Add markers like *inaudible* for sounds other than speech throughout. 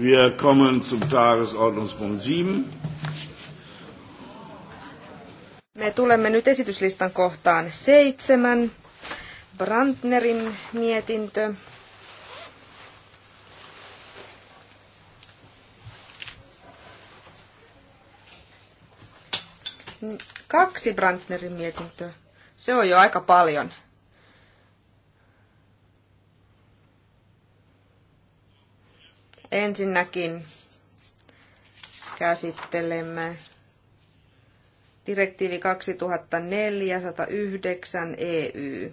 Wir kommen zum Tagesordnungspunkt 7. Me tulemme nyt esityslistan kohtaan seitsemän. Brandnerin mietintö. Kaksi Brandnerin mietintöä. Se on jo aika paljon. Ensinnäkin käsittelemme direktiivi 2004-109 EY.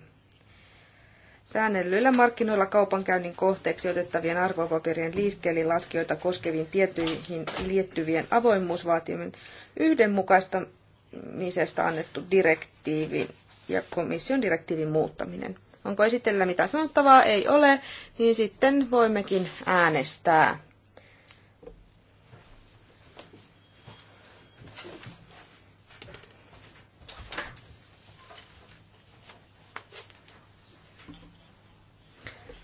Säännellyillä markkinoilla kaupankäynnin kohteeksi otettavien arvopaperien liikkeelle laskijoita koskeviin tiettyihin liittyvien avoimuusvaatimien yhdenmukaistamisesta annettu direktiivi ja komission direktiivin muuttaminen. Onko esitellä mitä sanottavaa? Ei ole, niin sitten voimmekin äänestää.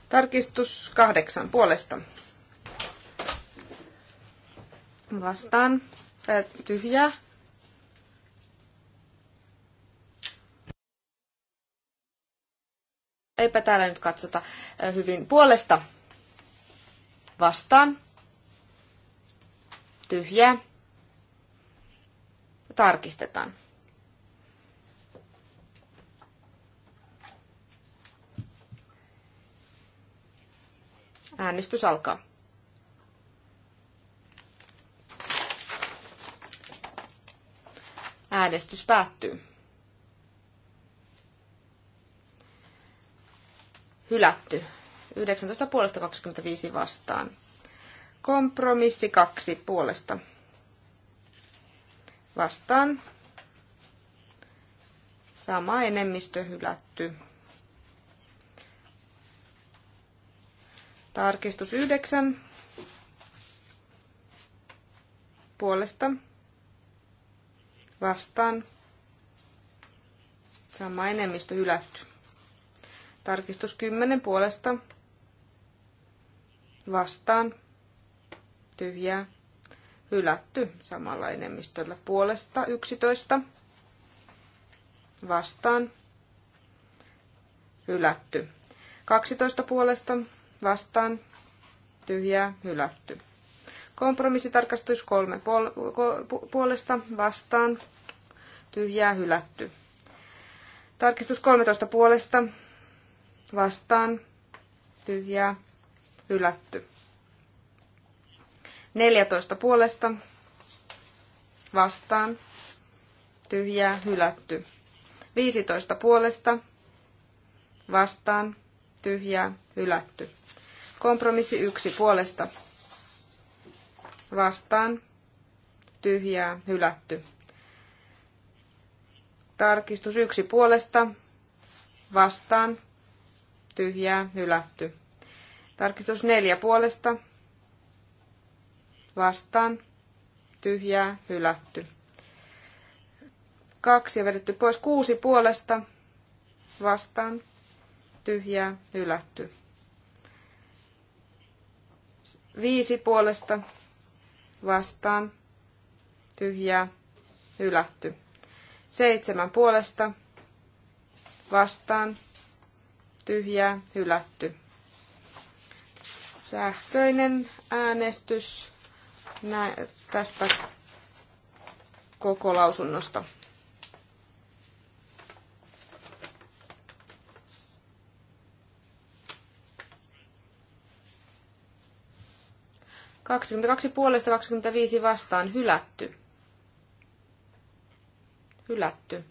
Tarkistus kahdeksan puolesta. Vastaan. Tyhjää. eipä täällä nyt katsota hyvin puolesta vastaan. Tyhjää. Tarkistetaan. Äänestys alkaa. Äänestys päättyy. hylätty. 19 puolesta 25 vastaan. Kompromissi 2 puolesta vastaan. Sama enemmistö hylätty. Tarkistus 9 puolesta vastaan. Sama enemmistö hylätty. Tarkistus 10 puolesta. Vastaan. Tyhjää. Hylätty samalla enemmistöllä puolesta 11. Vastaan. Hylätty. 12 puolesta vastaan. Tyhjää. Hylätty. Kompromissitarkastus 3 puolesta vastaan. Tyhjää. Hylätty. Tarkistus 13 puolesta vastaan, tyhjää, hylätty. 14 puolesta, vastaan, tyhjää, hylätty. 15 puolesta, vastaan, tyhjää, hylätty. Kompromissi 1 puolesta, vastaan, tyhjää, hylätty. Tarkistus 1 puolesta, vastaan, tyhjää, hylätty. Tarkistus neljä puolesta, vastaan, tyhjää, hylätty. Kaksi ja vedetty pois kuusi puolesta, vastaan, tyhjää, hylätty. Viisi puolesta, vastaan, tyhjää, hylätty. Seitsemän puolesta, vastaan, tyhjää, hylätty. Sähköinen äänestys nä- tästä koko lausunnosta. Kaksikymmentäkaksi puolesta 25 vastaan hylätty. Hylätty.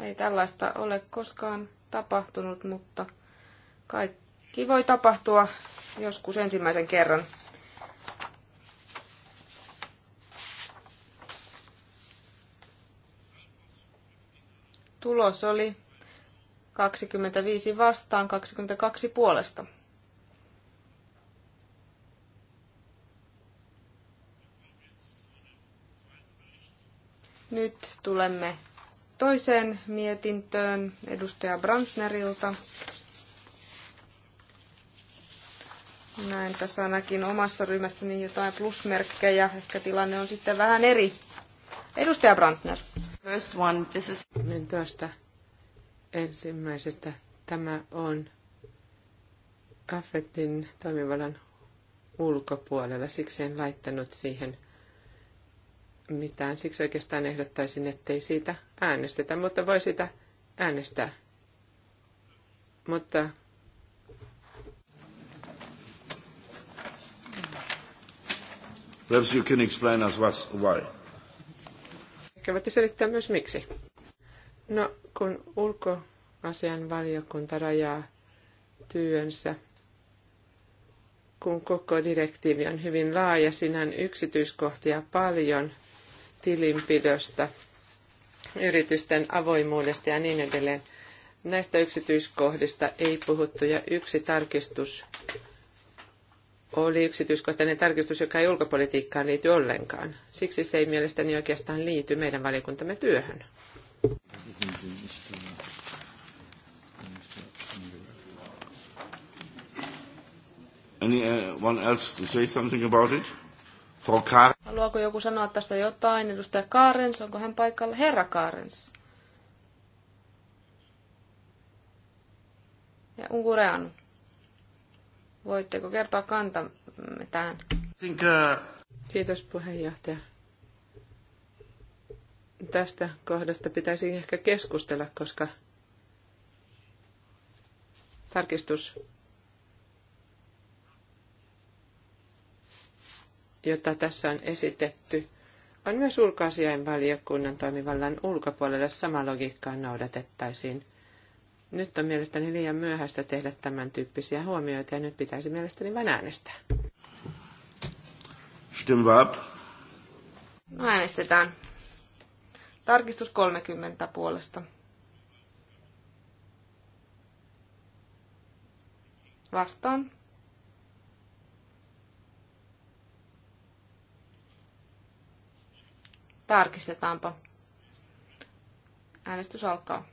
Ei tällaista ole koskaan tapahtunut, mutta kaikki voi tapahtua joskus ensimmäisen kerran. Tulos oli 25 vastaan 22 puolesta. Nyt tulemme toiseen mietintöön edustaja Brandnerilta. Näin tässä ainakin omassa ryhmässäni jotain plusmerkkejä. Ehkä tilanne on sitten vähän eri. Edustaja Brandner. First one, this is... Niin tuosta ensimmäisestä. Tämä on Affetin toimivallan ulkopuolella. Siksi en laittanut siihen mitään. Siksi oikeastaan ehdottaisin, ettei siitä äänestetä, mutta voi sitä äänestää. Mutta Perhaps you can explain us why. Ehkä voitte selittää myös miksi. No, kun ulkoasian valiokunta rajaa työnsä, kun koko direktiivi on hyvin laaja, sinän yksityiskohtia paljon tilinpidosta, yritysten avoimuudesta ja niin edelleen. Näistä yksityiskohdista ei puhuttu ja yksi tarkistus oli yksityiskohtainen tarkistus, joka ei ulkopolitiikkaan liity ollenkaan. Siksi se ei mielestäni oikeastaan liity meidän valiokuntamme työhön. Anyone uh, else to say something about it? Haluaako joku sanoa tästä jotain? Edustaja Kaarens, onko hän paikalla? Herra Kaarens. Ja Ungureanu. Voitteko kertoa kantamme tähän? Uh, Kiitos puheenjohtaja. Tästä kohdasta pitäisi ehkä keskustella, koska tarkistus jota tässä on esitetty, on myös ulkoasiainvaliokunnan toimivallan ulkopuolelle sama logiikkaa noudatettaisiin. Nyt on mielestäni liian myöhäistä tehdä tämän tyyppisiä huomioita ja nyt pitäisi mielestäni vain äänestää. Stimme ab. No äänestetään. Tarkistus 30 puolesta. Vastaan. Tarkistetaanpa. Äänestys alkaa.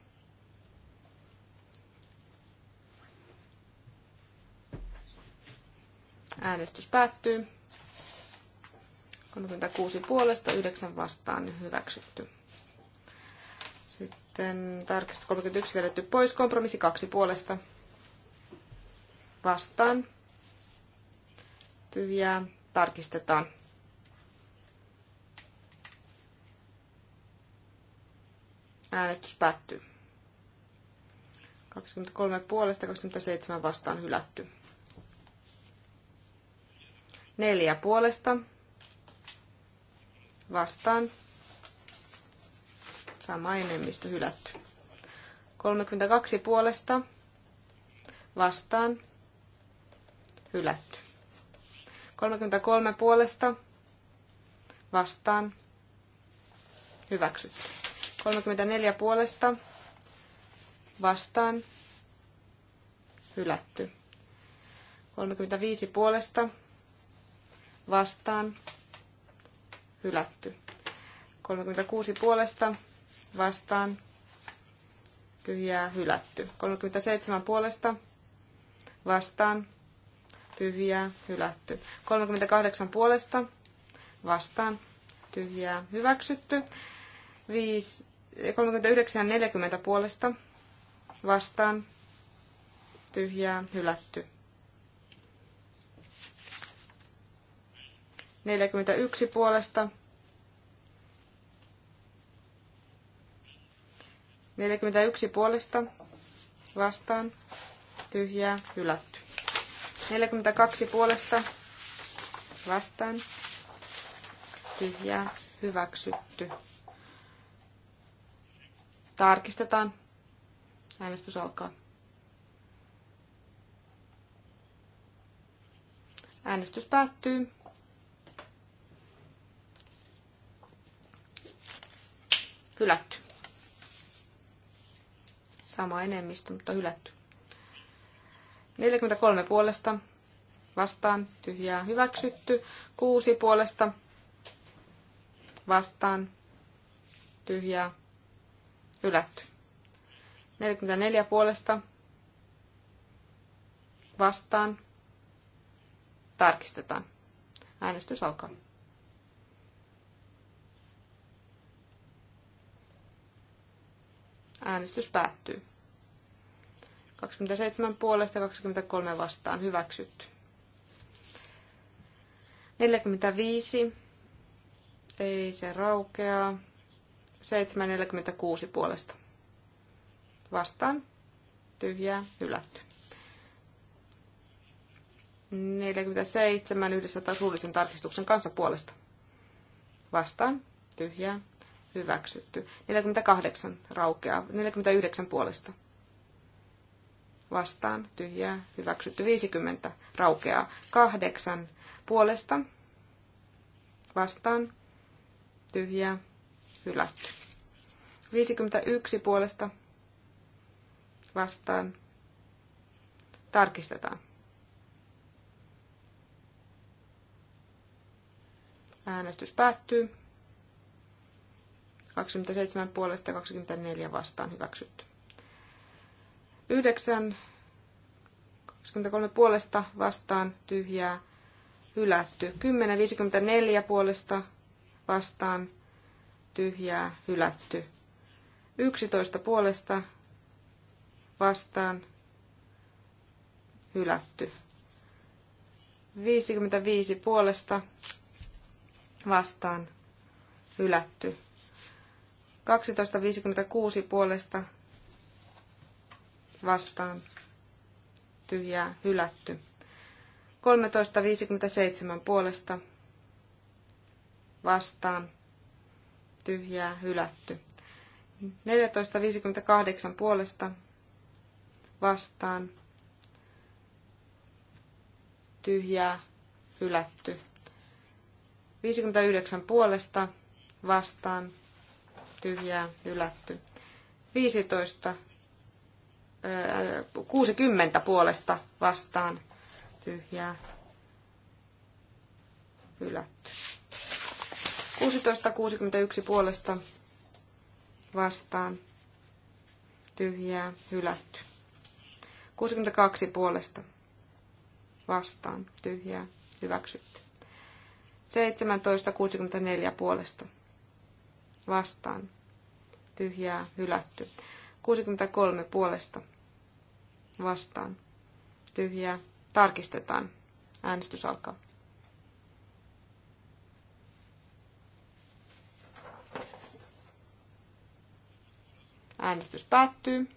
Äänestys päättyy. 36 puolesta, 9 vastaan niin hyväksytty. Sitten tarkistus 31 vedetty pois, kompromissi 2 puolesta vastaan. Tyhjää tarkistetaan. Äänestys päättyy. 23 puolesta 27 vastaan hylätty. 4 puolesta vastaan. Sama enemmistö hylätty. 32 puolesta vastaan hylätty. 33 puolesta vastaan hyväksytty. 34 puolesta vastaan hylätty. 35 puolesta vastaan hylätty. 36 puolesta vastaan tyhjää hylätty. 37 puolesta vastaan tyhjää hylätty. 38 puolesta vastaan tyhjää hyväksytty. 39.40 puolesta vastaan tyhjää hylätty. 41 puolesta 41 puolesta vastaan tyhjää hylätty. 42 puolesta vastaan tyhjää hyväksytty. Tarkistetaan. Äänestys alkaa. Äänestys päättyy. Hylätty. Sama enemmistö, mutta hylätty. 43 puolesta vastaan tyhjää hyväksytty. 6 puolesta vastaan tyhjää Hylätty. 44 puolesta vastaan. Tarkistetaan. Äänestys alkaa. Äänestys päättyy. 27 puolesta 23 vastaan hyväksytty. 45. Ei se raukeaa. 7.46 puolesta. Vastaan. Tyhjää. Hylätty. 47 yhdessä suullisen tarkistuksen kanssa puolesta. Vastaan. Tyhjää. Hyväksytty. 48 raukeaa. 49 puolesta. Vastaan. Tyhjää. Hyväksytty. 50 raukeaa. 8 puolesta. Vastaan. Tyhjää hylätty. 51 puolesta vastaan tarkistetaan. Äänestys päättyy. 27 puolesta 24 vastaan hyväksytty. 9 23 puolesta vastaan tyhjää hylätty. 10 54 puolesta vastaan tyhjää, hylätty. 11 puolesta vastaan, hylätty. 55 puolesta vastaan, hylätty. 12.56 puolesta vastaan, tyhjää, hylätty. 13.57 puolesta vastaan, tyhjää, hylätty. 14.58 puolesta vastaan, tyhjää, hylätty. 59 puolesta vastaan, tyhjää, hylätty. 15, 60 puolesta vastaan, tyhjää, hylätty. 1661 puolesta vastaan tyhjää hylätty. 62 puolesta vastaan tyhjää hyväksytty. 1764 puolesta vastaan tyhjää hylätty. 63 puolesta vastaan tyhjää tarkistetaan. Äänestys alkaa. Äänestys päättyy.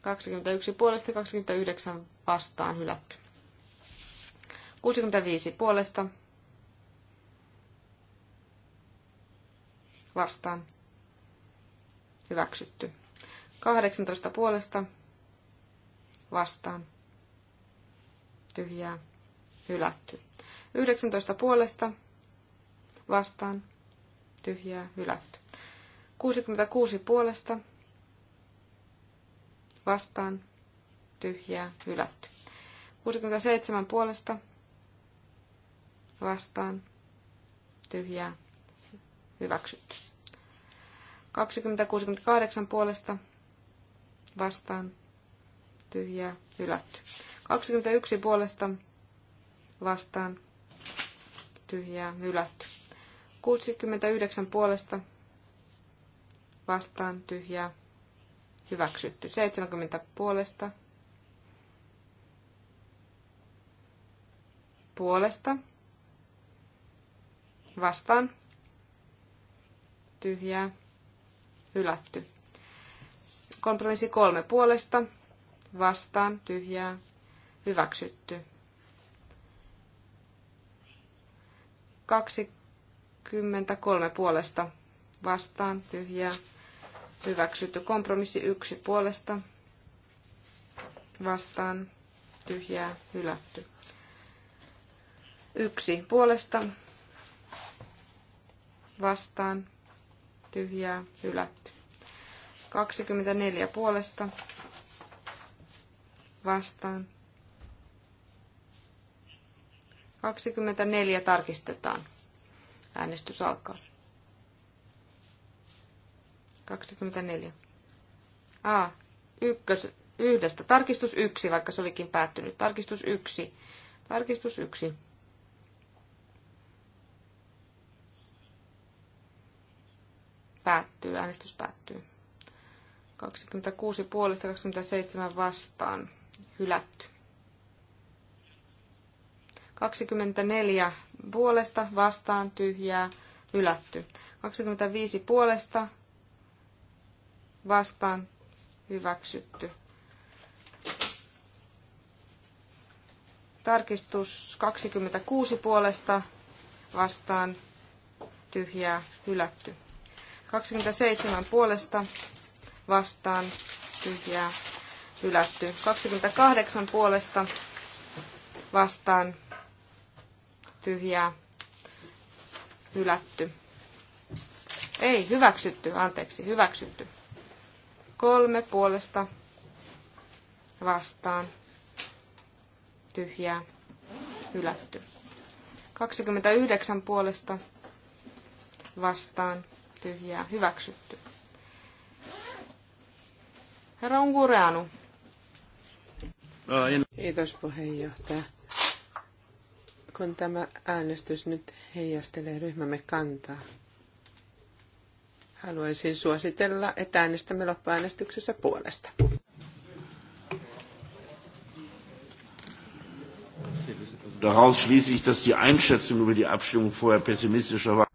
21 puolesta 29 vastaan hylätty. 65 puolesta vastaan hyväksytty. 18 puolesta vastaan tyhjää hylätty. 19 puolesta vastaan tyhjää hylätty. 66 puolesta vastaan tyhjää hylätty. 67 puolesta vastaan tyhjää hyväksytty. 2068 puolesta vastaan tyhjää hylätty. 21 puolesta vastaan tyhjää hylätty. 69 puolesta vastaan, vastaan tyhjää hyväksytty. 70 puolesta puolesta vastaan tyhjää hylätty. Kompromissi kolme puolesta vastaan tyhjää hyväksytty. 23 puolesta vastaan tyhjää Hyväksytty kompromissi yksi puolesta. Vastaan. Tyhjää. Hylätty. Yksi puolesta. Vastaan. Tyhjää. Hylätty. 24 puolesta. Vastaan. 24 tarkistetaan. Äänestys alkaa. 24. A. Ykkös, yhdestä. Tarkistus yksi, vaikka se olikin päättynyt. Tarkistus yksi. Tarkistus yksi. Päättyy. Äänestys päättyy. 26 puolesta 27 vastaan. Hylätty. 24 puolesta vastaan tyhjää. Hylätty. 25 puolesta vastaan hyväksytty. Tarkistus 26 puolesta vastaan tyhjää hylätty. 27 puolesta vastaan tyhjää hylätty. 28 puolesta vastaan tyhjää hylätty. Ei, hyväksytty, anteeksi, hyväksytty kolme puolesta vastaan tyhjää hylätty. 29 puolesta vastaan tyhjää hyväksytty. Herra Ungureanu. Kiitos puheenjohtaja. Kun tämä äänestys nyt heijastelee ryhmämme kantaa, haluaisin suositella, että äänestämme loppuäänestyksessä puolesta. Daraus schließe ich, dass die Einschätzung über die Abstimmung vorher pessimistischer war.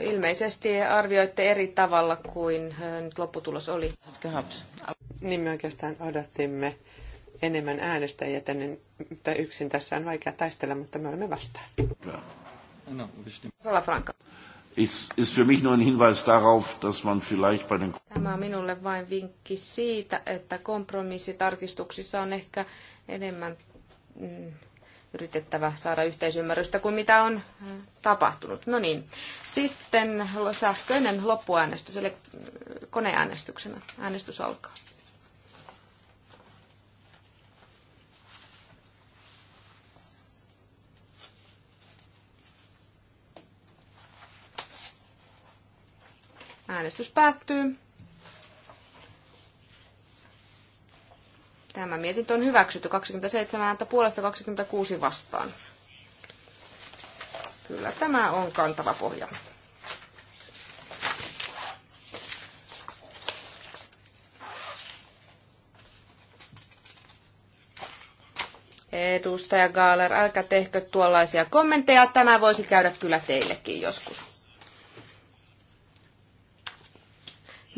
ilmeisesti arvioitte eri tavalla kuin äh, nyt lopputulos oli. Niin me oikeastaan odottimme enemmän äänestäjiä tänne, mutta yksin tässä on vaikea taistella, mutta me olemme vastaan. No, no, Sala Franka. Tämä on minulle vain vinkki siitä, että kompromissitarkistuksissa on ehkä enemmän mm, yritettävä saada yhteisymmärrystä kuin mitä on äh, tapahtunut. No niin, sitten sähköinen loppuäänestys, eli koneäänestyksenä. Äänestys alkaa. Äänestys päättyy. Tämä mietintö on hyväksytty 27 ääntä puolesta 26 vastaan. Kyllä tämä on kantava pohja. Edustaja Gaaler, älkää tehkö tuollaisia kommentteja. Tämä voisi käydä kyllä teillekin joskus.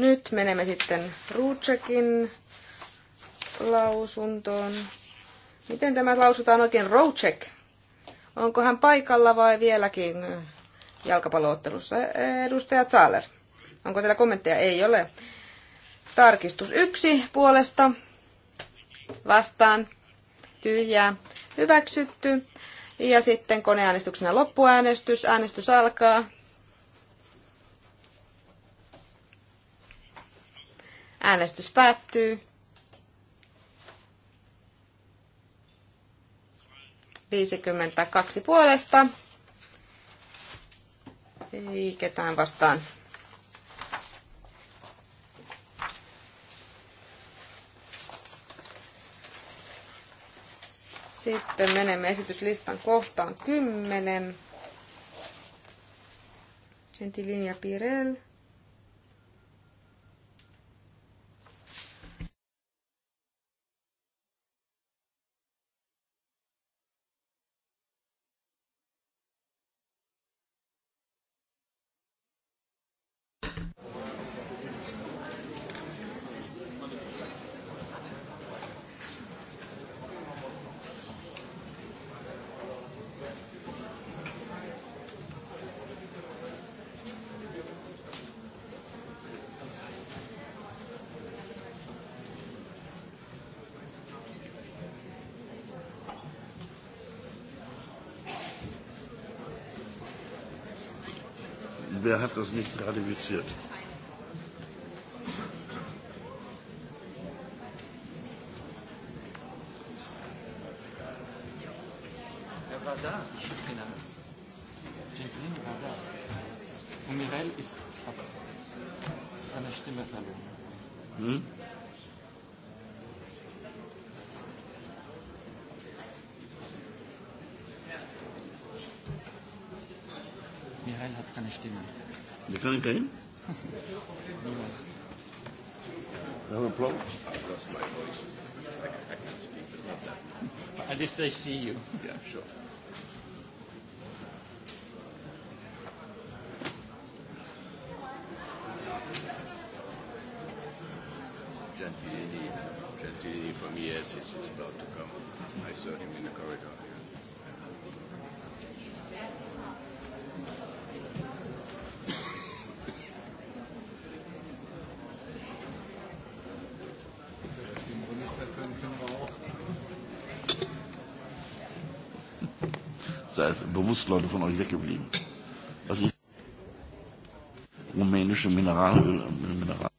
Nyt menemme sitten Ruutsekin lausuntoon. Miten tämä lausutaan oikein? Rouchek. Onko hän paikalla vai vieläkin jalkapalloottelussa? Edustaja Zahler. Onko teillä kommentteja? Ei ole. Tarkistus yksi puolesta. Vastaan. Tyhjää. Hyväksytty. Ja sitten koneäänestyksenä loppuäänestys. Äänestys alkaa. Äänestys päättyy. 52 puolesta. Ei ketään vastaan. Sitten menemme esityslistan kohtaan 10. Gentilinja Pirel. der hat das nicht ratifiziert. Karim Karim? No applause. I've lost my voice. I, At least they see you. Yeah, sure. Gentilini, Gentilini from ES is about to come. I saw him in the corridor. seid bewusst Leute von euch weggeblieben. Was ich rumänische Mineralöl, Mineral äh,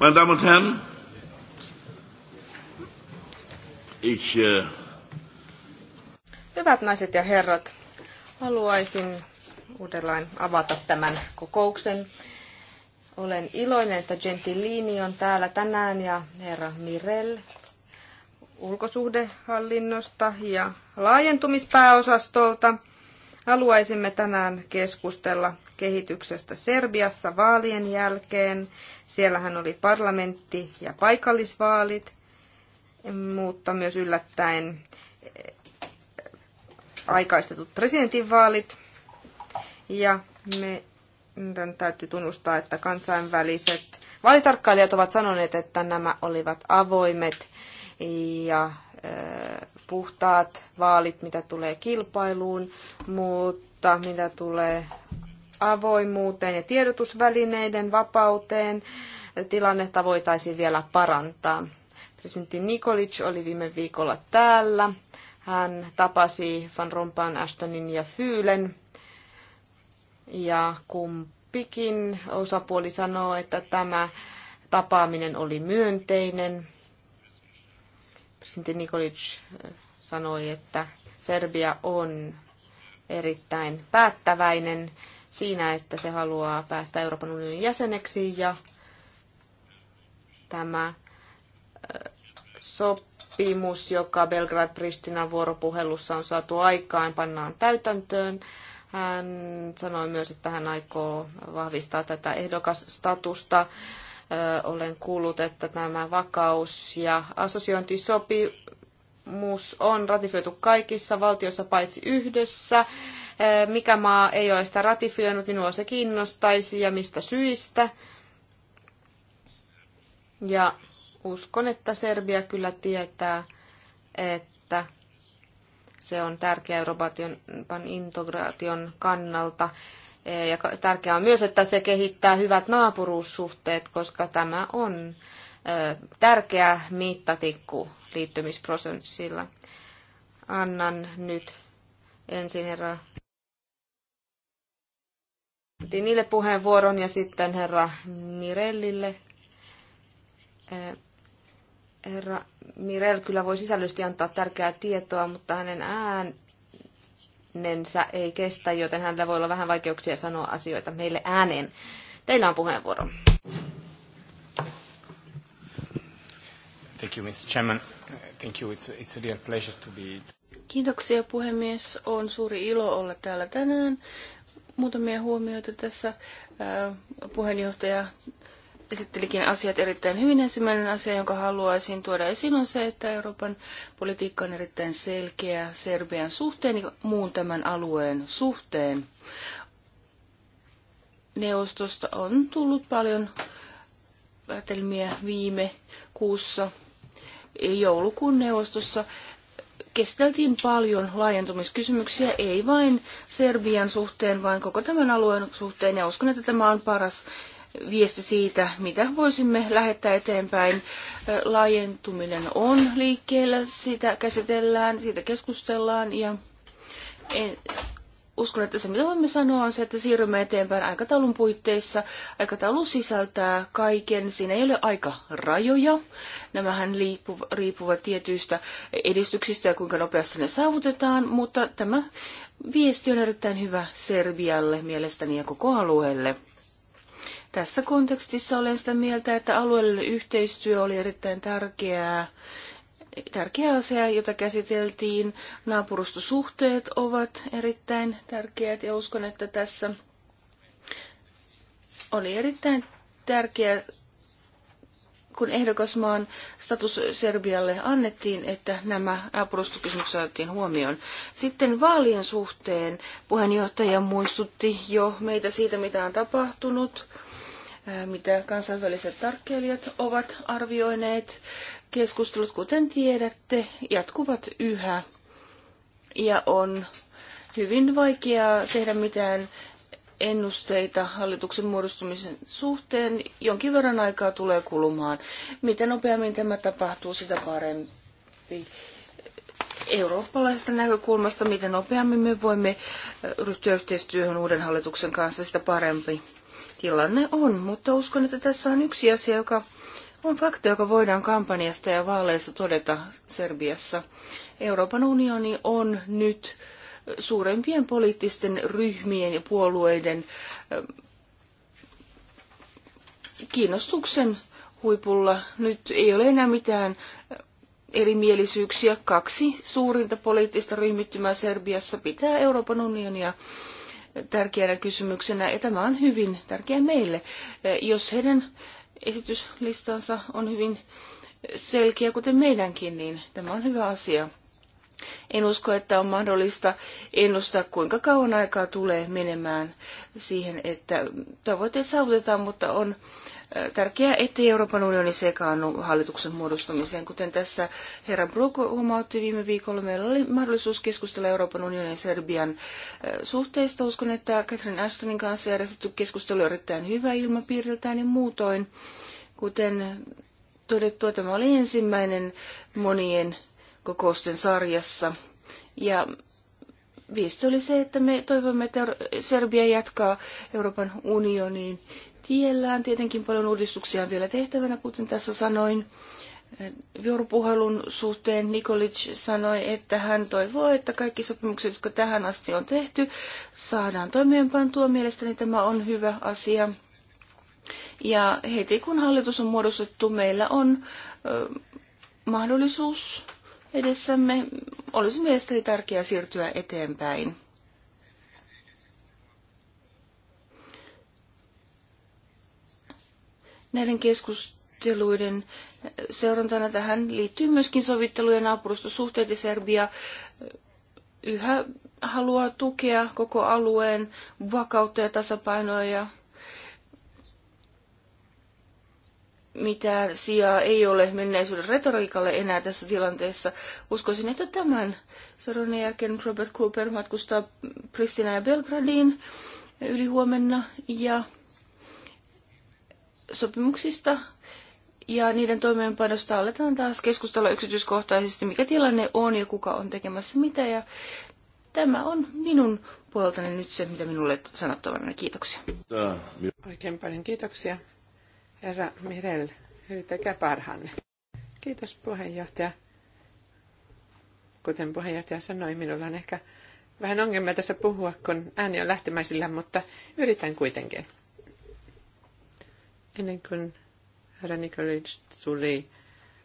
Meine Damen und Herren, ich, äh... Hyvät naiset ja herrat, haluaisin uudelleen avata tämän kokouksen. Olen iloinen, että Gentilini on täällä tänään ja herra Mirel ulkosuhdehallinnosta ja laajentumispääosastolta. Haluaisimme tänään keskustella kehityksestä Serbiassa vaalien jälkeen. Siellähän oli parlamentti- ja paikallisvaalit, mutta myös yllättäen aikaistetut presidentinvaalit. Ja meidän täytyy tunnustaa, että kansainväliset vaalitarkkailijat ovat sanoneet, että nämä olivat avoimet ja puhtaat vaalit, mitä tulee kilpailuun, mutta mitä tulee avoimuuteen ja tiedotusvälineiden vapauteen, tilannetta voitaisiin vielä parantaa. Presidentti Nikolic oli viime viikolla täällä. Hän tapasi Van Rompuyn, Ashtonin ja Fyylen. Ja kumpikin osapuoli sanoo, että tämä tapaaminen oli myönteinen. Presidentti Nikolic eh, sanoi, että Serbia on erittäin päättäväinen siinä, että se haluaa päästä Euroopan unionin jäseneksi ja tämä eh, sopimus, joka Belgrad-Pristinan vuoropuhelussa on saatu aikaan, pannaan täytäntöön. Hän sanoi myös, että hän aikoo vahvistaa tätä ehdokasstatusta olen kuullut, että tämä vakaus- ja assosiointisopimus on ratifioitu kaikissa valtioissa paitsi yhdessä. Mikä maa ei ole sitä ratifioinut, minua se kiinnostaisi ja mistä syistä. Ja uskon, että Serbia kyllä tietää, että se on tärkeä Euroopan integraation kannalta. Eh, ja tärkeää on myös, että se kehittää hyvät naapuruussuhteet, koska tämä on eh, tärkeä mittatikku liittymisprosessilla. Annan nyt ensin herra Tinille puheenvuoron ja sitten herra Mirellille. Eh, herra Mirel kyllä voi sisällöllisesti antaa tärkeää tietoa, mutta hänen ään äänensä ei kestä, joten hänellä voi olla vähän vaikeuksia sanoa asioita meille ääneen. Teillä on puheenvuoro. Thank you, Mr. Chairman. Thank you. It's, it's a real pleasure to be... Kiitoksia puhemies. On suuri ilo olla täällä tänään. Muutamia huomioita tässä. Puheenjohtaja esittelikin asiat erittäin hyvin. Ensimmäinen asia, jonka haluaisin tuoda esiin, on se, että Euroopan politiikka on erittäin selkeä Serbian suhteen ja muun tämän alueen suhteen. Neuvostosta on tullut paljon päätelmiä viime kuussa joulukuun neuvostossa kesteltiin paljon laajentumiskysymyksiä, ei vain Serbian suhteen, vaan koko tämän alueen suhteen, ja uskon, että tämä on paras viesti siitä, mitä voisimme lähettää eteenpäin. Laajentuminen on liikkeellä, sitä käsitellään, siitä keskustellaan ja en, uskon, että se mitä voimme sanoa on se, että siirrymme eteenpäin aikataulun puitteissa. Aikataulu sisältää kaiken, siinä ei ole aika rajoja. Nämähän riippuvat tietyistä edistyksistä ja kuinka nopeasti ne saavutetaan, mutta tämä viesti on erittäin hyvä Serbialle mielestäni ja koko alueelle. Tässä kontekstissa olen sitä mieltä, että alueellinen yhteistyö oli erittäin tärkeää. Tärkeä asia, jota käsiteltiin. Naapurustosuhteet ovat erittäin tärkeät ja uskon, että tässä oli erittäin tärkeää kun ehdokasmaan status Serbialle annettiin, että nämä naapurustokysymykset otettiin huomioon. Sitten vaalien suhteen puheenjohtaja muistutti jo meitä siitä, mitä on tapahtunut. Äh, mitä kansainväliset tarkkailijat ovat arvioineet. Keskustelut, kuten tiedätte, jatkuvat yhä ja on hyvin vaikeaa tehdä mitään ennusteita hallituksen muodostumisen suhteen. Jonkin verran aikaa tulee kulumaan. Mitä nopeammin tämä tapahtuu, sitä parempi. Eurooppalaisesta näkökulmasta, mitä nopeammin me voimme äh, ryhtyä yhteistyöhön uuden hallituksen kanssa, sitä parempi tilanne on, mutta uskon, että tässä on yksi asia, joka on fakta, joka voidaan kampanjasta ja vaaleista todeta Serbiassa. Euroopan unioni on nyt suurempien poliittisten ryhmien ja puolueiden ähm, kiinnostuksen huipulla. Nyt ei ole enää mitään äh, erimielisyyksiä. Kaksi suurinta poliittista ryhmittymää Serbiassa pitää Euroopan unionia tärkeänä kysymyksenä, ja tämä on hyvin tärkeä meille. E, jos heidän esityslistansa on hyvin selkeä, kuten meidänkin, niin tämä on hyvä asia. En usko, että on mahdollista ennustaa, kuinka kauan aikaa tulee menemään siihen, että tavoitteet saavutetaan, mutta on tärkeää, ettei Euroopan unioni sekaannu hallituksen muodostumiseen. Kuten tässä herra Brook huomautti viime viikolla, meillä oli mahdollisuus keskustella Euroopan unionin ja Serbian suhteista. Uskon, että Catherine Ashtonin kanssa järjestetty keskustelu on erittäin hyvä ilmapiiriltään ja muutoin. Kuten todettua, tämä oli ensimmäinen monien kokousten sarjassa. Ja viesti oli se, että me toivomme, että Serbia jatkaa Euroopan unionin tiellään. Tietenkin paljon uudistuksia on vielä tehtävänä, kuten tässä sanoin. Vuoropuhelun suhteen Nikolic sanoi, että hän toivoo, että kaikki sopimukset, jotka tähän asti on tehty, saadaan toimeenpantua. Mielestäni tämä on hyvä asia. Ja heti kun hallitus on muodostettu, meillä on ö, mahdollisuus edessämme, olisi mielestäni tärkeää siirtyä eteenpäin. Näiden keskusteluiden seurantana tähän liittyy myöskin sovittelu- ja naapurustosuhteet ja Serbia yhä haluaa tukea koko alueen vakautta ja tasapainoa ja mitään sijaa ei ole menneisyyden retoriikalle enää tässä tilanteessa. Uskoisin, että tämän sodan jälkeen Robert Cooper matkustaa Pristina ja Belgradiin yli huomenna ja sopimuksista ja niiden toimeenpanosta aletaan taas keskustella yksityiskohtaisesti, mikä tilanne on ja kuka on tekemässä mitä. Ja tämä on minun puoleltani nyt se, mitä minulle sanottavana. Kiitoksia. Oikein paljon kiitoksia. Herra Mirel, yrittäkää parhaanne. Kiitos puheenjohtaja. Kuten puheenjohtaja sanoi, minulla on ehkä vähän ongelmia tässä puhua, kun ääni on lähtemäisillä, mutta yritän kuitenkin. Ennen kuin herra Nikolic tuli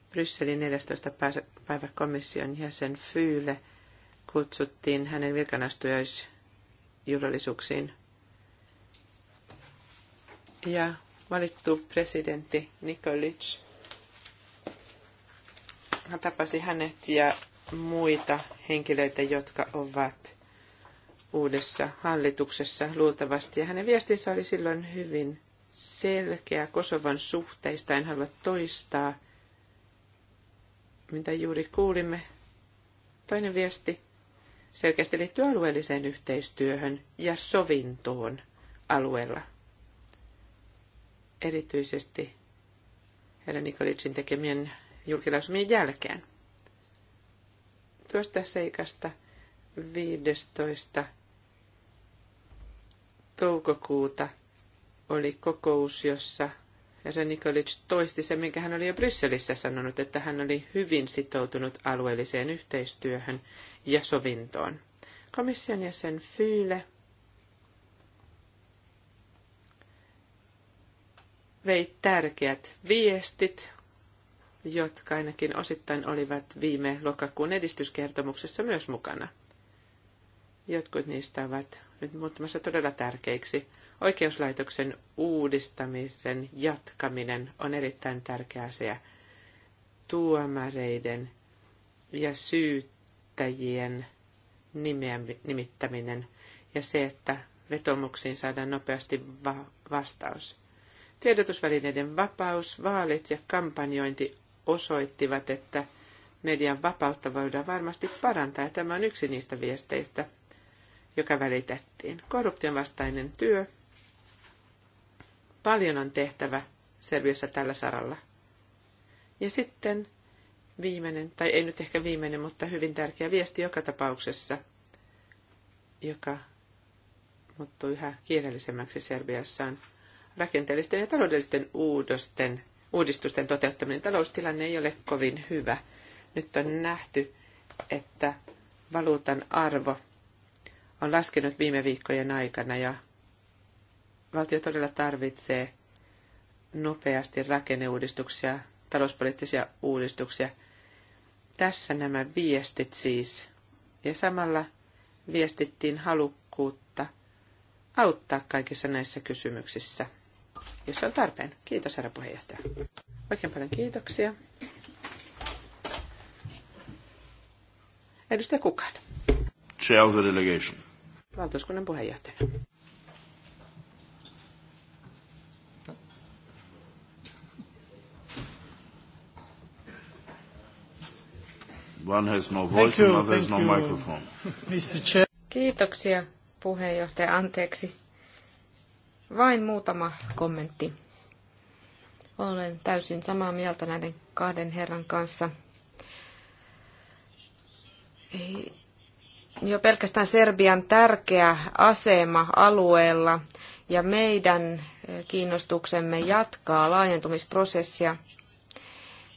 Brysselin 14. päivä komission jäsen Fyyle, kutsuttiin hänen virkanastujaisjulollisuuksiin. Ja valittu presidentti Nikolic hän tapasi hänet ja muita henkilöitä, jotka ovat uudessa hallituksessa luultavasti. Ja hänen viestinsä oli silloin hyvin selkeä Kosovan suhteista. En halua toistaa, mitä juuri kuulimme. Toinen viesti selkeästi liittyy alueelliseen yhteistyöhön ja sovintoon alueella erityisesti Helen Nikolicin tekemien julkilausumien jälkeen. Tuosta seikasta 15. toukokuuta oli kokous, jossa herra Nikolic toisti sen, minkä hän oli jo Brysselissä sanonut, että hän oli hyvin sitoutunut alueelliseen yhteistyöhön ja sovintoon. Komission jäsen Fyyle vei tärkeät viestit, jotka ainakin osittain olivat viime lokakuun edistyskertomuksessa myös mukana. Jotkut niistä ovat nyt muuttumassa todella tärkeiksi. Oikeuslaitoksen uudistamisen jatkaminen on erittäin tärkeä asia. Tuomareiden ja syyttäjien nimeä, nimittäminen ja se, että vetomuksiin saadaan nopeasti va- vastaus. Tiedotusvälineiden vapaus, vaalit ja kampanjointi osoittivat, että median vapautta voidaan varmasti parantaa. Ja tämä on yksi niistä viesteistä, joka välitettiin. Korruption vastainen työ. Paljon on tehtävä Serbiassa tällä saralla. Ja sitten viimeinen, tai ei nyt ehkä viimeinen, mutta hyvin tärkeä viesti joka tapauksessa, joka muuttuu yhä kiireellisemmäksi Serbiassaan rakenteellisten ja taloudellisten uudosten, uudistusten toteuttaminen. Taloustilanne ei ole kovin hyvä. Nyt on nähty, että valuutan arvo on laskenut viime viikkojen aikana ja valtio todella tarvitsee nopeasti rakenneuudistuksia, talouspoliittisia uudistuksia. Tässä nämä viestit siis. Ja samalla viestittiin halukkuutta auttaa kaikissa näissä kysymyksissä jos on tarpeen. Kiitos, herra puheenjohtaja. Oikein paljon kiitoksia. Edustaja Kukan. Chair of the delegation. Valtuuskunnan puheenjohtajana. One has no voice, another has no microphone. Mr. Chair. Kiitoksia puheenjohtaja, anteeksi. Vain muutama kommentti. Olen täysin samaa mieltä näiden kahden herran kanssa. Jo pelkästään Serbian tärkeä asema alueella ja meidän eh, kiinnostuksemme jatkaa laajentumisprosessia,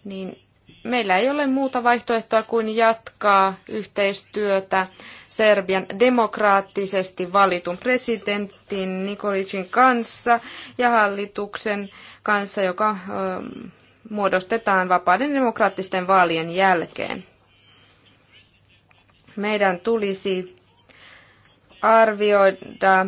niin meillä ei ole muuta vaihtoehtoa kuin jatkaa yhteistyötä Serbian demokraattisesti valitun presidentin Nikolicin kanssa ja hallituksen kanssa, joka muodostetaan vapaiden demokraattisten vaalien jälkeen. Meidän tulisi arvioida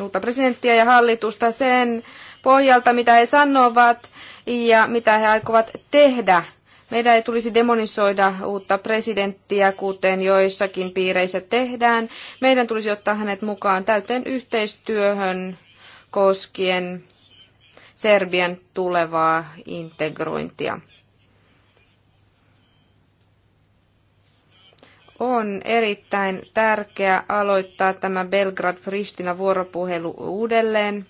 uutta presidenttiä ja hallitusta sen pohjalta, mitä he sanovat ja mitä he aikovat tehdä meidän ei tulisi demonisoida uutta presidenttiä, kuten joissakin piireissä tehdään. Meidän tulisi ottaa hänet mukaan täyteen yhteistyöhön koskien Serbian tulevaa integrointia. on erittäin tärkeää aloittaa tämä Belgrad-Pristina vuoropuhelu uudelleen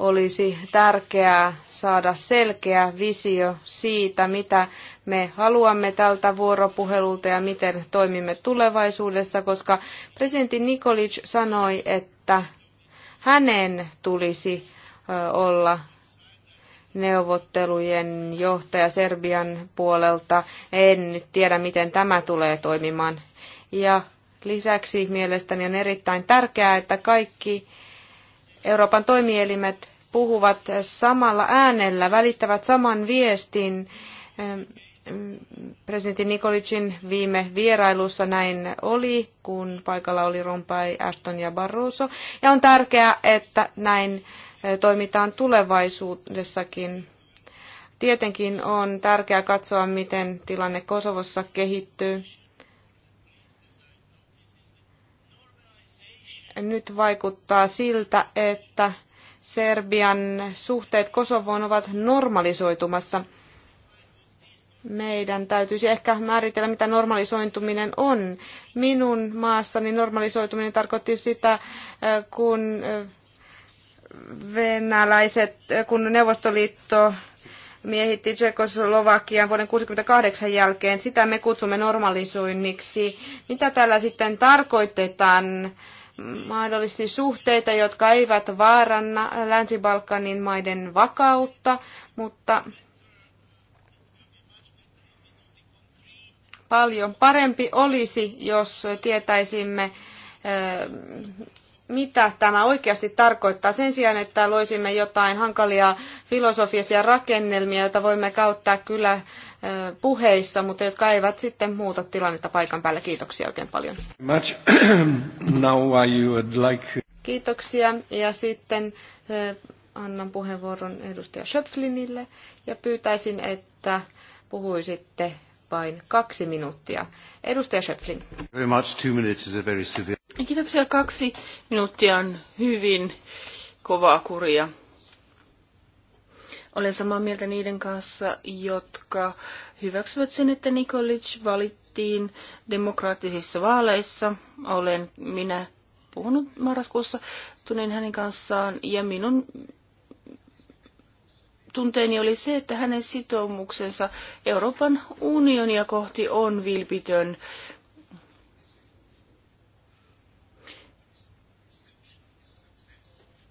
olisi tärkeää saada selkeä visio siitä, mitä me haluamme tältä vuoropuhelulta ja miten toimimme tulevaisuudessa, koska presidentti Nikolic sanoi, että hänen tulisi olla neuvottelujen johtaja Serbian puolelta. En nyt tiedä, miten tämä tulee toimimaan. Ja lisäksi mielestäni on erittäin tärkeää, että kaikki Euroopan toimielimet puhuvat samalla äänellä, välittävät saman viestin. Presidentti Nikolicin viime vierailussa näin oli, kun paikalla oli Rompai, Ashton ja Barroso. Ja on tärkeää, että näin toimitaan tulevaisuudessakin. Tietenkin on tärkeää katsoa, miten tilanne Kosovossa kehittyy. nyt vaikuttaa siltä, että Serbian suhteet Kosovoon ovat normalisoitumassa. Meidän täytyisi ehkä määritellä, mitä normalisoituminen on. Minun maassani normalisoituminen tarkoitti sitä, äh, kun äh, venäläiset, äh, kun Neuvostoliitto miehitti Tsekoslovakian vuoden 1968 jälkeen. Sitä me kutsumme normalisoinniksi. Mitä tällä sitten tarkoitetaan? mahdollisesti suhteita, jotka eivät vaaranna Länsi-Balkanin maiden vakautta, mutta paljon parempi olisi, jos tietäisimme, mitä tämä oikeasti tarkoittaa. Sen sijaan, että loisimme jotain hankalia filosofisia rakennelmia, joita voimme käyttää kyllä puheissa, mutta jotka eivät sitten muuta tilannetta paikan päällä. Kiitoksia oikein paljon. *clears throat* Kiitoksia. Ja sitten annan puheenvuoron edustaja Schöpflinille ja pyytäisin, että puhuisitte vain kaksi minuuttia. Edustaja Schöpflin. Very much. Two minutes is a very severe... Kiitoksia. Kaksi minuuttia on hyvin kovaa kuria. Olen samaa mieltä niiden kanssa, jotka hyväksyvät sen, että Nikolic valittiin demokraattisissa vaaleissa. Olen minä puhunut marraskuussa, tunnen hänen kanssaan ja minun tunteeni oli se, että hänen sitoumuksensa Euroopan unionia kohti on vilpitön.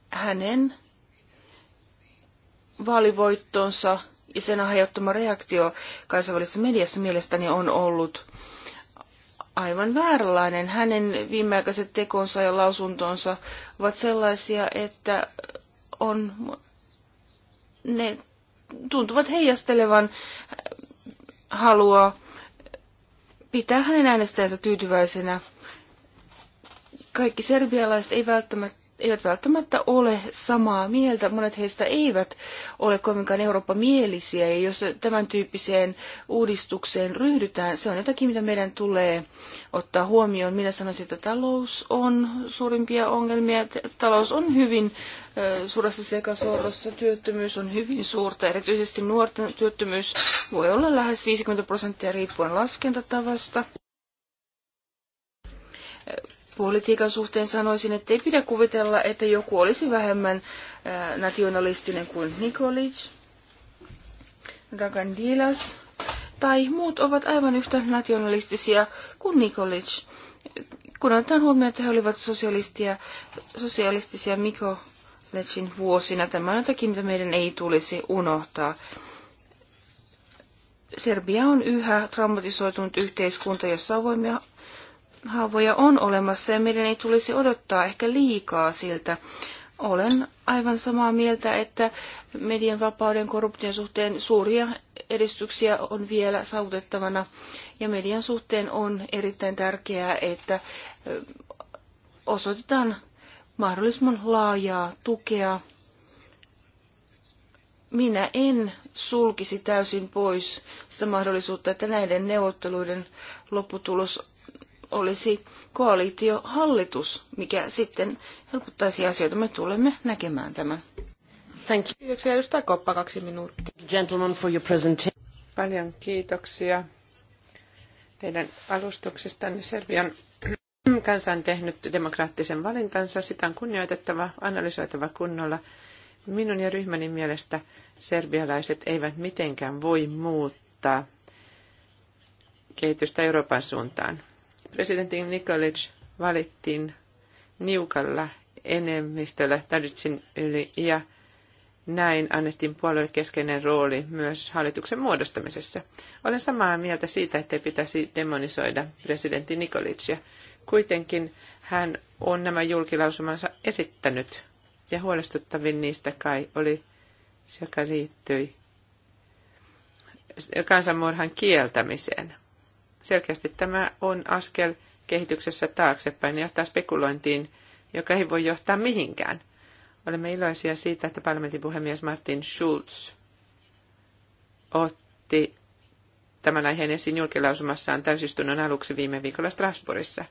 Hänen vaalivoittonsa ja sen aiheuttama reaktio kansainvälisessä mediassa mielestäni on ollut aivan vääränlainen. Hänen viimeaikaiset tekonsa ja lausuntonsa ovat sellaisia, että on, ne tuntuvat heijastelevan halua pitää hänen äänestäjänsä tyytyväisenä. Kaikki serbialaiset ei välttämättä eivät välttämättä ole samaa mieltä. Monet heistä eivät ole kovinkaan Eurooppa-mielisiä, ja jos tämän tyyppiseen uudistukseen ryhdytään, se on jotakin, mitä meidän tulee ottaa huomioon. Minä sanoisin, että talous on suurimpia ongelmia. Talous on hyvin suuressa sekasorrossa, työttömyys on hyvin suurta, erityisesti nuorten työttömyys voi olla lähes 50 prosenttia riippuen laskentatavasta politiikan suhteen sanoisin, että ei pidä kuvitella, että joku olisi vähemmän nationalistinen kuin Nikolic, Dragandilas tai muut ovat aivan yhtä nationalistisia kuin Nikolic. Kun otetaan huomioon, että he olivat sosialistia, sosialistisia Mikolicin vuosina, tämä on jotakin, mitä meidän ei tulisi unohtaa. Serbia on yhä traumatisoitunut yhteiskunta, jossa on voimia haavoja on olemassa ja meidän ei tulisi odottaa ehkä liikaa siltä. Olen aivan samaa mieltä, että median vapauden korruption suhteen suuria edistyksiä on vielä saavutettavana ja median suhteen on erittäin tärkeää, että osoitetaan mahdollisimman laajaa tukea. Minä en sulkisi täysin pois sitä mahdollisuutta, että näiden neuvotteluiden lopputulos olisi koalitiohallitus, mikä sitten helpottaisi asioita. Me tulemme näkemään tämän. Thank you. Kiitoksia edustaja Koppa, kaksi minuuttia. Gentlemen for your presentation. Paljon kiitoksia teidän alustuksestanne. Serbian kansa on *clears throat* tehnyt demokraattisen valintansa. Sitä on kunnioitettava, analysoitava kunnolla. Minun ja ryhmäni mielestä serbialaiset eivät mitenkään voi muuttaa kehitystä Euroopan suuntaan presidentti Nikolic valittiin niukalla enemmistöllä Tadjitsin yli ja näin annettiin puolueelle keskeinen rooli myös hallituksen muodostamisessa. Olen samaa mieltä siitä, ettei pitäisi demonisoida presidentti Nikolicia. Kuitenkin hän on nämä julkilausumansa esittänyt, ja huolestuttavin niistä kai oli, joka liittyi kansanmurhan kieltämiseen. Selkeästi tämä on askel kehityksessä taaksepäin ja johtaa spekulointiin, joka ei voi johtaa mihinkään. Olemme iloisia siitä, että parlamentin puhemies Martin Schulz otti tämän aiheen esiin julkilausumassaan täysistunnon aluksi viime viikolla Strasbourgissa.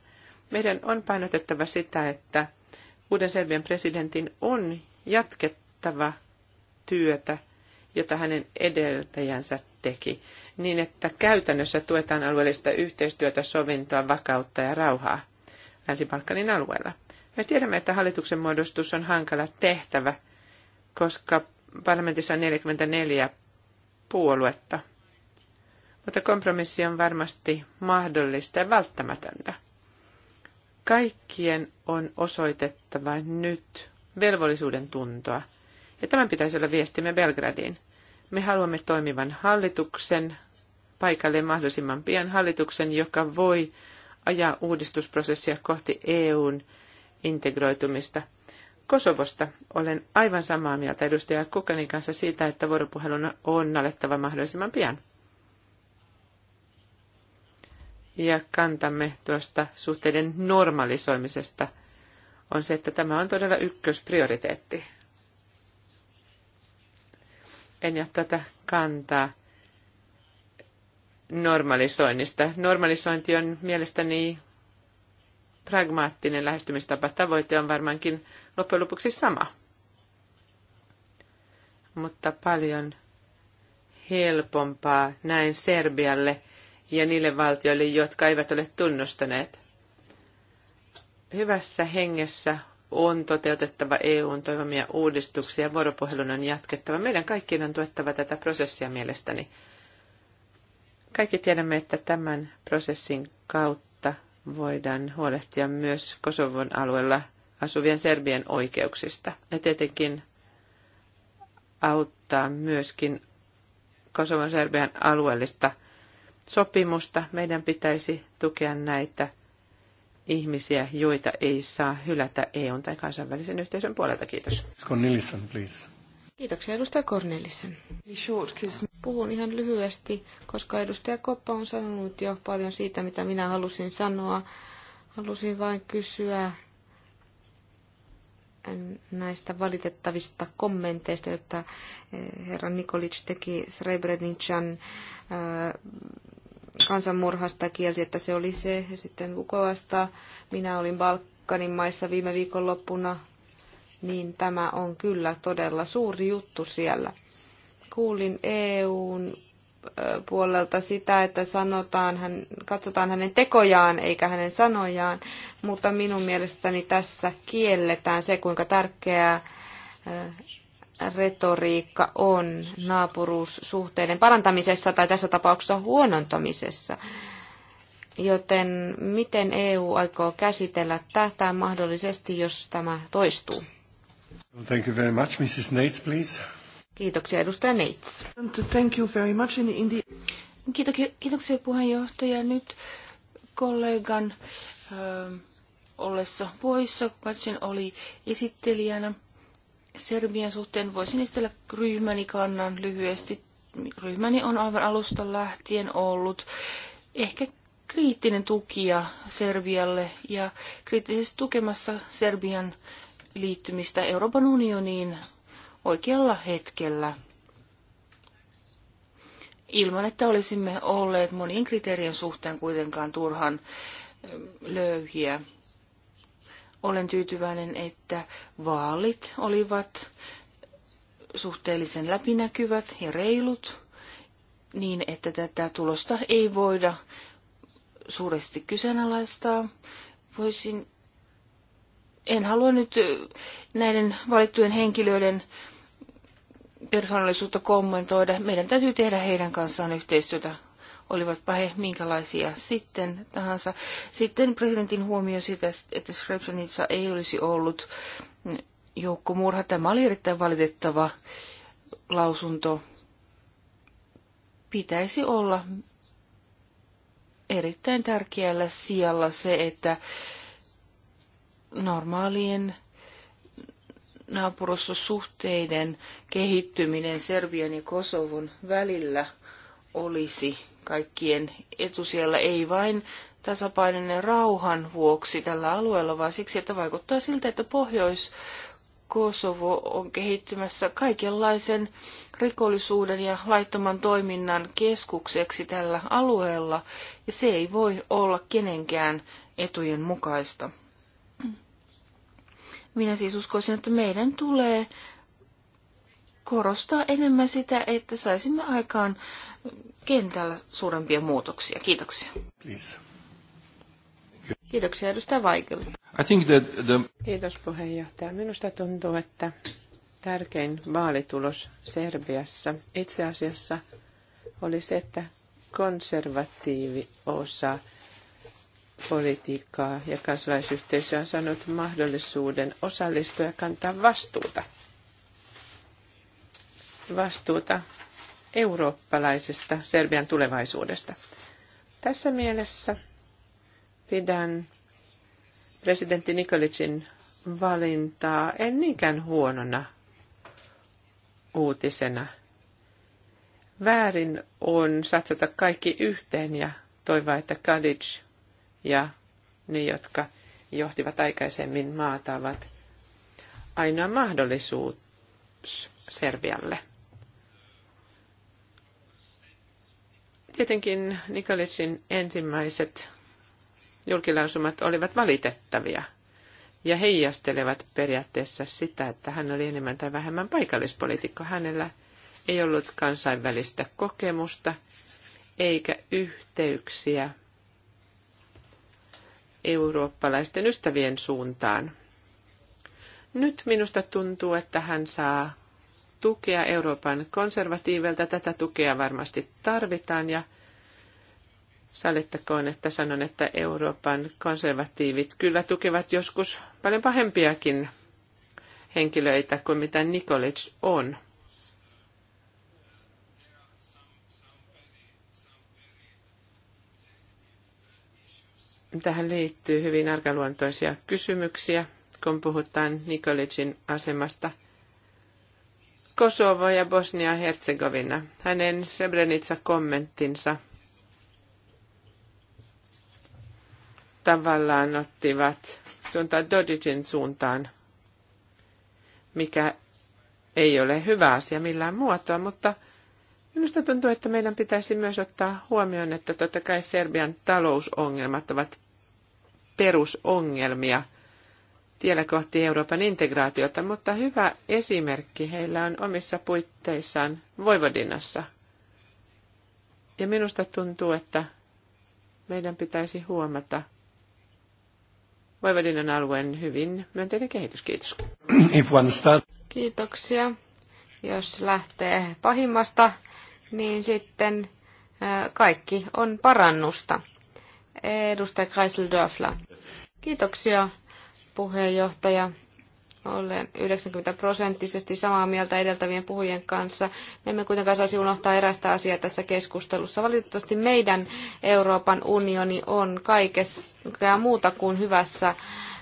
Meidän on painotettava sitä, että uuden Serbian presidentin on jatkettava työtä jota hänen edeltäjänsä teki, niin että käytännössä tuetaan alueellista yhteistyötä, sovintoa, vakautta ja rauhaa Länsi-Balkanin alueella. Me tiedämme, että hallituksen muodostus on hankala tehtävä, koska parlamentissa on 44 puoluetta. Mutta kompromissi on varmasti mahdollista ja välttämätöntä. Kaikkien on osoitettava nyt velvollisuuden tuntoa – ja tämän pitäisi olla viestimme Belgradiin. Me haluamme toimivan hallituksen, paikalle mahdollisimman pian hallituksen, joka voi ajaa uudistusprosessia kohti EUn integroitumista. Kosovosta olen aivan samaa mieltä edustaja Kukanin kanssa siitä, että vuoropuhelun on alettava mahdollisimman pian. Ja kantamme tuosta suhteiden normalisoimisesta on se, että tämä on todella ykkösprioriteetti en ja tätä kantaa normalisoinnista. Normalisointi on mielestäni pragmaattinen lähestymistapa. Tavoite on varmaankin loppujen lopuksi sama. Mutta paljon helpompaa näin Serbialle ja niille valtioille, jotka eivät ole tunnustaneet. Hyvässä hengessä on toteutettava EUn toivomia uudistuksia ja vuoropuhelun on jatkettava. Meidän kaikkien on tuettava tätä prosessia mielestäni. Kaikki tiedämme, että tämän prosessin kautta voidaan huolehtia myös Kosovon alueella asuvien serbien oikeuksista. Ja tietenkin auttaa myöskin Kosovon Serbian alueellista sopimusta. Meidän pitäisi tukea näitä ihmisiä, joita ei saa hylätä EUn tai kansainvälisen yhteisön puolelta. Kiitos. Cornelissen, please. Kiitoksia edustaja Cornelissen. Puhun ihan lyhyesti, koska edustaja Koppa on sanonut jo paljon siitä, mitä minä halusin sanoa. Halusin vain kysyä näistä valitettavista kommenteista, joita eh, herra Nikolic teki Srebrenican eh, kansanmurhasta kielsi, että se oli se. Ja sitten Vukovasta minä olin Balkanin maissa viime viikonloppuna, niin tämä on kyllä todella suuri juttu siellä. Kuulin EUn puolelta sitä, että sanotaan hän, katsotaan hänen tekojaan eikä hänen sanojaan, mutta minun mielestäni tässä kielletään se, kuinka tärkeää retoriikka on naapuruussuhteiden parantamisessa tai tässä tapauksessa huonontamisessa. Joten miten EU aikoo käsitellä tätä mahdollisesti, jos tämä toistuu? Thank you very much, Mrs. Nates, please. Kiitoksia, edustaja Nates. Thank you very much in the... Kiitoksia, kiitoksia puheenjohtaja. Nyt kollegan ö, ollessa poissa, Katsin oli esittelijänä Serbian suhteen voisin esitellä ryhmäni kannan lyhyesti. Ryhmäni on aivan alusta lähtien ollut ehkä kriittinen tukija Serbialle ja kriittisesti tukemassa Serbian liittymistä Euroopan unioniin oikealla hetkellä. Ilman, että olisimme olleet monien kriteerien suhteen kuitenkaan turhan löyhiä. Olen tyytyväinen, että vaalit olivat suhteellisen läpinäkyvät ja reilut, niin että tätä tulosta ei voida suuresti kyseenalaistaa. Voisin, en halua nyt näiden valittujen henkilöiden persoonallisuutta kommentoida. Meidän täytyy tehdä heidän kanssaan yhteistyötä olivatpa he minkälaisia sitten tahansa. Sitten presidentin huomio siitä, että Srebrenica ei olisi ollut joukkomurha. Tämä oli erittäin valitettava lausunto. Pitäisi olla erittäin tärkeällä sijalla se, että normaalien naapurustosuhteiden kehittyminen Serbian ja Kosovon välillä olisi kaikkien etusijalla, ei vain tasapainon ja rauhan vuoksi tällä alueella, vaan siksi, että vaikuttaa siltä, että pohjois Kosovo on kehittymässä kaikenlaisen rikollisuuden ja laittoman toiminnan keskukseksi tällä alueella, ja se ei voi olla kenenkään etujen mukaista. Minä siis uskoisin, että meidän tulee korostaa enemmän sitä, että saisimme aikaan kentällä suurempia muutoksia. Kiitoksia. Please. Kiitoksia edustaja Vaikel. I think that the... Kiitos puheenjohtaja. Minusta tuntuu, että tärkein vaalitulos Serbiassa itse asiassa oli se, että konservatiivi osa politiikkaa ja kansalaisyhteisö on saanut mahdollisuuden osallistua ja kantaa vastuuta. Vastuuta eurooppalaisesta Serbian tulevaisuudesta. Tässä mielessä pidän presidentti Nikolicin valintaa en niinkään huonona uutisena. Väärin on satsata kaikki yhteen ja toivoa, että Kadic ja ne, jotka johtivat aikaisemmin maata, ovat ainoa mahdollisuus Serbialle. Tietenkin Nikolicin ensimmäiset julkilausumat olivat valitettavia ja heijastelevat periaatteessa sitä, että hän oli enemmän tai vähemmän paikallispoliitikko. Hänellä ei ollut kansainvälistä kokemusta eikä yhteyksiä eurooppalaisten ystävien suuntaan. Nyt minusta tuntuu, että hän saa tukea Euroopan konservatiivilta Tätä tukea varmasti tarvitaan ja sallittakoon, että sanon, että Euroopan konservatiivit kyllä tukevat joskus paljon pahempiakin henkilöitä kuin mitä Nikolic on. Tähän liittyy hyvin arkaluontoisia kysymyksiä, kun puhutaan Nikolicin asemasta – Kosovo ja Bosnia-Herzegovina. Hänen Srebrenica-kommenttinsa tavallaan ottivat suuntaan Dodicin suuntaan, mikä ei ole hyvä asia millään muotoa, mutta minusta tuntuu, että meidän pitäisi myös ottaa huomioon, että totta kai Serbian talousongelmat ovat perusongelmia – tiellä kohti Euroopan integraatiota, mutta hyvä esimerkki heillä on omissa puitteissaan Voivodinnassa. Ja minusta tuntuu, että meidän pitäisi huomata Voivodinan alueen hyvin myönteinen kehitys. Kiitos. Kiitoksia. Jos lähtee pahimmasta, niin sitten kaikki on parannusta. Edustaja Kreisel Kiitoksia puheenjohtaja. Olen 90 prosenttisesti samaa mieltä edeltävien puhujien kanssa. Me emme kuitenkaan saisi unohtaa erästä asiaa tässä keskustelussa. Valitettavasti meidän Euroopan unioni on kaikessa, muuta kuin hyvässä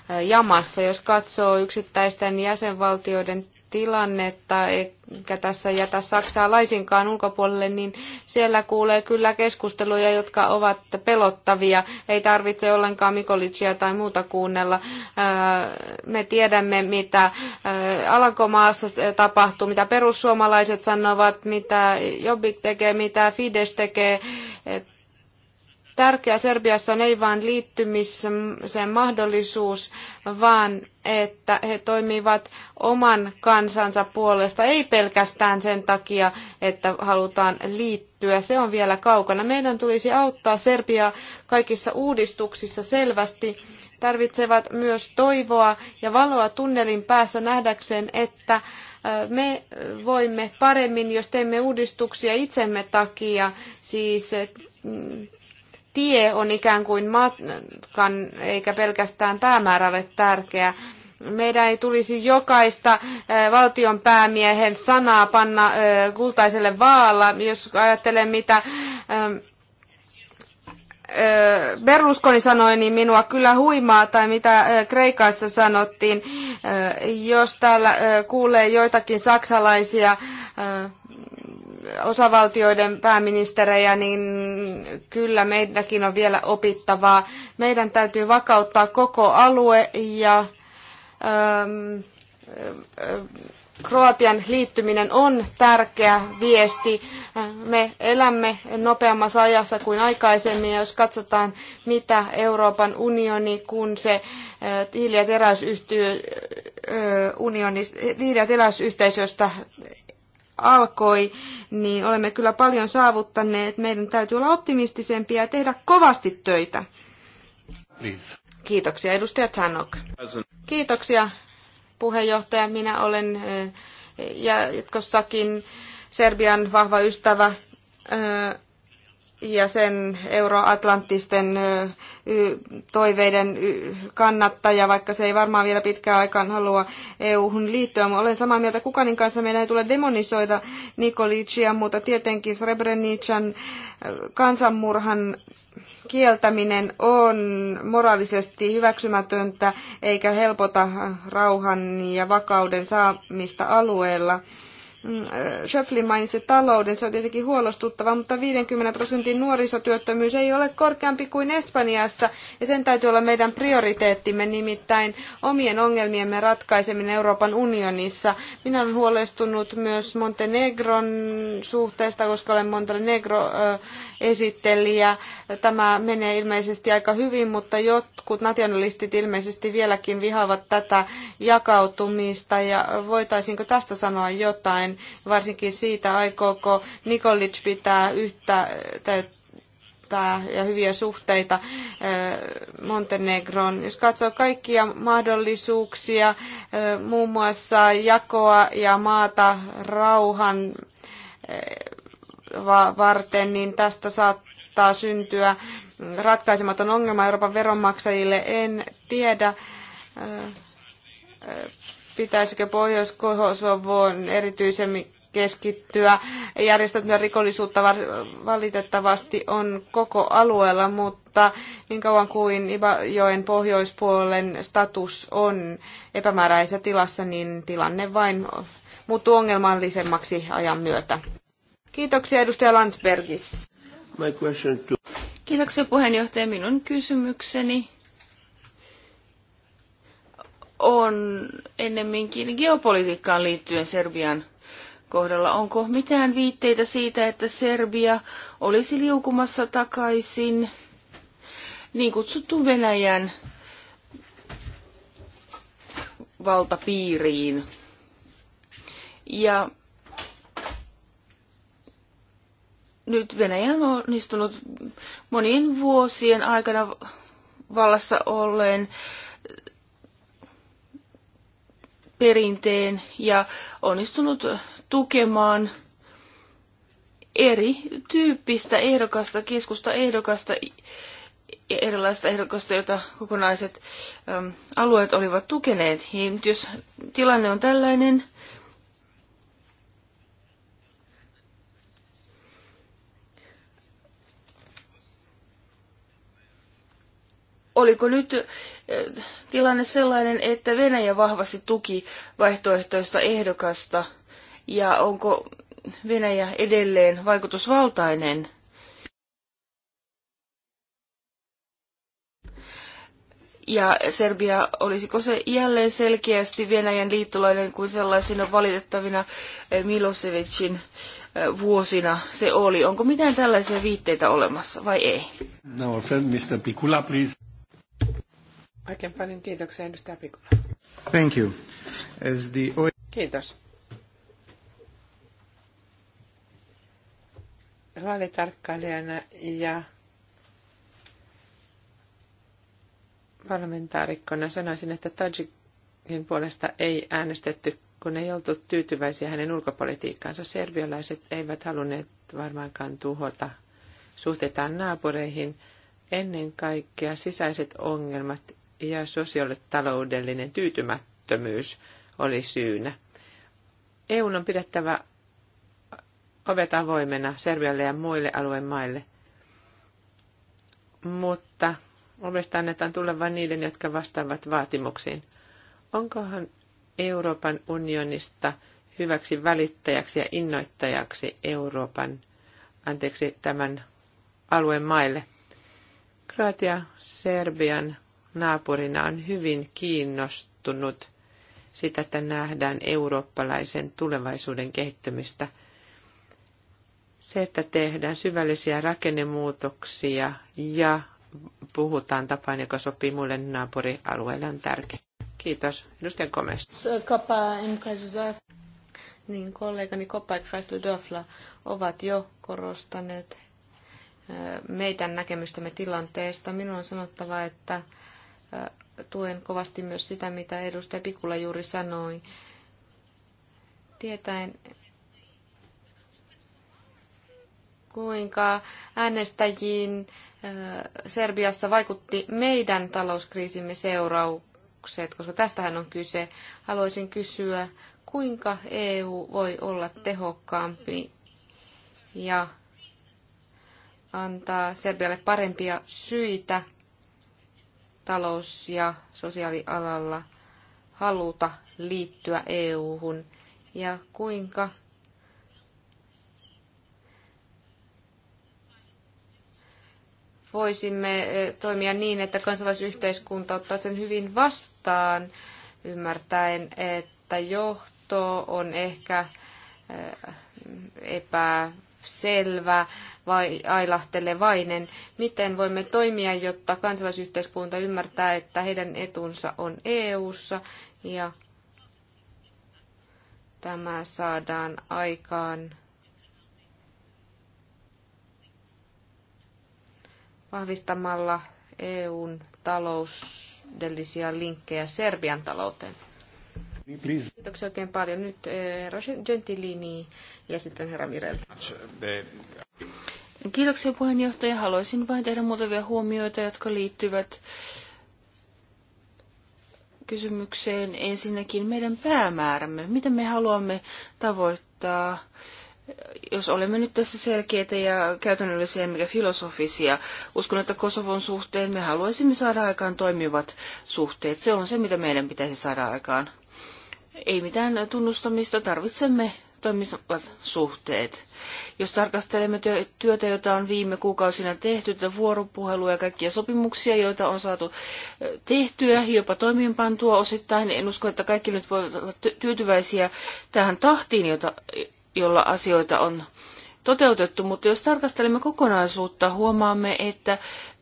eh, jamassa. Jos katsoo yksittäisten jäsenvaltioiden tilannetta, eikä tässä jätä Saksaa laisinkaan ulkopuolelle, niin siellä kuulee kyllä keskusteluja, jotka ovat pelottavia. Ei tarvitse ollenkaan Mikolicia tai muuta kuunnella. Äh, me tiedämme, mitä äh, Alankomaassa tapahtuu, mitä perussuomalaiset sanovat, mitä Jobbik tekee, mitä Fides tekee. Että Tärkeää Serbiassa on ei vain liittymisen mahdollisuus, vaan että he toimivat oman kansansa puolesta, ei pelkästään sen takia, että halutaan liittyä. Se on vielä kaukana. Meidän tulisi auttaa Serbiaa kaikissa uudistuksissa selvästi tarvitsevat myös toivoa ja valoa tunnelin päässä nähdäkseen, että me voimme paremmin, jos teemme uudistuksia itsemme takia, siis mm, tie on ikään kuin matkan, eikä pelkästään päämäärälle tärkeä. Meidän ei tulisi jokaista eh, valtion päämiehen sanaa panna eh, kultaiselle vaalla, jos ajattelee mitä ehm, eh, Berlusconi sanoi, niin minua kyllä huimaa, tai mitä Kreikassa sanottiin, jos täällä kuulee joitakin saksalaisia osavaltioiden pääministerejä, niin kyllä meidänkin on vielä opittavaa. Meidän täytyy vakauttaa koko alue ja ähm, äh, Kroatian liittyminen on tärkeä viesti. Me elämme nopeammassa ajassa kuin aikaisemmin, ja jos katsotaan, mitä Euroopan unioni, kun se äh, hiili- ja äh, unioni, ja teräysyhteisöstä alkoi, niin olemme kyllä paljon saavuttaneet. Meidän täytyy olla optimistisempia ja tehdä kovasti töitä. Please. Kiitoksia, edustaja Tanok. Kiitoksia, puheenjohtaja. Minä olen jatkossakin Serbian vahva ystävä ja sen euroatlanttisten toiveiden kannattaja, vaikka se ei varmaan vielä pitkään aikaan halua EU-hun liittyä. mutta olen samaa mieltä Kukanin kanssa, meidän ei tule demonisoida Nikolicia, mutta tietenkin Srebrenican äh, kansanmurhan kieltäminen on moraalisesti hyväksymätöntä eikä helpota rauhan ja vakauden saamista alueella. Mm, äh, Schöflin mainitsi talouden, se on tietenkin huolestuttava, mutta 50 prosentin nuorisotyöttömyys ei ole korkeampi kuin Espanjassa, ja sen täytyy olla meidän prioriteettimme, nimittäin omien ongelmiemme ratkaiseminen Euroopan unionissa. Minä olen huolestunut myös Montenegron suhteesta, koska olen Montenegro-esittelijä. Tämä menee ilmeisesti aika hyvin, mutta jotkut nationalistit ilmeisesti vieläkin vihaavat tätä jakautumista, ja voitaisiinko tästä sanoa jotain? jotain, varsinkin siitä, aikooko Nikolic pitää yhtä täyttää ja hyviä suhteita äh, Montenegroon. Jos katsoo kaikkia mahdollisuuksia, äh, muun muassa jakoa ja maata rauhan äh, varten, niin tästä saattaa syntyä ratkaisematon ongelma Euroopan veronmaksajille. En tiedä, pitäisikö Pohjois-Kosovoon erityisemmin keskittyä. Järjestettyä rikollisuutta valitettavasti on koko alueella, mutta niin kauan kuin Ibajoen pohjoispuolen status on epämääräisessä tilassa, niin tilanne vain muuttuu ongelmallisemmaksi ajan myötä. Kiitoksia edustaja Landsbergis. Kiitoksia puheenjohtaja. Minun kysymykseni on ennemminkin geopolitiikkaan liittyen Serbian kohdalla. Onko mitään viitteitä siitä, että Serbia olisi liukumassa takaisin niin kutsuttu Venäjän valtapiiriin? Ja nyt Venäjä on onnistunut monien vuosien aikana vallassa olleen perinteen ja onnistunut tukemaan eri tyyppistä ehdokasta, keskusta ehdokasta, erilaista ehdokasta, jota kokonaiset alueet olivat tukeneet. Ja jos tilanne on tällainen, oliko nyt eh, tilanne sellainen, että Venäjä vahvasti tuki vaihtoehtoista ehdokasta ja onko Venäjä edelleen vaikutusvaltainen? Ja Serbia, olisiko se jälleen selkeästi Venäjän liittolainen kuin sellaisina valitettavina eh, Milosevicin eh, vuosina se oli? Onko mitään tällaisia viitteitä olemassa vai ei? No, friend, Mr. Pikula, please. Oikein paljon kiitoksia, edustaja Pikula. Thank you. As the... Kiitos. Vaalitarkkailijana ja parlamentaarikkona sanoisin, että Tajikin puolesta ei äänestetty, kun ei oltu tyytyväisiä hänen ulkopolitiikkaansa. Serbialaiset eivät halunneet varmaankaan tuhota suhteitaan naapureihin. Ennen kaikkea sisäiset ongelmat ja sosiaalitaloudellinen tyytymättömyys oli syynä. EUn on pidettävä ovet avoimena Serbialle ja muille alueen maille, mutta ovesta annetaan tulla vain niiden, jotka vastaavat vaatimuksiin. Onkohan Euroopan unionista hyväksi välittäjäksi ja innoittajaksi Euroopan, anteeksi, tämän alueen maille? Kroatia, Serbian naapurina on hyvin kiinnostunut sitä, että nähdään eurooppalaisen tulevaisuuden kehittymistä. Se, että tehdään syvällisiä rakennemuutoksia ja puhutaan tapaan, joka sopii muille naapurialueille, on tärkeää. Kiitos. Edustaja Gomes. Niin, kollegani Koppa ja Kreisler-Döfla ovat jo korostaneet meidän näkemystämme tilanteesta. Minun on sanottava, että tuen kovasti myös sitä, mitä edustaja Pikula juuri sanoi. Tietäen, kuinka äänestäjiin Serbiassa vaikutti meidän talouskriisimme seuraukset, koska tästähän on kyse. Haluaisin kysyä, kuinka EU voi olla tehokkaampi ja antaa Serbialle parempia syitä – talous- ja sosiaalialalla haluta liittyä EU-hun ja kuinka voisimme toimia niin, että kansalaisyhteiskunta ottaa sen hyvin vastaan, ymmärtäen, että johto on ehkä epäselvä, vai ailahtelevainen. Miten voimme toimia, jotta kansalaisyhteiskunta ymmärtää, että heidän etunsa on EU:ssa ja tämä saadaan aikaan vahvistamalla EUn taloudellisia linkkejä Serbian talouteen. Please. Kiitoksia oikein paljon. Nyt herra eh, Gentilini ja sitten herra Mirel. Eh, Kiitoksia puheenjohtaja. Haluaisin vain tehdä muutamia huomioita, jotka liittyvät kysymykseen ensinnäkin meidän päämäärämme. Mitä me haluamme tavoittaa, jos olemme nyt tässä selkeitä ja käytännöllisiä mikä filosofisia. Uskon, että Kosovon suhteen me haluaisimme saada aikaan toimivat suhteet. Se on se, mitä meidän pitäisi saada aikaan. Ei mitään tunnustamista, tarvitsemme toimivat suhteet. Jos tarkastelemme työtä, jota on viime kuukausina tehty, tätä vuoropuhelua ja kaikkia sopimuksia, joita on saatu tehtyä, jopa toimeenpantua osittain, en usko, että kaikki nyt voivat olla tyytyväisiä tähän tahtiin, jota, jolla asioita on toteutettu, mutta jos tarkastelemme kokonaisuutta, huomaamme, että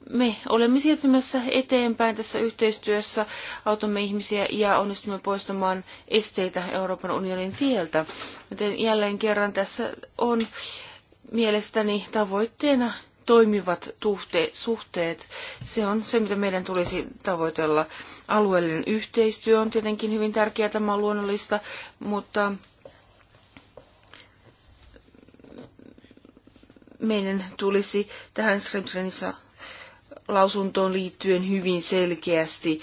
me olemme siirtymässä eteenpäin tässä yhteistyössä, autamme ihmisiä ja onnistumme poistamaan esteitä Euroopan unionin tieltä. Joten jälleen kerran tässä on mielestäni tavoitteena toimivat suhteet. Se on se, mitä meidän tulisi tavoitella. Alueellinen yhteistyö on tietenkin hyvin tärkeää, tämä on luonnollista, mutta meidän tulisi tähän Srebrenica lausuntoon liittyen hyvin selkeästi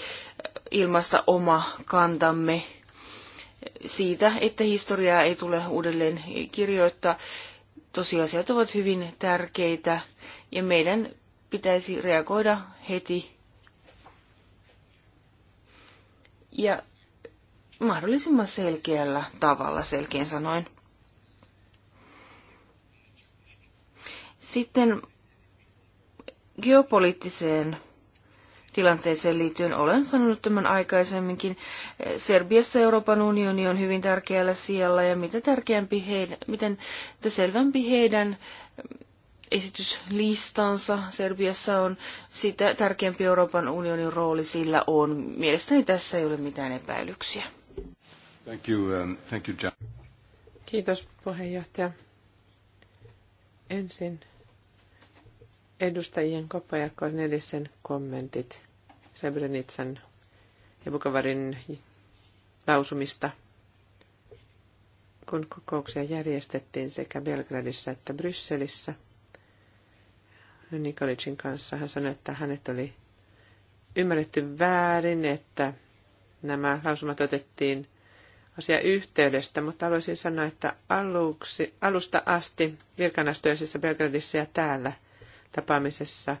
ilmaista oma kantamme siitä, että historiaa ei tule uudelleen kirjoittaa. Tosiasiat ovat hyvin tärkeitä ja meidän pitäisi reagoida heti ja mahdollisimman selkeällä tavalla, selkeän sanoin. Sitten geopoliittiseen tilanteeseen liittyen olen sanonut tämän aikaisemminkin. Serbiassa Euroopan unioni on hyvin tärkeällä sijalla ja mitä tärkeämpi heidän, miten mitä selvempi heidän mm, esityslistansa Serbiassa on, sitä tärkeämpi Euroopan unionin rooli sillä on. Mielestäni tässä ei ole mitään epäilyksiä. Thank you, um, thank you, John. Kiitos puheenjohtaja. Ensin edustajien Kopa ja Cornelissen kommentit Srebrenitsan ja Bukavarin lausumista, kun kokouksia järjestettiin sekä Belgradissa että Brysselissä. Nikolicin kanssa hän sanoi, että hänet oli ymmärretty väärin, että nämä lausumat otettiin asia yhteydestä, mutta haluaisin sanoa, että aluksi, alusta asti virkanastoisissa Belgradissa ja täällä tapaamisessa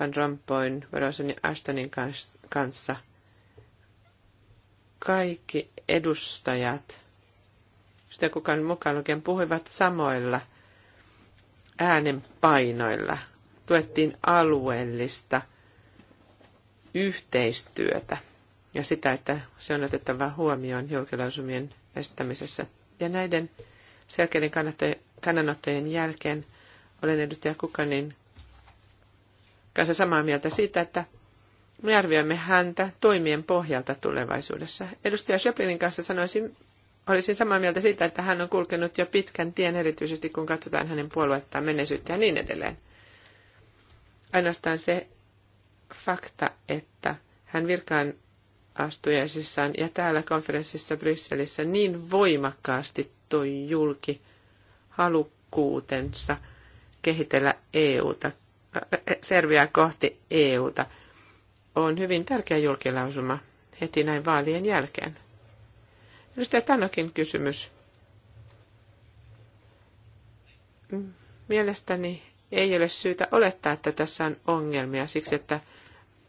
Van Rompuyn, Varoisen ja Ashtonin kanssa kaikki edustajat, sitä kukaan mukaan lukien, puhuivat samoilla äänenpainoilla. Tuettiin alueellista yhteistyötä ja sitä, että se on otettava huomioon julkilausumien estämisessä. Ja näiden selkeiden kannanottojen jälkeen olen edustaja Kukanin kanssa samaa mieltä siitä, että me arvioimme häntä toimien pohjalta tulevaisuudessa. Edustaja Schöplinin kanssa sanoisin, olisin samaa mieltä siitä, että hän on kulkenut jo pitkän tien, erityisesti kun katsotaan hänen puoluettaan menneisyyttä ja niin edelleen. Ainoastaan se fakta, että hän virkaan astujaisissaan ja täällä konferenssissa Brysselissä niin voimakkaasti toi julki halukkuutensa kehitellä EUta Serbiaa kohti EUta on hyvin tärkeä julkilausuma heti näin vaalien jälkeen. Edustaja Tanokin kysymys. Mielestäni ei ole syytä olettaa, että tässä on ongelmia siksi, että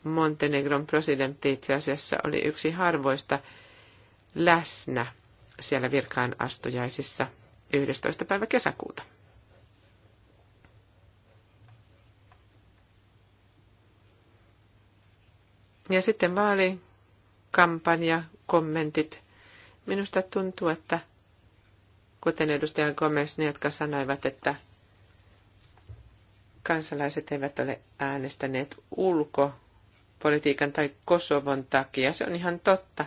Montenegron presidentti itse asiassa oli yksi harvoista läsnä siellä virkaan astujaisissa 11. päivä kesäkuuta. Ja sitten vaalikampanja, kommentit. Minusta tuntuu, että kuten edustaja Gomez, ne jotka sanoivat, että kansalaiset eivät ole äänestäneet ulkopolitiikan tai Kosovon takia. Se on ihan totta.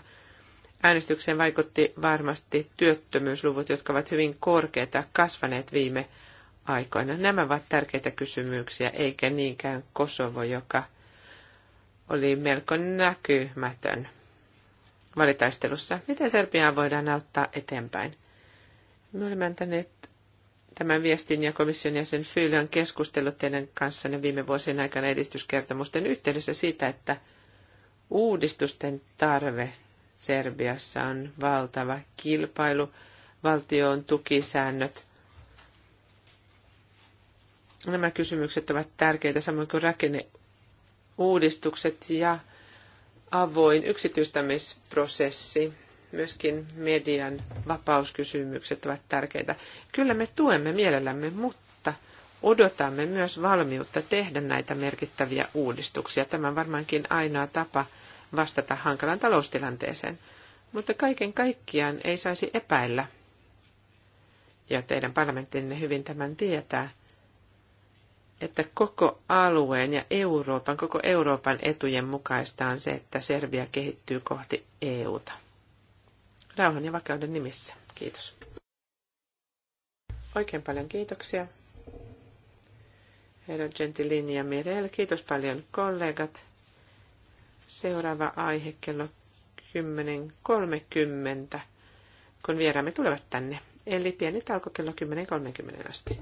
Äänestykseen vaikutti varmasti työttömyysluvut, jotka ovat hyvin korkeita, kasvaneet viime aikoina. Nämä ovat tärkeitä kysymyksiä, eikä niinkään Kosovo, joka – oli melko näkymätön valitaistelussa. Miten Serbiaa voidaan auttaa eteenpäin? Me olemme antaneet tämän viestin ja komission jäsen Fyyle on keskustellut teidän kanssanne viime vuosien aikana edistyskertomusten yhteydessä siitä, että uudistusten tarve Serbiassa on valtava kilpailu, valtion tukisäännöt. Nämä kysymykset ovat tärkeitä, samoin kuin rakenne uudistukset ja avoin yksityistämisprosessi, myöskin median vapauskysymykset ovat tärkeitä. Kyllä me tuemme mielellämme, mutta odotamme myös valmiutta tehdä näitä merkittäviä uudistuksia. Tämä on varmaankin ainoa tapa vastata hankalan taloustilanteeseen. Mutta kaiken kaikkiaan ei saisi epäillä, ja teidän parlamenttinne hyvin tämän tietää – että koko alueen ja Euroopan, koko Euroopan etujen mukaista on se, että Serbia kehittyy kohti EUta. Rauhan ja vakauden nimissä. Kiitos. Oikein paljon kiitoksia. Herra Gentilini ja Mirel, kiitos paljon kollegat. Seuraava aihe kello 10.30, kun vieraamme tulevat tänne. Eli pieni tauko kello 10.30 asti.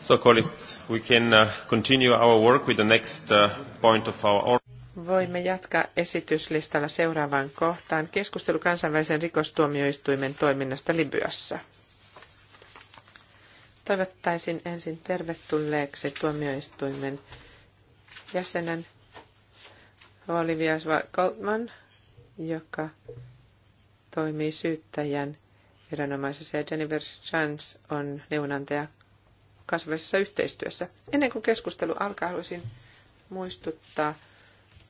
So colleagues, we can uh, continue our work with the next uh, point of our Voimme jatkaa esityslistalla seuraavaan kohtaan. Keskustelu kansainvälisen rikostuomioistuimen toiminnasta Libyassa. Toivottaisin ensin tervetulleeksi tuomioistuimen jäsenen Olivia Goldman, joka toimii syyttäjän viranomaisessa ja Jennifer Chance on neuvonantaja kansainvälisessä yhteistyössä. Ennen kuin keskustelu alkaa, haluaisin muistuttaa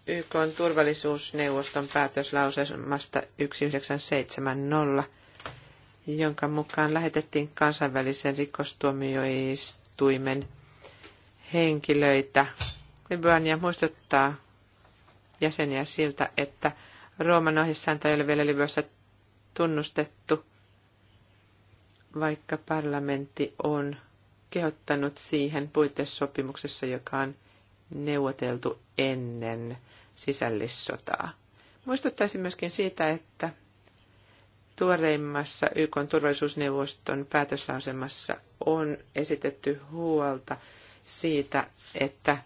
YK on turvallisuusneuvoston päätöslauselmasta 1970, jonka mukaan lähetettiin kansainvälisen rikostuomioistuimen henkilöitä. Libyania muistuttaa jäseniä siltä, että Rooman ohjesääntö ei ole vielä Libyassa tunnustettu, vaikka parlamentti on kehottanut siihen puitesopimuksessa, joka on neuvoteltu ennen sisällissotaa. Muistuttaisin myöskin siitä, että tuoreimmassa YK turvallisuusneuvoston päätöslausemassa on esitetty huolta siitä, että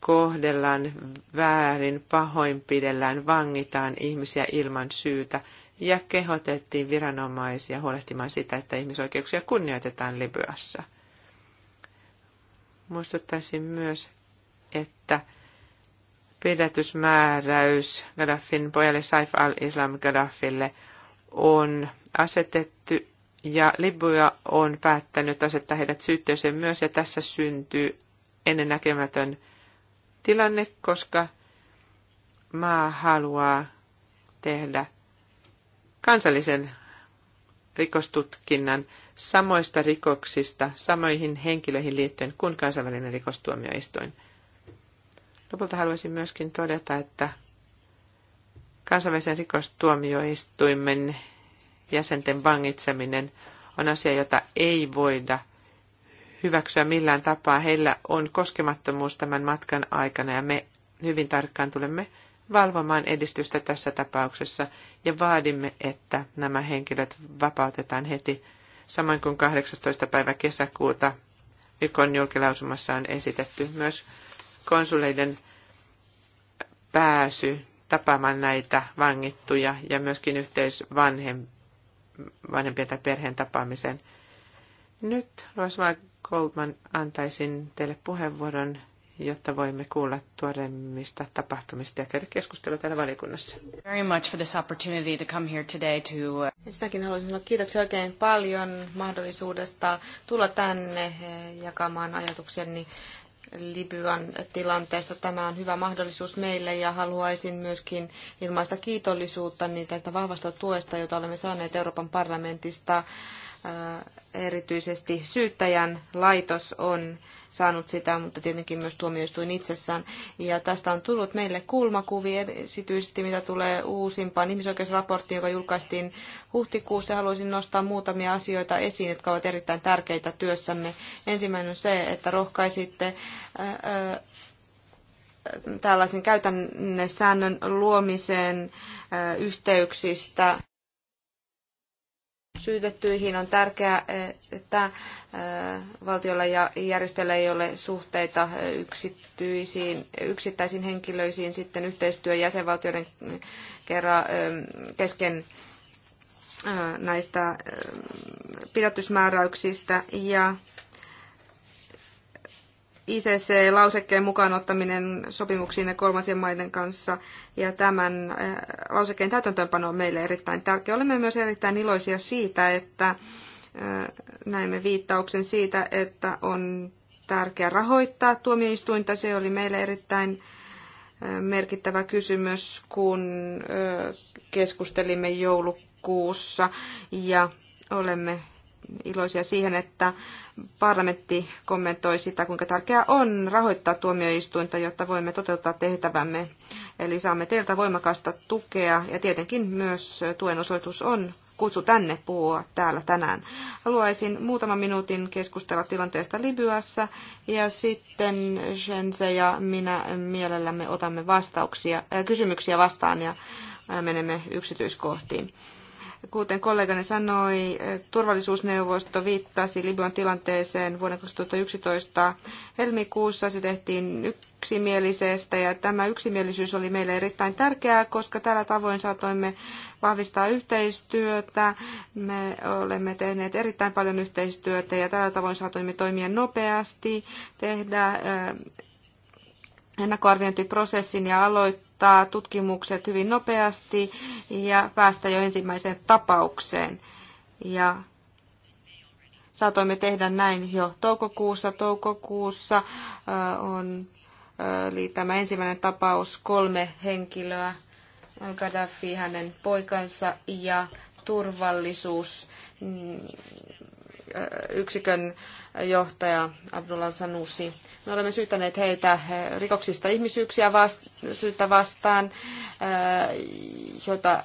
kohdellaan väärin, pahoinpidellään, vangitaan ihmisiä ilman syytä ja kehotettiin viranomaisia huolehtimaan sitä, että ihmisoikeuksia kunnioitetaan Libyassa. Muistuttaisin myös, että pidätysmääräys Gaddafin pojalle Saif al-Islam Gaddafille on asetettu ja Libya on päättänyt asettaa heidät syytteeseen myös ja tässä syntyy ennennäkemätön tilanne, koska maa haluaa tehdä kansallisen rikostutkinnan samoista rikoksista samoihin henkilöihin liittyen kuin kansainvälinen rikostuomioistuin. Lopulta haluaisin myöskin todeta, että kansainvälisen rikostuomioistuimen jäsenten vangitseminen on asia, jota ei voida hyväksyä millään tapaa. Heillä on koskemattomuus tämän matkan aikana ja me hyvin tarkkaan tulemme valvomaan edistystä tässä tapauksessa ja vaadimme, että nämä henkilöt vapautetaan heti samoin kuin 18. päivä kesäkuuta YKn julkilausumassa on esitetty myös konsuleiden pääsy tapaamaan näitä vangittuja ja myöskin yhteys vanhempien tai perheen tapaamiseen. Nyt Roswell Goldman antaisin teille puheenvuoron jotta voimme kuulla tuoreimmista tapahtumista ja käydä keskustelua täällä valiokunnassa. Very much for this opportunity to come here today to... Uh, Ensinnäkin haluaisin sanoa kiitoksia oikein paljon mahdollisuudesta tulla tänne eh, jakamaan ajatukseni Libyan tilanteesta. Tämä on hyvä mahdollisuus meille ja haluaisin myöskin ilmaista kiitollisuutta niitä että vahvasta tuesta, jota olemme saaneet Euroopan parlamentista. Eh, erityisesti syyttäjän laitos on saanut sitä, mutta tietenkin myös tuomioistuin itsessään. Ja tästä on tullut meille kulmakuvi, erityisesti mitä tulee uusimpaan ihmisoikeusraporttiin, joka julkaistiin huhtikuussa. Haluaisin nostaa muutamia asioita esiin, jotka ovat erittäin tärkeitä työssämme. Ensimmäinen on se, että rohkaisitte tällaisen käytännön säännön luomiseen yhteyksistä syytettyihin. On tärkeää, että äh, valtiolla ja järjestöllä ei ole suhteita äh, yksityisiin, yksittäisiin henkilöisiin sitten yhteistyö jäsenvaltioiden äh, kerran ähm, kesken näistä pidätysmääräyksistä ja ICC-lausekkeen mukaan ottaminen sopimuksiin ja kolmansien maiden kanssa ja tämän eh, lausekkeen täytäntöönpano on meille erittäin tärkeä. Olemme myös erittäin iloisia siitä, että eh, näimme viittauksen siitä, että on tärkeää rahoittaa tuomioistuinta. Se oli meille erittäin eh, merkittävä kysymys, kun keskustelimme joulukuussa ja olemme iloisia siihen, että parlamentti kommentoi sitä, kuinka tärkeää on rahoittaa tuomioistuinta, jotta voimme toteuttaa tehtävämme. Eli saamme teiltä voimakasta tukea ja tietenkin myös tuen osoitus on kutsu tänne puhua täällä tänään. Haluaisin muutaman minuutin keskustella tilanteesta Libyassa ja sitten Shense ja minä mielellämme otamme vastauksia, äh, kysymyksiä vastaan ja äh, menemme yksityiskohtiin. Kuten kollegani sanoi, eh, turvallisuusneuvosto viittasi Libyan tilanteeseen vuoden 2011 helmikuussa. Se tehtiin yksimielisestä ja tämä yksimielisyys oli meille erittäin tärkeää, koska tällä tavoin saatoimme vahvistaa yhteistyötä. Me olemme tehneet erittäin paljon yhteistyötä ja tällä tavoin saatoimme toimia nopeasti, tehdä eh, ennakkoarviointiprosessin ja aloittaa aloittaa tutkimukset hyvin nopeasti ja päästä jo ensimmäiseen tapaukseen. Ja saatoimme tehdä näin jo toukokuussa. Toukokuussa on oli tämä ensimmäinen tapaus kolme henkilöä, al-Gaddafi, hänen poikansa ja turvallisuus mm, Äh, yksikön johtaja Abdullah Sanusi. Me olemme syyttäneet heitä äh, rikoksista ihmisyyksiä vast, syyttä vastaan, äh, joita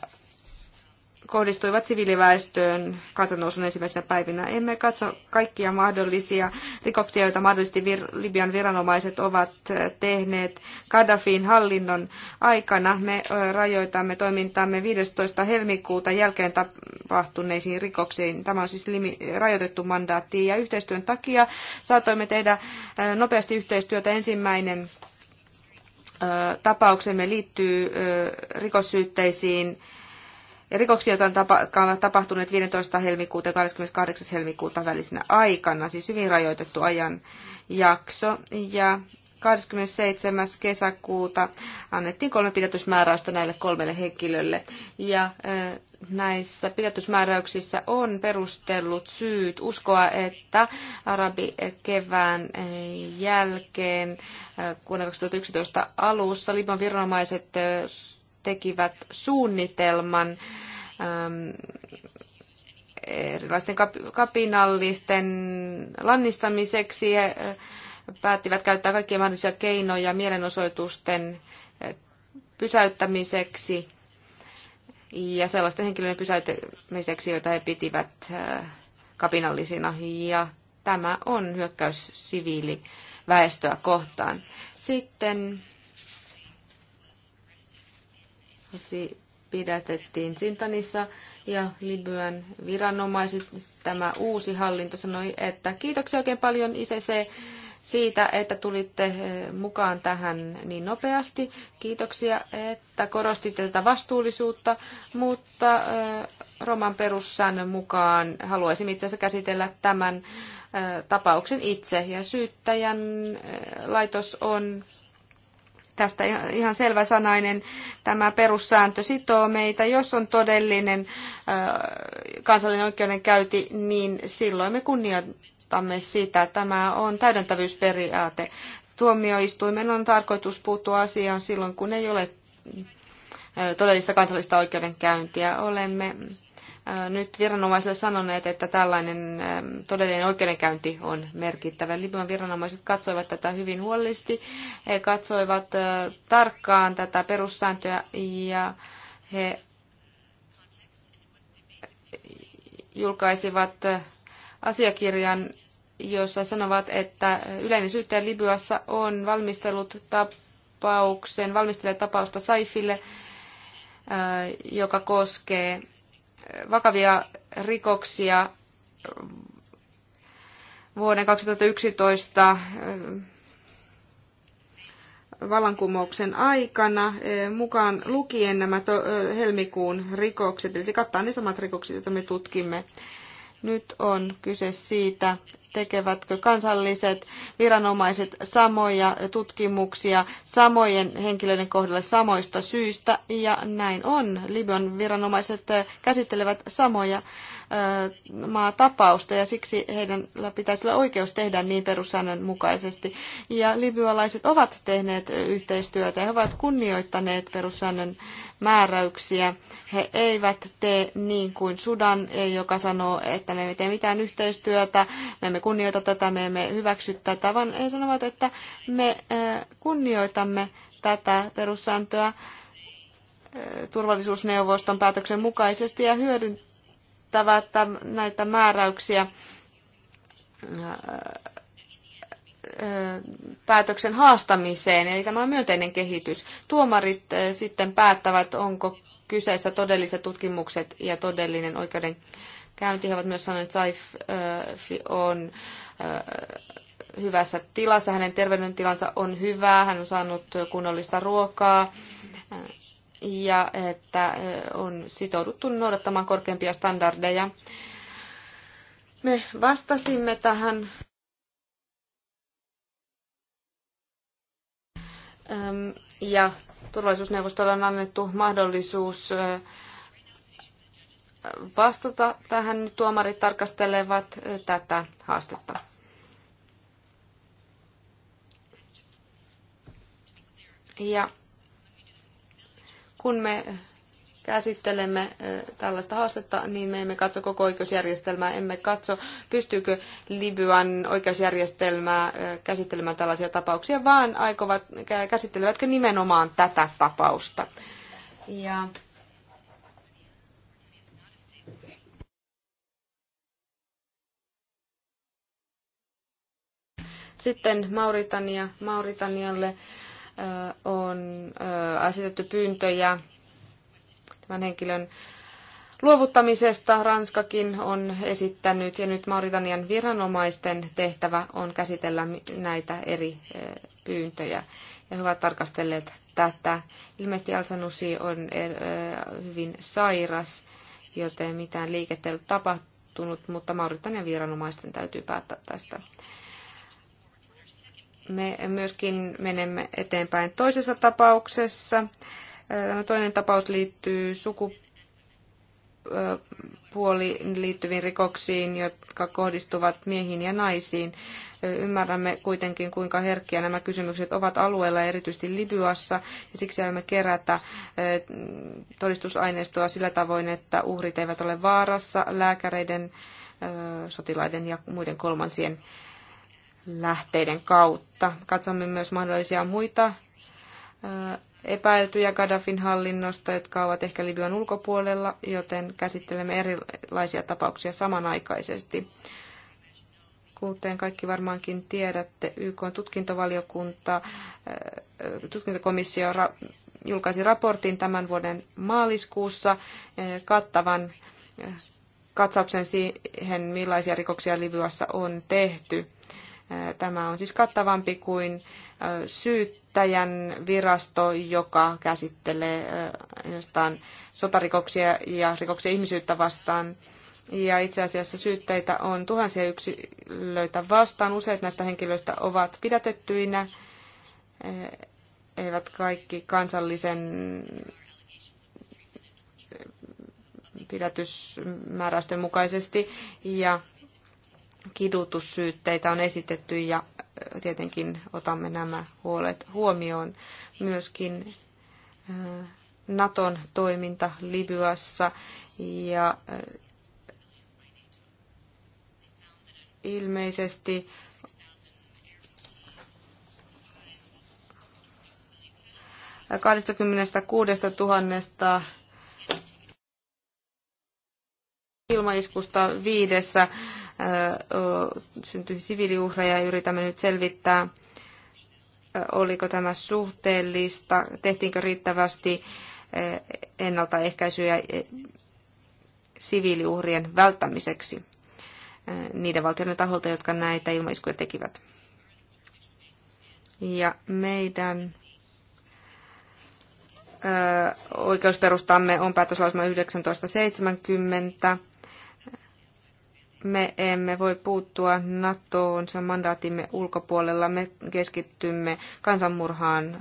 kohdistuivat siviiliväestöön kansannousun ensimmäisenä päivinä. Emme katso kaikkia mahdollisia rikoksia, joita mahdollisesti vir- Libian viranomaiset ovat eh, tehneet Gaddafin hallinnon aikana. Me eh, rajoitamme toimintaamme 15. helmikuuta jälkeen tapahtuneisiin rikoksiin. Tämä on siis rajoitettu mandaatti ja yhteistyön takia saatoimme tehdä eh, nopeasti yhteistyötä ensimmäinen tapauksemme liittyy rikossyytteisiin ja rikoksia, joita on tapahtunut 15. helmikuuta ja 28. helmikuuta välisenä aikana, siis hyvin rajoitettu ajan jakso. Ja 27. kesäkuuta annettiin kolme pidätysmääräystä näille kolmelle henkilölle. Ja näissä pidätysmääräyksissä on perustellut syyt uskoa, että arabi kevään jälkeen vuonna 2011 alussa Liban viranomaiset tekivät suunnitelman ähm, erilaisten kapinallisten lannistamiseksi. He äh, päättivät käyttää kaikkia mahdollisia keinoja mielenosoitusten äh, pysäyttämiseksi ja sellaisten henkilöiden pysäyttämiseksi, joita he pitivät äh, kapinallisina. Ja tämä on hyökkäys siviiliväestöä kohtaan. Sitten pidätettiin Sintanissa ja Libyan viranomaiset. Tämä uusi hallinto sanoi, että kiitoksia oikein paljon ICC siitä, että tulitte eh, mukaan tähän niin nopeasti. Kiitoksia, että korostitte tätä vastuullisuutta, mutta eh, Roman perussäännön mukaan haluaisin itse asiassa käsitellä tämän eh, tapauksen itse. Ja syyttäjän laitos on tästä ihan selväsanainen. Tämä perussääntö sitoo meitä. Jos on todellinen kansallinen oikeudenkäynti, niin silloin me kunnioitamme sitä. Tämä on täydentävyysperiaate. Tuomioistuimen on tarkoitus puuttua asiaan silloin, kun ei ole todellista kansallista oikeudenkäyntiä. Olemme Äh, nyt viranomaisille sanoneet, että tällainen ähm, todellinen oikeudenkäynti on merkittävä. Libyan viranomaiset katsoivat tätä hyvin huolellisesti. He katsoivat äh, tarkkaan tätä perussääntöä ja he julkaisivat äh, asiakirjan, jossa sanovat, että yleinen syyttäjä Libyassa on valmistellut tapauksen, valmistelee tapausta Saifille, joka koskee vakavia rikoksia vuoden 2011 vallankumouksen aikana, mukaan lukien nämä helmikuun rikokset. Eli se kattaa ne samat rikokset, joita me tutkimme. Nyt on kyse siitä, tekevätkö kansalliset viranomaiset samoja tutkimuksia samojen henkilöiden kohdalla samoista syistä, ja näin on. Libyan viranomaiset käsittelevät samoja Äh, maa tapausta ja siksi heidän pitäisi olla oikeus tehdä niin perussäännön mukaisesti. Ja libyalaiset ovat tehneet yhteistyötä ja he ovat kunnioittaneet perussäännön määräyksiä. He eivät tee niin kuin Sudan, joka sanoo, että me emme tee mitään yhteistyötä, me emme kunnioita tätä, me emme hyväksy tätä, vaan he sanovat, että me äh, kunnioitamme tätä perussääntöä äh, turvallisuusneuvoston päätöksen mukaisesti ja hyödyn että näitä määräyksiä äh, äh, päätöksen haastamiseen, eli tämä on myönteinen kehitys. Tuomarit äh, sitten päättävät, onko kyseessä todelliset tutkimukset ja todellinen oikeudenkäynti. He ovat myös sanoneet, että Saif on hyvässä tilassa, hänen terveydentilansa on hyvä, hän on saanut kunnollista ruokaa, ja että on sitouduttu noudattamaan korkeampia standardeja. Me vastasimme tähän ja turvallisuusneuvostolle on annettu mahdollisuus vastata tähän. tuomarit tarkastelevat tätä haastetta. Ja kun me käsittelemme tällaista haastetta, niin me emme katso koko oikeusjärjestelmää, emme katso, pystyykö Libyan oikeusjärjestelmää käsittelemään tällaisia tapauksia, vaan aikovat, käsittelevätkö nimenomaan tätä tapausta. Ja Sitten Mauritania, Mauritanialle on asetettu pyyntöjä tämän henkilön luovuttamisesta Ranskakin on esittänyt ja nyt Mauritanian viranomaisten tehtävä on käsitellä näitä eri pyyntöjä. Ja he ovat tarkastelleet tätä. Ilmeisesti Alsanusi on hyvin sairas, joten mitään liikettä ei ole tapahtunut, mutta Mauritanian viranomaisten täytyy päättää tästä. Me myöskin menemme eteenpäin toisessa tapauksessa. Tämä toinen tapaus liittyy sukupuoliin liittyviin rikoksiin, jotka kohdistuvat miehiin ja naisiin. Ymmärrämme kuitenkin, kuinka herkkiä nämä kysymykset ovat alueella, erityisesti Libyassa, ja siksi aiomme kerätä todistusaineistoa sillä tavoin, että uhrit eivät ole vaarassa lääkäreiden, sotilaiden ja muiden kolmansien lähteiden kautta. Katsomme myös mahdollisia muita epäiltyjä Gaddafin hallinnosta, jotka ovat ehkä Libyan ulkopuolella, joten käsittelemme erilaisia tapauksia samanaikaisesti. Kuten kaikki varmaankin tiedätte, YK tutkintovaliokunta, tutkintokomissio julkaisi raportin tämän vuoden maaliskuussa kattavan katsauksen siihen, millaisia rikoksia Libyassa on tehty. Tämä on siis kattavampi kuin syyttäjän virasto, joka käsittelee ainoastaan sotarikoksia ja rikoksia ihmisyyttä vastaan. Ja itse asiassa syytteitä on tuhansia yksilöitä vastaan. Useat näistä henkilöistä ovat pidätettyinä, eivät kaikki kansallisen pidätysmääräysten mukaisesti. Ja kidutussyytteitä on esitetty ja tietenkin otamme nämä huolet huomioon. Myöskin Naton toiminta Libyassa ja ilmeisesti kymmenestä kuudesta tuhannesta ilmaiskusta viidessä syntyi siviiliuhreja ja yritämme nyt selvittää, oliko tämä suhteellista, tehtiinkö riittävästi ennaltaehkäisyjä siviiliuhrien välttämiseksi niiden valtioiden taholta, jotka näitä ilmaiskuja tekivät. Ja meidän oikeusperustamme on päätöslausuma 1970 me emme voi puuttua NATOon sen mandaatimme ulkopuolella. Me keskittymme kansanmurhaan,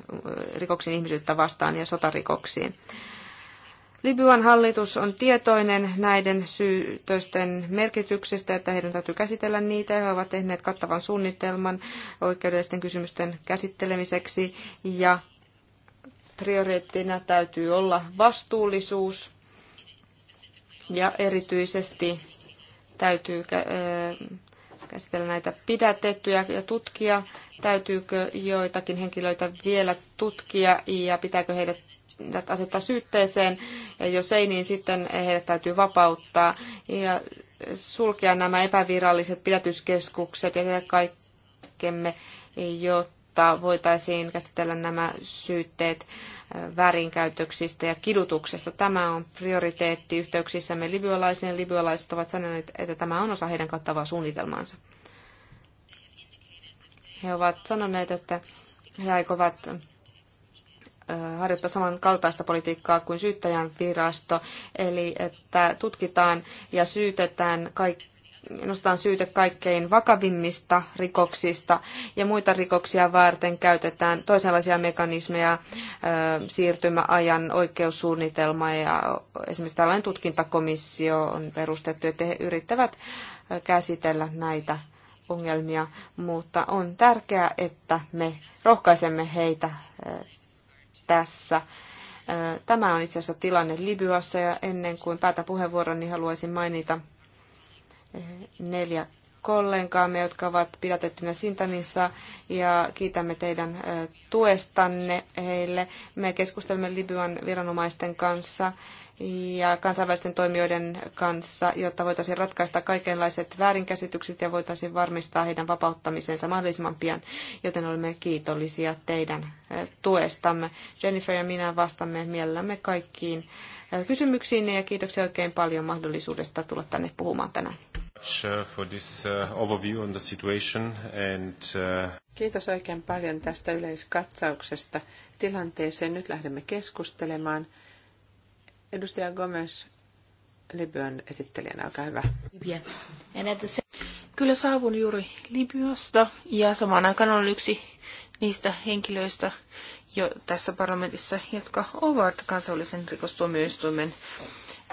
rikoksiin ihmisyyttä vastaan ja sotarikoksiin. Libyan hallitus on tietoinen näiden syytösten merkityksestä, että heidän täytyy käsitellä niitä. He ovat tehneet kattavan suunnitelman oikeudellisten kysymysten käsittelemiseksi ja prioriteettina täytyy olla vastuullisuus ja erityisesti täytyy käsitellä näitä pidätettyjä ja tutkia, täytyykö joitakin henkilöitä vielä tutkia ja pitääkö heidät asettaa syytteeseen, ja jos ei, niin sitten heidät täytyy vapauttaa ja sulkea nämä epäviralliset pidätyskeskukset ja tehdä kaikkemme, jotta voitaisiin käsitellä nämä syytteet väärinkäytöksistä ja kidutuksesta. Tämä on prioriteetti yhteyksissämme libyalaisiin. Libyalaiset ovat sanoneet, että tämä on osa heidän kattavaa suunnitelmaansa. He ovat sanoneet, että he aikovat harjoittaa samankaltaista politiikkaa kuin syyttäjän virasto, eli että tutkitaan ja syytetään kaikki nostetaan syyte kaikkein vakavimmista rikoksista ja muita rikoksia varten käytetään toisenlaisia mekanismeja, siirtymäajan oikeussuunnitelma ja esimerkiksi tällainen tutkintakomissio on perustettu, että he yrittävät käsitellä näitä ongelmia, mutta on tärkeää, että me rohkaisemme heitä tässä. Tämä on itse asiassa tilanne Libyassa ja ennen kuin päätä puheenvuoron, niin haluaisin mainita neljä kollegaamme, jotka ovat pidätettynä Sintanissa ja kiitämme teidän tuestanne heille. Me keskustelemme Libyan viranomaisten kanssa ja kansainvälisten toimijoiden kanssa, jotta voitaisiin ratkaista kaikenlaiset väärinkäsitykset ja voitaisiin varmistaa heidän vapauttamisensa mahdollisimman pian, joten olemme kiitollisia teidän tuestamme. Jennifer ja minä vastamme mielellämme kaikkiin kysymyksiin ja kiitoksia oikein paljon mahdollisuudesta tulla tänne puhumaan tänään. Kiitos oikein paljon tästä yleiskatsauksesta tilanteeseen. Nyt lähdemme keskustelemaan. Edustaja Gomez Libyan esittelijänä, olkaa hyvä. Kyllä saavun juuri Libyasta ja samaan aikaan on yksi niistä henkilöistä jo tässä parlamentissa, jotka ovat kansallisen rikostuomioistuimen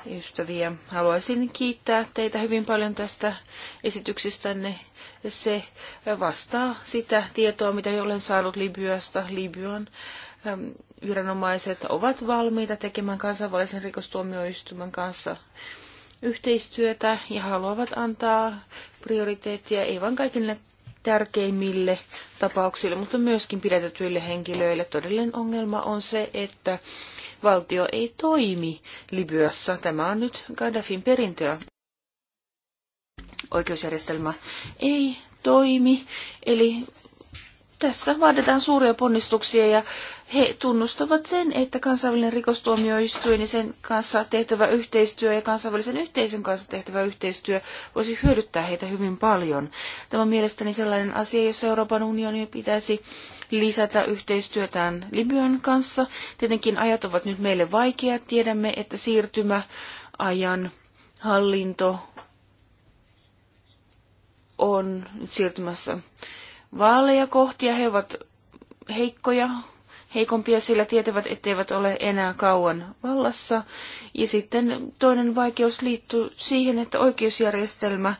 ystäviä. Haluaisin kiittää teitä hyvin paljon tästä esityksestänne. Se vastaa sitä tietoa, mitä olen saanut Libyasta. Libyan ähm, viranomaiset ovat valmiita tekemään kansainvälisen rikostuomioistuimen kanssa yhteistyötä ja haluavat antaa prioriteettia ei vain kaikille tärkeimmille tapauksille, mutta myöskin pidätetyille henkilöille. Todellinen ongelma on se, että valtio ei toimi Libyassa. Tämä on nyt Gaddafin perintöä. Oikeusjärjestelmä ei toimi, eli tässä vaaditaan suuria ponnistuksia ja he tunnustavat sen, että kansainvälinen rikostuomioistuin ja sen kanssa tehtävä yhteistyö ja kansainvälisen yhteisön kanssa tehtävä yhteistyö voisi hyödyttää heitä hyvin paljon. Tämä on mielestäni sellainen asia, jossa Euroopan unioni pitäisi lisätä yhteistyötään Libyan kanssa. Tietenkin ajat ovat nyt meille vaikeat. Tiedämme, että siirtymäajan hallinto on nyt siirtymässä vaaleja kohti ja he ovat heikkoja, heikompia, sillä tietävät, etteivät ole enää kauan vallassa. Ja sitten toinen vaikeus liittyy siihen, että oikeusjärjestelmä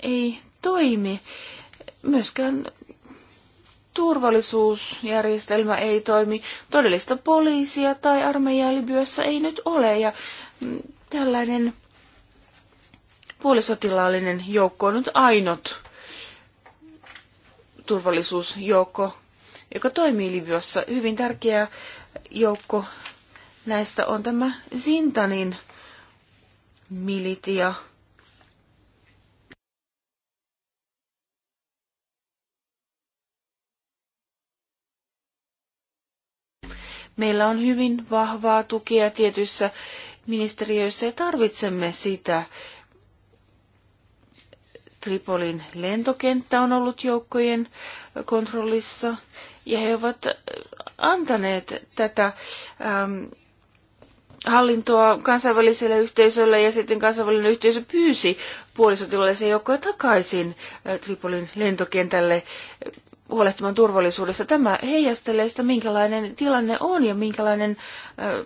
ei toimi. Myöskään turvallisuusjärjestelmä ei toimi. Todellista poliisia tai armeijaa Libyassa ei nyt ole ja mm, tällainen puolisotilaallinen joukko on nyt ainut turvallisuusjoukko, joka toimii Libyassa. Hyvin tärkeä joukko näistä on tämä Zintanin militia Meillä on hyvin vahvaa tukea tietyissä ministeriöissä ja tarvitsemme sitä. Tripolin lentokenttä on ollut joukkojen kontrollissa ja he ovat äh, antaneet tätä ähm, hallintoa kansainväliselle yhteisölle ja sitten kansainvälinen yhteisö pyysi puolisotilaallisia joukkoja takaisin äh, Tripolin lentokentälle huolehtimaan turvallisuudesta. Tämä heijastelee sitä, minkälainen tilanne on ja minkälainen ö,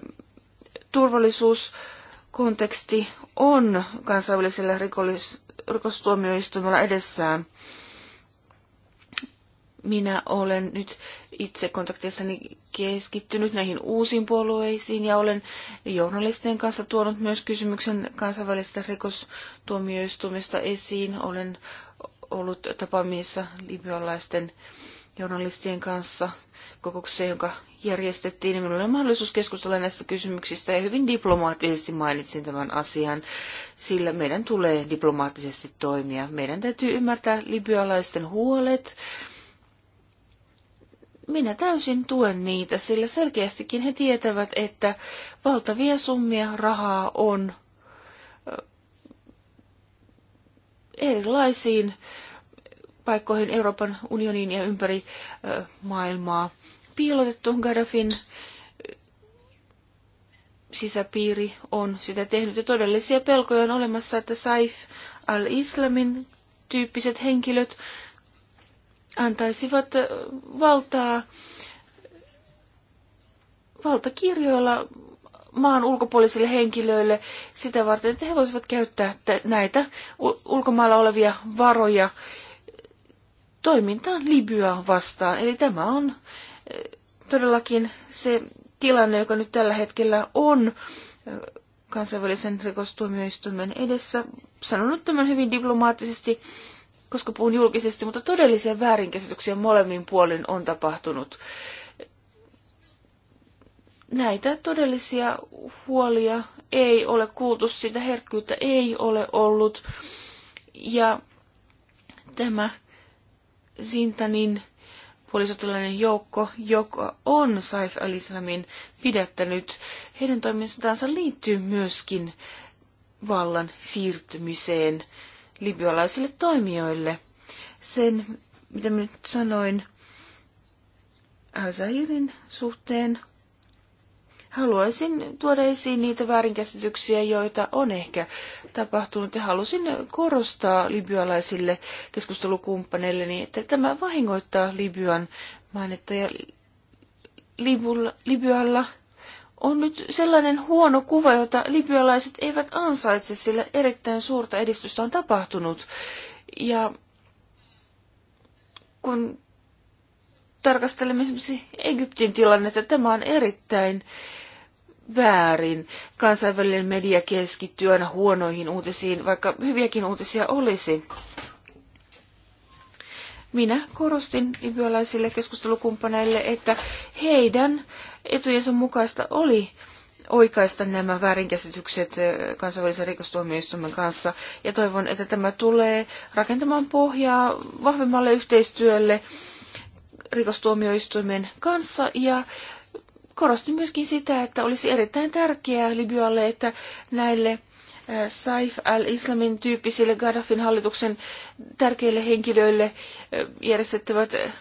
turvallisuuskonteksti on kansainvälisellä rikollis, rikostuomioistuimella edessään. Minä olen nyt itse kontaktissani keskittynyt näihin uusiin puolueisiin ja olen journalistien kanssa tuonut myös kysymyksen kansainvälisestä rikostuomioistuimesta esiin. Olen ollut tapaamissa libyalaisten journalistien kanssa kokouksessa, jonka järjestettiin. Minulla oli mahdollisuus keskustella näistä kysymyksistä ja hyvin diplomaattisesti mainitsin tämän asian, sillä meidän tulee diplomaattisesti toimia. Meidän täytyy ymmärtää libyalaisten huolet. Minä täysin tuen niitä, sillä selkeästikin he tietävät, että valtavia summia rahaa on erilaisiin paikkoihin Euroopan unioniin ja ympäri maailmaa piilotettu. Gaddafin sisäpiiri on sitä tehnyt ja todellisia pelkoja on olemassa, että Saif al-Islamin tyyppiset henkilöt antaisivat valtaa valtakirjoilla maan ulkopuolisille henkilöille sitä varten, että he voisivat käyttää näitä ulkomailla olevia varoja toimintaan Libya vastaan. Eli tämä on eh, todellakin se tilanne, joka nyt tällä hetkellä on eh, kansainvälisen rikostuomioistuimen edessä. Sanon nyt tämän hyvin diplomaattisesti, koska puhun julkisesti, mutta todellisia väärinkäsityksiä molemmin puolin on tapahtunut. Näitä todellisia huolia ei ole kuultu, sitä herkkyyttä ei ole ollut. Ja tämä Zintanin puolisotilainen joukko, joka on Saif al-Islamin pidättänyt. Heidän toimintansa liittyy myöskin vallan siirtymiseen libyalaisille toimijoille. Sen, mitä minä nyt sanoin, al suhteen haluaisin tuoda esiin niitä väärinkäsityksiä, joita on ehkä tapahtunut, ja halusin korostaa libyalaisille keskustelukumppaneilleni, niin että tämä vahingoittaa Libyan mainetta, ja Libyalla on nyt sellainen huono kuva, jota libyalaiset eivät ansaitse, sillä erittäin suurta edistystä on tapahtunut. Ja kun tarkastelemme esimerkiksi Egyptin tilannetta, tämä on erittäin väärin. Kansainvälinen media keskittyy aina huonoihin uutisiin, vaikka hyviäkin uutisia olisi. Minä korostin libyalaisille keskustelukumppaneille, että heidän etujensa mukaista oli oikaista nämä väärinkäsitykset eh, kansainvälisen rikostuomioistuimen kanssa. Ja toivon, että tämä tulee rakentamaan pohjaa vahvemmalle yhteistyölle rikostuomioistuimen kanssa ja korostin myöskin sitä, että olisi erittäin tärkeää Libyalle, että näille äh, Saif al-Islamin tyyppisille Gaddafin hallituksen tärkeille henkilöille äh, järjestettävät äh,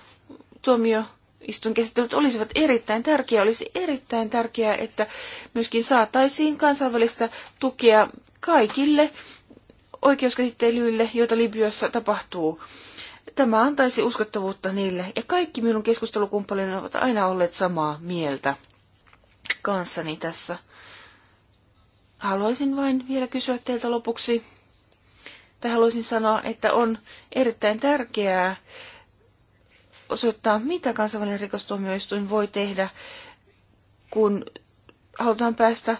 tuomio istunkäsittelyt olisivat erittäin tärkeää. Olisi erittäin tärkeää, että myöskin saataisiin kansainvälistä tukea kaikille oikeuskäsittelyille, joita Libyassa tapahtuu. Tämä antaisi uskottavuutta niille, ja kaikki minun keskustelukumppanini ovat aina olleet samaa mieltä kanssani tässä. Haluaisin vain vielä kysyä teiltä lopuksi, tai haluaisin sanoa, että on erittäin tärkeää osoittaa, mitä kansainvälinen rikostuomioistuin voi tehdä, kun halutaan päästä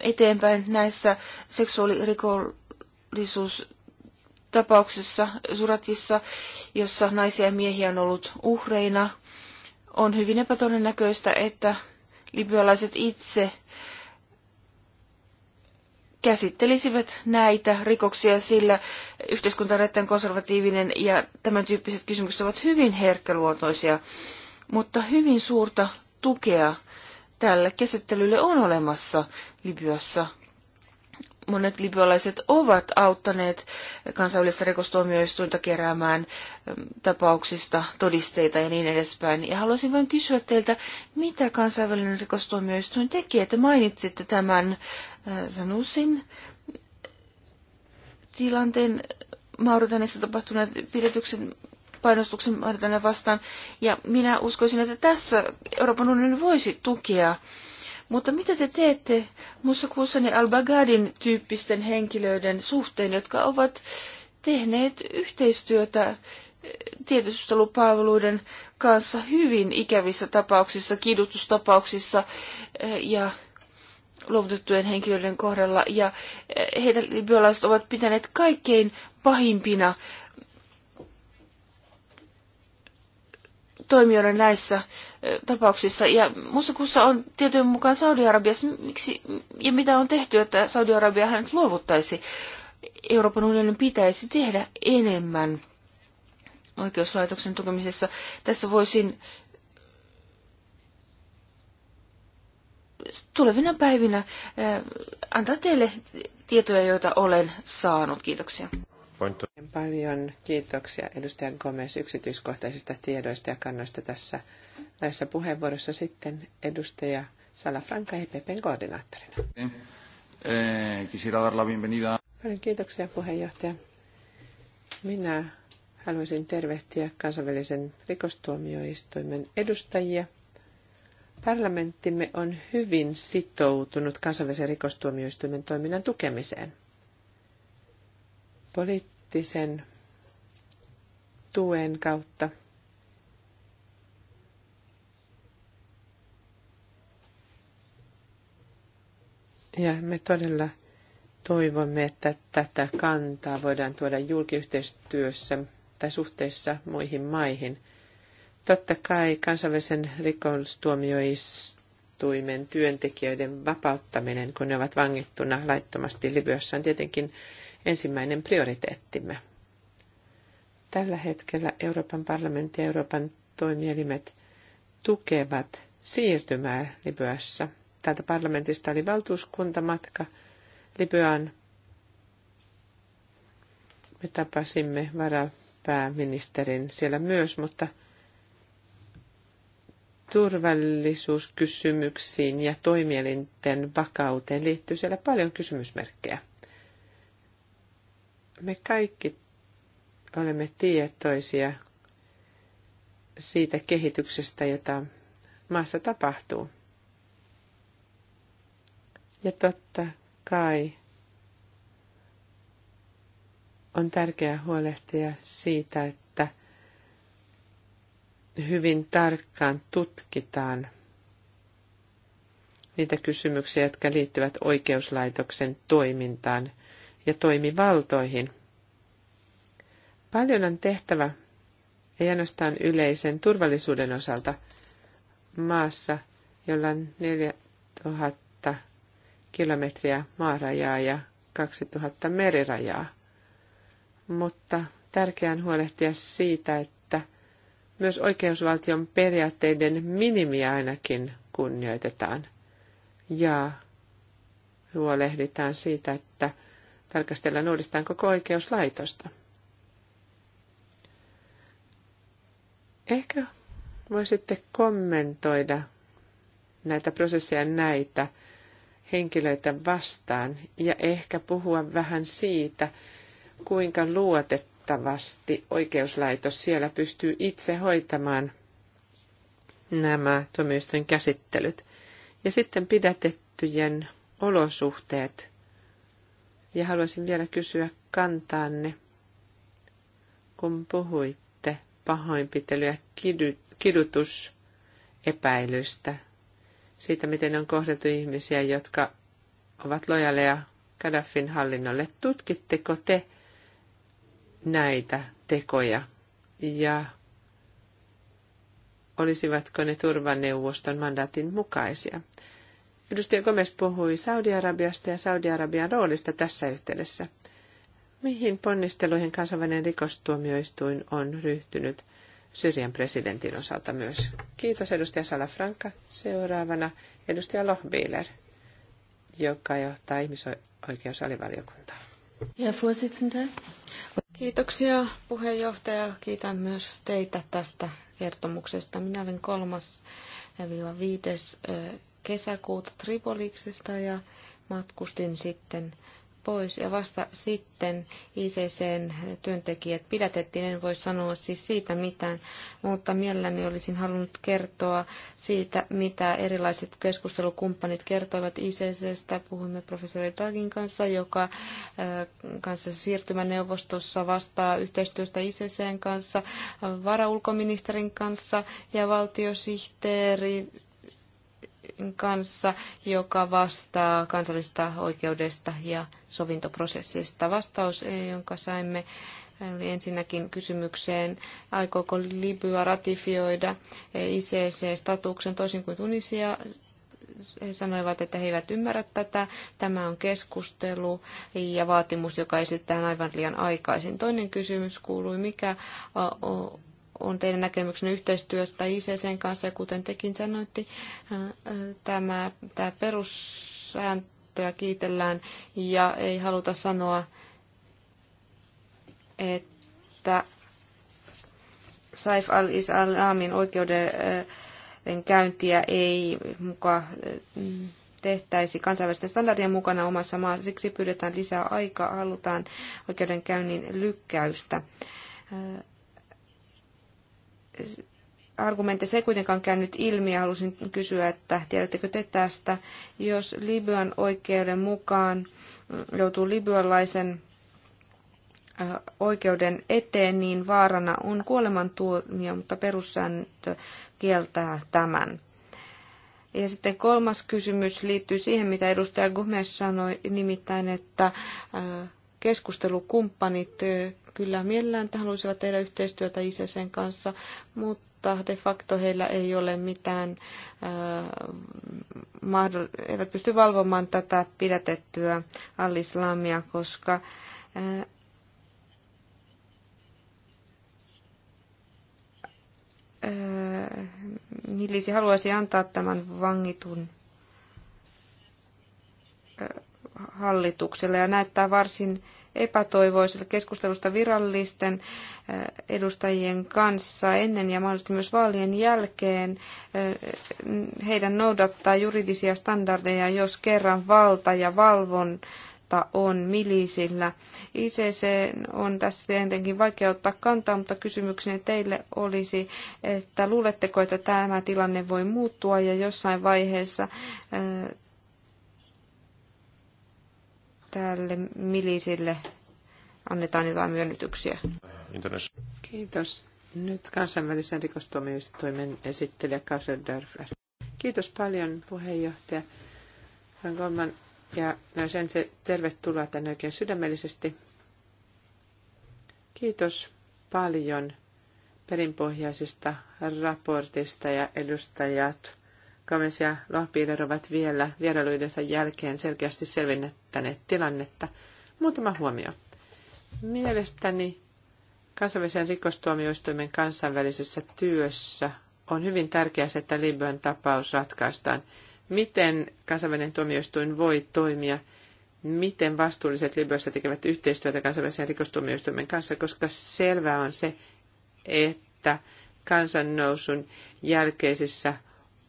eteenpäin näissä seksuaalirikollisuus tapauksessa suratissa, jossa naisia ja miehiä on ollut uhreina, on hyvin epätodennäköistä, että libyalaiset itse käsittelisivät näitä rikoksia, sillä yhteiskunta on erittäin konservatiivinen ja tämän tyyppiset kysymykset ovat hyvin herkkäluontoisia, mutta hyvin suurta tukea tälle käsittelylle on olemassa Libyassa monet libyalaiset ovat auttaneet kansainvälistä rikostuomioistuinta keräämään tapauksista todisteita ja niin edespäin. Ja haluaisin vain kysyä teiltä, mitä kansainvälinen rikostuomioistuin teki, että mainitsitte tämän Sanusin äh, tilanteen Mauritanissa tapahtuneet pidetyksen painostuksen Mauritania vastaan. Ja minä uskoisin, että tässä Euroopan unioni voisi tukea mutta mitä te teette Musa Kusani al-Bagadin tyyppisten henkilöiden suhteen, jotka ovat tehneet yhteistyötä eh, tietostelupalveluiden kanssa hyvin ikävissä tapauksissa, kidutustapauksissa eh, ja luovutettujen henkilöiden kohdalla. Ja eh, heitä libyalaiset ovat pitäneet kaikkein pahimpina toimijoina näissä tapauksissa. Ja musta on tietyn mukaan Saudi-Arabiassa, miksi ja mitä on tehty, että Saudi-Arabia hänet luovuttaisi. Euroopan unionin pitäisi tehdä enemmän oikeuslaitoksen tukemisessa. Tässä voisin tulevina päivinä äh, antaa teille tietoja, joita olen saanut. Kiitoksia. Paljon kiitoksia edustajan Gomez yksityiskohtaisista tiedoista ja kannoista tässä näissä puheenvuoroissa sitten edustaja Salafranca EPPn koordinaattorina. Eh, Paljon kiitoksia puheenjohtaja. Minä haluaisin tervehtiä kansainvälisen rikostuomioistuimen edustajia. Parlamenttimme on hyvin sitoutunut kansainvälisen rikostuomioistuimen toiminnan tukemiseen. Poliittisen tuen kautta Ja me todella toivomme, että tätä kantaa voidaan tuoda julkiyhteistyössä tai suhteessa muihin maihin. Totta kai kansainvälisen rikostuomioistuimen työntekijöiden vapauttaminen, kun ne ovat vangittuna laittomasti Libyassa, on tietenkin ensimmäinen prioriteettimme. Tällä hetkellä Euroopan parlamentti ja Euroopan toimielimet tukevat siirtymää Libyassa – täältä parlamentista oli valtuuskuntamatka Libyaan. Me tapasimme varapääministerin siellä myös, mutta turvallisuuskysymyksiin ja toimielinten vakauteen liittyy siellä paljon kysymysmerkkejä. Me kaikki olemme tietoisia siitä kehityksestä, jota maassa tapahtuu. Ja totta kai on tärkeää huolehtia siitä, että hyvin tarkkaan tutkitaan niitä kysymyksiä, jotka liittyvät oikeuslaitoksen toimintaan ja toimivaltoihin. Paljon on tehtävä, ei ainoastaan yleisen turvallisuuden osalta, maassa, jolla on 4000 kilometriä maarajaa ja 2000 merirajaa. Mutta tärkeää on huolehtia siitä, että myös oikeusvaltion periaatteiden minimiä ainakin kunnioitetaan. Ja huolehditaan siitä, että tarkastellaan uudestaan koko oikeuslaitosta. Ehkä voisitte kommentoida näitä prosesseja näitä henkilöitä vastaan ja ehkä puhua vähän siitä, kuinka luotettavasti oikeuslaitos siellä pystyy itse hoitamaan nämä tuomioistuin käsittelyt. Ja sitten pidätettyjen olosuhteet. Ja haluaisin vielä kysyä kantaanne, kun puhuitte pahoinpitely- ja kidu- kidutusepäilystä siitä, miten on kohdeltu ihmisiä, jotka ovat lojaleja Gaddafin hallinnolle. Tutkitteko te näitä tekoja ja olisivatko ne turvaneuvoston mandaatin mukaisia? Edustaja Gomez puhui Saudi-Arabiasta ja Saudi-Arabian roolista tässä yhteydessä. Mihin ponnisteluihin kansainvälinen rikostuomioistuin on ryhtynyt Syyrian presidentin osalta myös. Kiitos edustaja Salafranca. Seuraavana edustaja Lohbiler, joka johtaa ihmisoikeusalivaliokuntaa. Ja Kiitoksia puheenjohtaja. Kiitän myös teitä tästä kertomuksesta. Minä olen kolmas viides kesäkuuta Tripoliksesta ja matkustin sitten pois ja vasta sitten ICCn työntekijät pidätettiin. En voi sanoa siis siitä mitään, mutta mielelläni olisin halunnut kertoa siitä, mitä erilaiset keskustelukumppanit kertoivat ICCstä. Puhuimme professori Dragin kanssa, joka kanssa siirtymäneuvostossa vastaa yhteistyöstä ICCn kanssa, varaulkoministerin kanssa ja valtiosihteeri kanssa, joka vastaa kansallista oikeudesta ja sovintoprosessista. Vastaus, jonka saimme, oli ensinnäkin kysymykseen, aikooko Libya ratifioida ICC-statuksen toisin kuin Tunisia he sanoivat, että he eivät ymmärrä tätä. Tämä on keskustelu ja vaatimus, joka esitetään aivan liian aikaisin. Toinen kysymys kuului, mikä on teidän näkemyksenne yhteistyöstä ICCn kanssa, ja kuten tekin sanoitte, tämä, tämä perussääntöä kiitellään, ja ei haluta sanoa, että Saif al-Islamin oikeuden käyntiä ei muka tehtäisi kansainvälisten standardien mukana omassa maassa. Siksi pyydetään lisää aikaa, halutaan oikeudenkäynnin lykkäystä argumenteissa ei kuitenkaan käynyt ilmi ja halusin kysyä, että tiedättekö te tästä, jos Libyan oikeuden mukaan mm, joutuu libyalaisen oikeuden eteen, niin vaarana on kuolemantuomio, mutta perussääntö kieltää tämän. Ja sitten kolmas kysymys liittyy siihen, mitä edustaja Gomes sanoi, nimittäin, että keskustelukumppanit kyllä mielellään haluaisivat tehdä yhteistyötä ICCn kanssa, mutta de facto heillä ei ole mitään, äh, eivät pysty valvomaan tätä pidätettyä al-islamia, koska äh, äh Millisi haluaisi antaa tämän vangitun äh, hallitukselle ja näyttää varsin äh, epätoivoisilta keskustelusta virallisten eh, edustajien kanssa ennen ja mahdollisesti myös vaalien jälkeen eh, heidän noudattaa juridisia standardeja, jos kerran valta ja valvonta on milisillä. ICC on tässä tietenkin vaikea ottaa kantaa, mutta kysymykseni teille olisi, että luuletteko, että tämä tilanne voi muuttua ja jossain vaiheessa eh, tälle milisille annetaan jotain myönnytyksiä. Kiitos. Nyt kansainvälisen rikostuomioistuimen esittelijä Kasper Dörfler. Kiitos paljon puheenjohtaja Golman ja myös ensi tervetuloa tänne oikein sydämellisesti. Kiitos paljon perinpohjaisista raportista ja edustajat Gomes ja Lohpiiler ovat vielä vierailuidensa jälkeen selkeästi selvinnettäneet tilannetta. Muutama huomio. Mielestäni kansainvälisen rikostuomioistuimen kansainvälisessä työssä on hyvin tärkeää se, että Libyan tapaus ratkaistaan. Miten kansainvälinen tuomioistuin voi toimia, miten vastuulliset Libyassa tekevät yhteistyötä kansainvälisen rikostuomioistuimen kanssa, koska selvää on se, että kansannousun jälkeisissä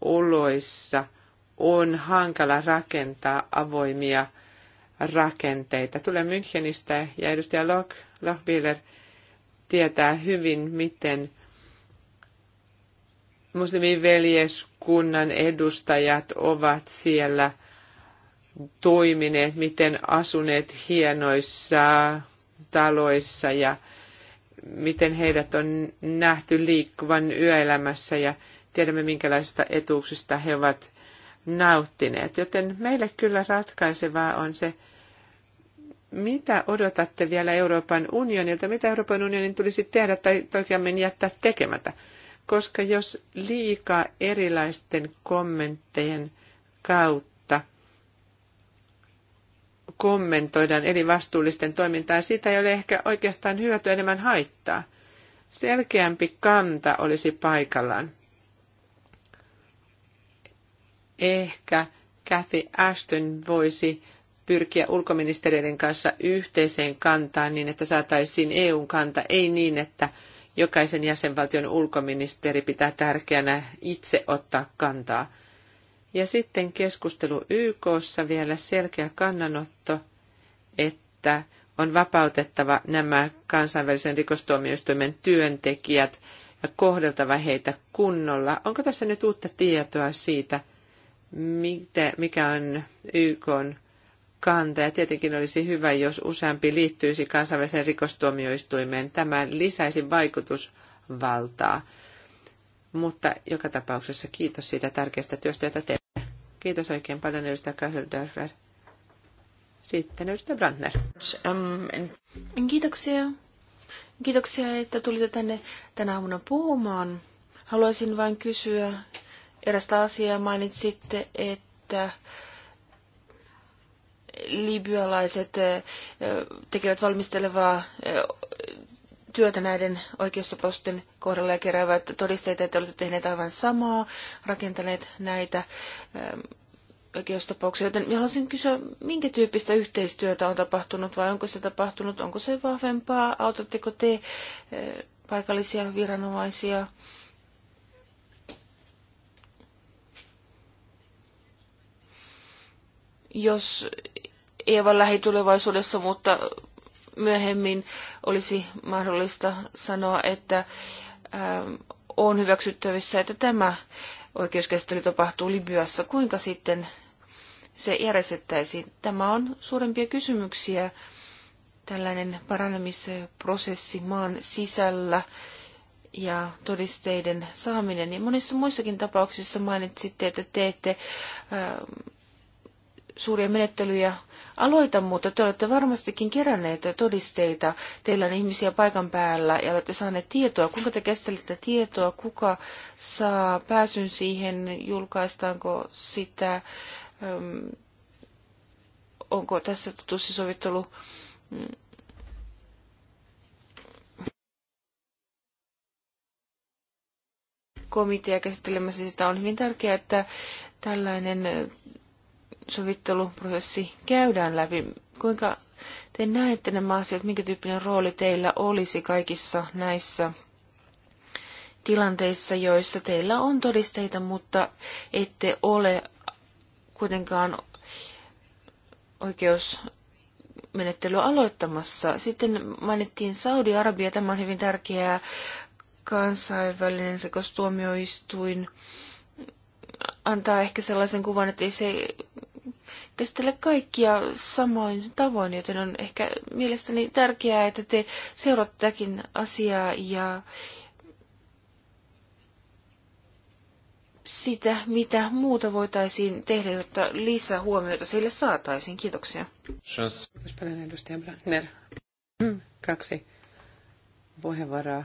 oloissa on hankala rakentaa avoimia rakenteita. Tulee Münchenistä ja edustaja Loch, Lochbiller tietää hyvin, miten muslimiveljeskunnan edustajat ovat siellä toimineet, miten asuneet hienoissa taloissa ja miten heidät on nähty liikkuvan yöelämässä ja Tiedämme, minkälaisista etuuksista he ovat nauttineet. Joten meille kyllä ratkaisevaa on se, mitä odotatte vielä Euroopan unionilta, mitä Euroopan unionin tulisi tehdä tai oikeammin jättää tekemättä. Koska jos liikaa erilaisten kommenttejen kautta kommentoidaan eri vastuullisten toimintaa, siitä ei ole ehkä oikeastaan hyötyä enemmän haittaa. Selkeämpi kanta olisi paikallaan ehkä Kathy Ashton voisi pyrkiä ulkoministeriöiden kanssa yhteiseen kantaan niin, että saataisiin EUn kanta, ei niin, että jokaisen jäsenvaltion ulkoministeri pitää tärkeänä itse ottaa kantaa. Ja sitten keskustelu YKssa vielä selkeä kannanotto, että on vapautettava nämä kansainvälisen rikostuomioistuimen työntekijät ja kohdeltava heitä kunnolla. Onko tässä nyt uutta tietoa siitä – mikä on YK kanta. Ja tietenkin olisi hyvä, jos useampi liittyisi kansainväliseen rikostuomioistuimeen. Tämä lisäisi vaikutusvaltaa. Mutta joka tapauksessa kiitos siitä tärkeästä työstä, jota teette. Kiitos oikein paljon, edustaja Kasseldörfer. Sitten edustaja Brandner. Um, kiitoksia. Kiitoksia, että tulitte tänne tänä aamuna puhumaan. Haluaisin vain kysyä erästä asiaa mainitsitte, että libyalaiset eh, tekevät valmistelevaa eh, työtä näiden oikeustapausten kohdalla ja keräävät todisteita, että olette tehneet aivan samaa, rakentaneet näitä eh, oikeustapauksia. Joten minä haluaisin kysyä, minkä tyyppistä yhteistyötä on tapahtunut vai onko se tapahtunut, onko se vahvempaa, autatteko te paikallisia viranomaisia jos ei vain lähitulevaisuudessa, mutta myöhemmin olisi mahdollista sanoa, että ähm, on hyväksyttävissä, että tämä oikeuskäsittely tapahtuu Libyassa. Kuinka sitten se järjestettäisiin? Tämä on suurempia kysymyksiä, tällainen paranemisprosessi maan sisällä ja todisteiden saaminen. Ja monissa muissakin tapauksissa mainitsitte, että teette ähm, suuria menettelyjä aloita, mutta te olette varmastikin keränneet todisteita. Teillä on ihmisiä paikan päällä ja olette saaneet tietoa. Kuinka te käsittelette tietoa? Kuka saa pääsyn siihen? Julkaistaanko sitä? Onko tässä tussisovittelu komitea käsittelemässä sitä on hyvin tärkeää, että tällainen sovitteluprosessi käydään läpi. Kuinka te näette nämä asiat, minkä tyyppinen rooli teillä olisi kaikissa näissä tilanteissa, joissa teillä on todisteita, mutta ette ole kuitenkaan oikeus menettely aloittamassa. Sitten mainittiin Saudi-Arabia, tämä on hyvin tärkeää kansainvälinen rikostuomioistuin antaa ehkä sellaisen kuvan, että ei se käsitellä kaikkia samoin tavoin, joten on ehkä mielestäni tärkeää, että te seurattekin asiaa ja sitä, mitä muuta voitaisiin tehdä, jotta lisää huomiota sille saataisiin. Kiitoksia. Kiitos paljon edustaja Brandner. Hmm, kaksi puheenvuoroa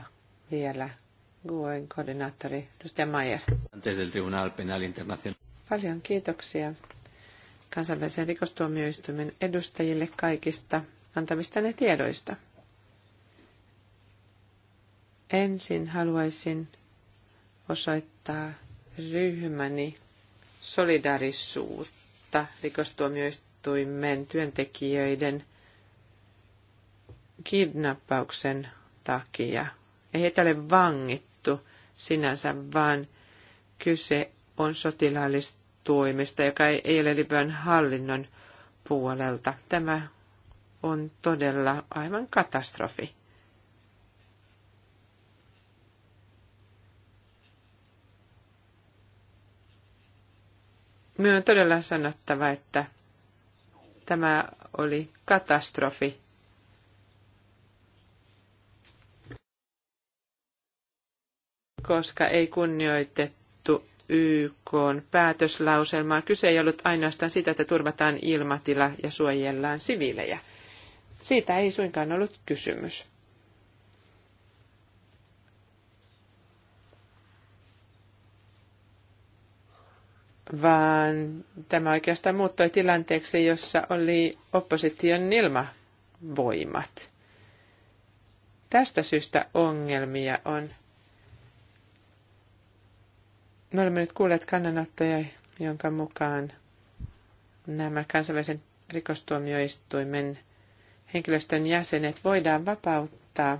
vielä. GUEn koordinaattori, edustaja Mayer. Paljon kiitoksia kansainvälisen rikostuomioistuimen edustajille kaikista antamistanne tiedoista. Ensin haluaisin osoittaa ryhmäni solidarisuutta rikostuomioistuimen työntekijöiden kidnappauksen takia. Ei heitä ole vangittu sinänsä, vaan kyse on sotilaallista toimesta, joka ei ole Libyan hallinnon puolelta. Tämä on todella aivan katastrofi. Minun on todella sanottava, että tämä oli katastrofi. koska ei kunnioitettu YK päätöslauselmaa. Kyse ei ollut ainoastaan sitä, että turvataan ilmatila ja suojellaan siviilejä. Siitä ei suinkaan ollut kysymys. Vaan tämä oikeastaan muuttoi tilanteeksi, jossa oli opposition ilmavoimat. Tästä syystä ongelmia on me olemme nyt kuulleet kannanottoja, jonka mukaan nämä kansainvälisen rikostuomioistuimen henkilöstön jäsenet voidaan vapauttaa,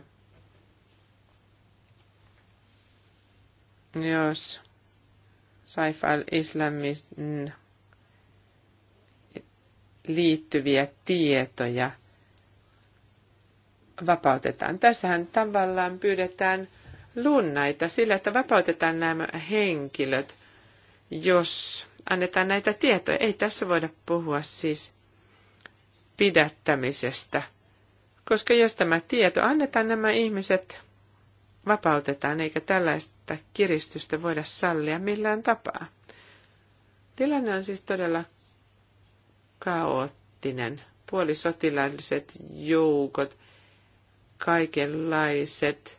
jos Saif al-Islamin liittyviä tietoja vapautetaan. Tässähän tavallaan pyydetään – lunnaita sillä, että vapautetaan nämä henkilöt, jos annetaan näitä tietoja. Ei tässä voida puhua siis pidättämisestä, koska jos tämä tieto annetaan, nämä ihmiset vapautetaan, eikä tällaista kiristystä voida sallia millään tapaa. Tilanne on siis todella kaoottinen. Puolisotilaalliset joukot, kaikenlaiset –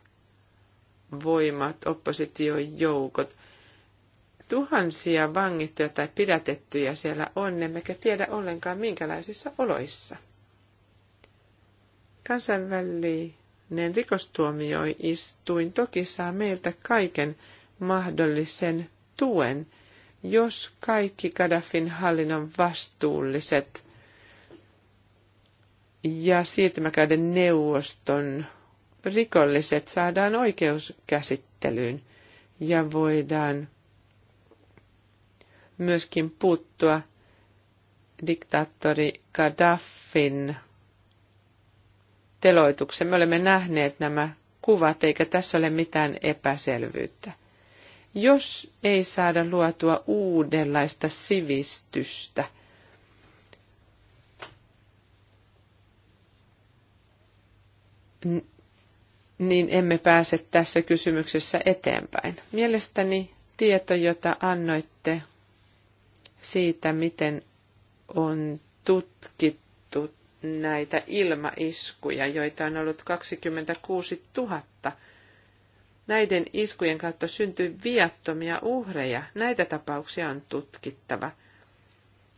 voimat, oppositiojoukot. Tuhansia vangittuja tai pidätettyjä siellä on, emmekä tiedä ollenkaan minkälaisissa oloissa. Kansainvälinen rikostuomioistuin toki saa meiltä kaiken mahdollisen tuen, jos kaikki Gaddafin hallinnon vastuulliset ja siirtymäkäyden neuvoston rikolliset saadaan oikeuskäsittelyyn ja voidaan myöskin puuttua diktaattori Gaddafin teloituksen. Me olemme nähneet nämä kuvat, eikä tässä ole mitään epäselvyyttä. Jos ei saada luotua uudenlaista sivistystä, niin emme pääse tässä kysymyksessä eteenpäin. Mielestäni tieto, jota annoitte siitä, miten on tutkittu näitä ilmaiskuja, joita on ollut 26 000. Näiden iskujen kautta syntyy viattomia uhreja. Näitä tapauksia on tutkittava.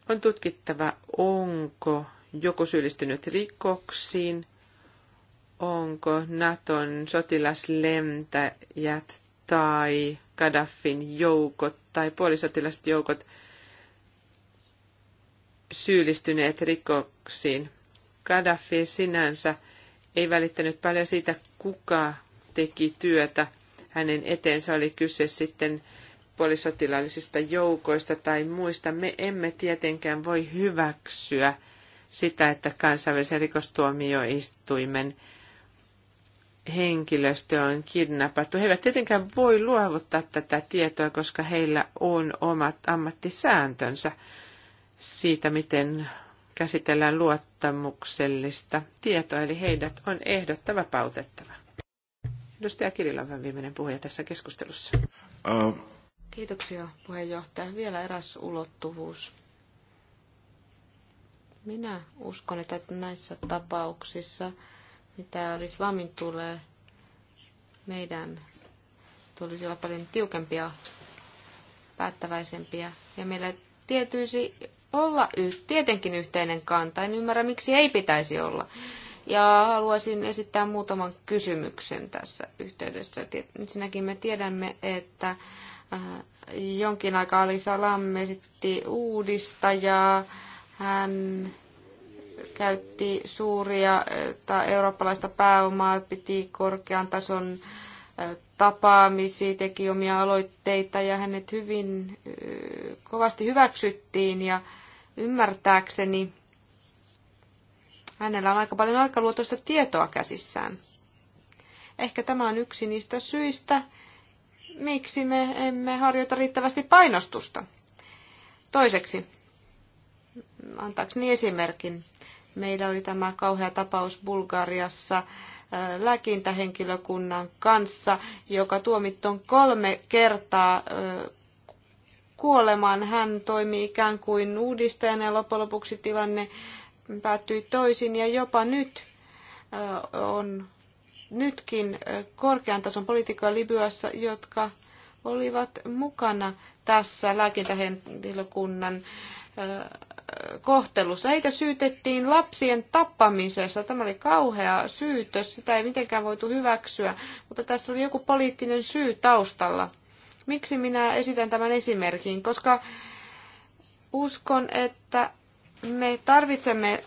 On tutkittava, onko joku syyllistynyt rikoksiin – onko Naton sotilaslentäjät tai Gaddafin joukot tai puolisotilaiset joukot syyllistyneet rikoksiin. Gaddafi sinänsä ei välittänyt paljon siitä, kuka teki työtä hänen eteensä, oli kyse sitten puolisotilaallisista joukoista tai muista. Me emme tietenkään voi hyväksyä sitä, että kansainvälisen rikostuomioistuimen henkilöstö on kidnappattu. He eivät tietenkään voi luovuttaa tätä tietoa, koska heillä on omat ammattisääntönsä siitä, miten käsitellään luottamuksellista tietoa, eli heidät on ehdottava pautettava. Edustaja Kirilovan viimeinen puhuja tässä keskustelussa. Uh. Kiitoksia puheenjohtaja. Vielä eräs ulottuvuus. Minä uskon, että näissä tapauksissa mitä olisi vammin tulee, meidän tulisi olla paljon tiukempia, päättäväisempiä. Ja meillä tietyisi olla y- tietenkin yhteinen kanta. En ymmärrä, miksi ei pitäisi olla. Ja haluaisin esittää muutaman kysymyksen tässä yhteydessä. Ensinnäkin me tiedämme, että äh, jonkin aikaa Alisa Lamme esitti uudistajaa. Hän käytti suuria eurooppalaista pääomaa, piti korkean tason tapaamisia, teki omia aloitteita ja hänet hyvin kovasti hyväksyttiin ja ymmärtääkseni hänellä on aika paljon aikaluotoista tietoa käsissään. Ehkä tämä on yksi niistä syistä, miksi me emme harjoita riittävästi painostusta. Toiseksi, antaakseni esimerkin. Meillä oli tämä kauhea tapaus Bulgariassa äh, lääkintähenkilökunnan kanssa, joka tuomittu kolme kertaa äh, kuolemaan. Hän toimi ikään kuin uudistajana ja loppujen lopuksi tilanne päättyi toisin ja jopa nyt äh, on nytkin korkean tason poliitikkoja Libyassa, jotka olivat mukana tässä lääkintähenkilökunnan kohtelussa. Heitä syytettiin lapsien tappamisesta. Tämä oli kauhea syytös. Sitä ei mitenkään voitu hyväksyä, mutta tässä oli joku poliittinen syy taustalla. Miksi minä esitän tämän esimerkin? Koska uskon, että me tarvitsemme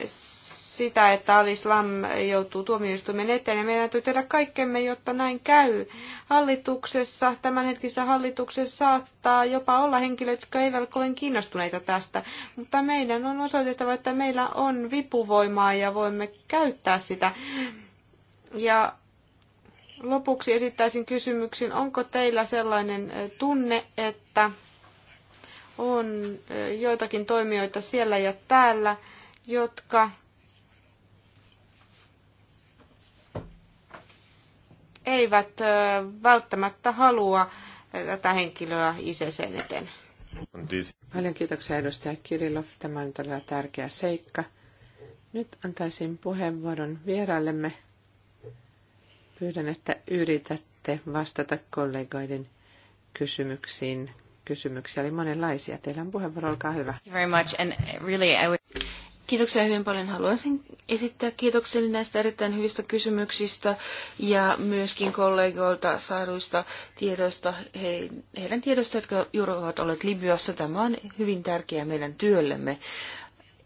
sitä, että Al-Islam joutuu tuomioistuimen eteen ja meidän täytyy tehdä kaikkemme, jotta näin käy. Hallituksessa, tämänhetkisessä hallituksessa saattaa jopa olla henkilöitä, jotka eivät ole kovin kiinnostuneita tästä, mutta meidän on osoitettava, että meillä on vipuvoimaa ja voimme käyttää sitä. Ja lopuksi esittäisin kysymyksen, onko teillä sellainen tunne, että on joitakin toimijoita siellä ja täällä, jotka eivät välttämättä halua tätä henkilöä ICCn eteen. Paljon kiitoksia edustaja Kirillov. Tämä on todella tärkeä seikka. Nyt antaisin puheenvuoron vieraillemme. Pyydän, että yritätte vastata kollegoiden kysymyksiin. Kysymyksiä oli monenlaisia. Teillä on puheenvuoro, olkaa hyvä. Very much and really I would... Kiitoksia hyvin paljon. Haluaisin esittää kiitokseni näistä erittäin hyvistä kysymyksistä ja myöskin kollegoilta saaduista tiedoista, he, heidän tiedoista, jotka juuri ovat olleet Libyassa. Tämä on hyvin tärkeää meidän työllemme.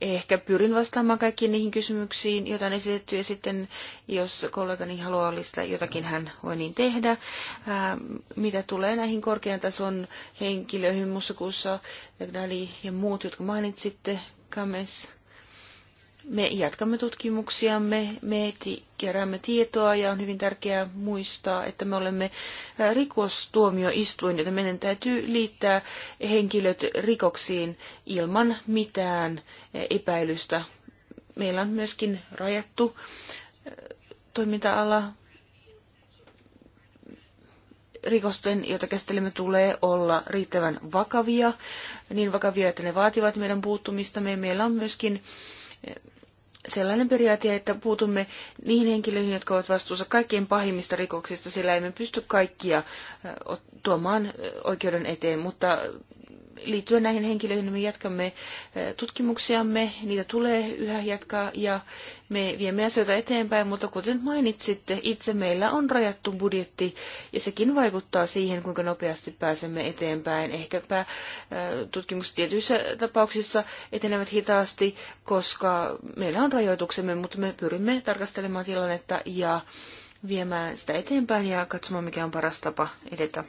Ehkä pyrin vastaamaan kaikkiin niihin kysymyksiin, joita on esitetty, ja sitten jos kollegani haluaa lisätä jotakin, hän voi niin tehdä. Ää, ähm, mitä tulee näihin korkean tason henkilöihin, Mussakuussa, Dali ja muut, jotka mainitsitte, Kames, me jatkamme tutkimuksiamme, me keräämme tietoa ja on hyvin tärkeää muistaa, että me olemme rikostuomioistuin, joten meidän täytyy liittää henkilöt rikoksiin ilman mitään epäilystä. Meillä on myöskin rajattu toiminta-ala. Rikosten, joita käsittelemme, tulee olla riittävän vakavia, niin vakavia, että ne vaativat meidän puuttumista. Meillä on myöskin äh, sellainen periaate, että puutumme niihin henkilöihin, jotka ovat vastuussa kaikkein pahimmista rikoksista, sillä emme pysty kaikkia tuomaan oikeuden eteen, mutta liittyen näihin henkilöihin me jatkamme eh, tutkimuksiamme, niitä tulee yhä jatkaa ja me viemme asioita eteenpäin, mutta kuten mainitsitte, itse meillä on rajattu budjetti ja sekin vaikuttaa siihen, kuinka nopeasti pääsemme eteenpäin. Ehkäpä eh, tutkimukset tietyissä tapauksissa etenevät hitaasti, koska meillä on rajoituksemme, mutta me pyrimme tarkastelemaan tilannetta ja viemään sitä eteenpäin ja katsomaan, mikä on paras tapa edetä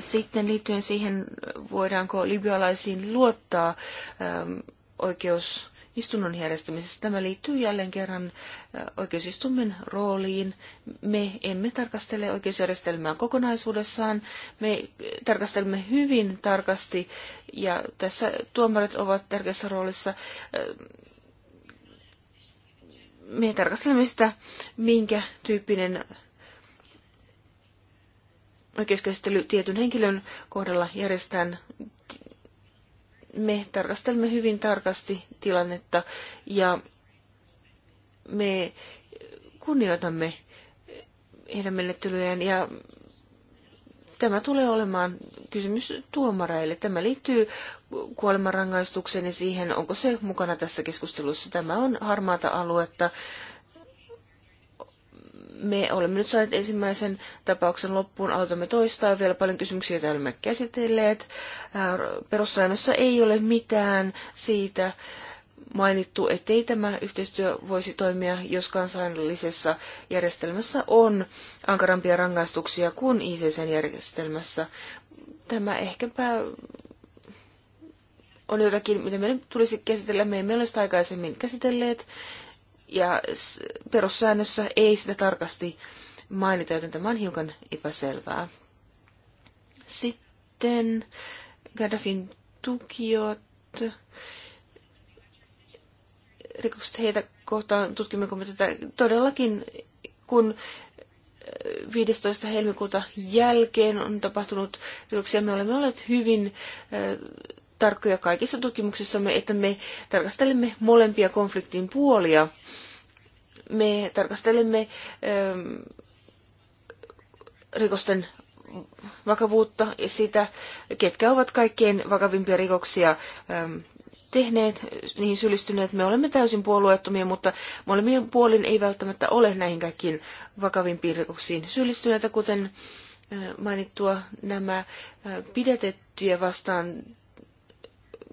sitten liittyen siihen, voidaanko libyalaisiin luottaa äm, oikeus istunnon järjestämisessä. Tämä liittyy jälleen kerran äh, oikeusistumen rooliin. Me emme tarkastele oikeusjärjestelmää kokonaisuudessaan. Me äh, tarkastelemme hyvin tarkasti ja tässä tuomarit ovat tärkeässä roolissa. Äh, me tarkastelemme sitä, minkä tyyppinen oikeuskäsittely tietyn henkilön kohdalla järjestetään, me tarkastelemme hyvin tarkasti tilannetta ja me kunnioitamme heidän menettelyjään ja tämä tulee olemaan kysymys tuomareille. Tämä liittyy kuolemanrangaistukseen ja siihen, onko se mukana tässä keskustelussa. Tämä on harmaata aluetta me olemme nyt saaneet ensimmäisen tapauksen loppuun, autamme toistaa vielä paljon kysymyksiä, joita olemme käsitelleet. Äh, perussäännössä ei ole mitään siitä mainittu, ettei tämä yhteistyö voisi toimia, jos kansainvälisessä järjestelmässä on ankarampia rangaistuksia kuin ICC-järjestelmässä. Tämä ehkäpä on jotakin, mitä meidän tulisi käsitellä. Me emme ole sitä aikaisemmin käsitelleet ja perussäännössä ei sitä tarkasti mainita, joten tämä on hiukan epäselvää. Sitten Gaddafin tukiot. Rikokset heitä kohtaan tutkimmeko me tätä todellakin, kun 15. Äh, helmikuuta jälkeen on tapahtunut rikoksia. Me olemme olleet hyvin äh, tarkkoja kaikissa tutkimuksissamme, että me tarkastelemme molempia konfliktin puolia. Me tarkastelemme ähm, rikosten vakavuutta ja sitä, ketkä ovat kaikkein vakavimpia rikoksia ähm, tehneet, niihin syyllistyneet. Me olemme täysin puolueettomia, mutta molemmien puolin ei välttämättä ole näihin kaikkiin vakavimpiin rikoksiin syyllistyneitä, kuten äh, mainittua nämä äh, pidätettyjä vastaan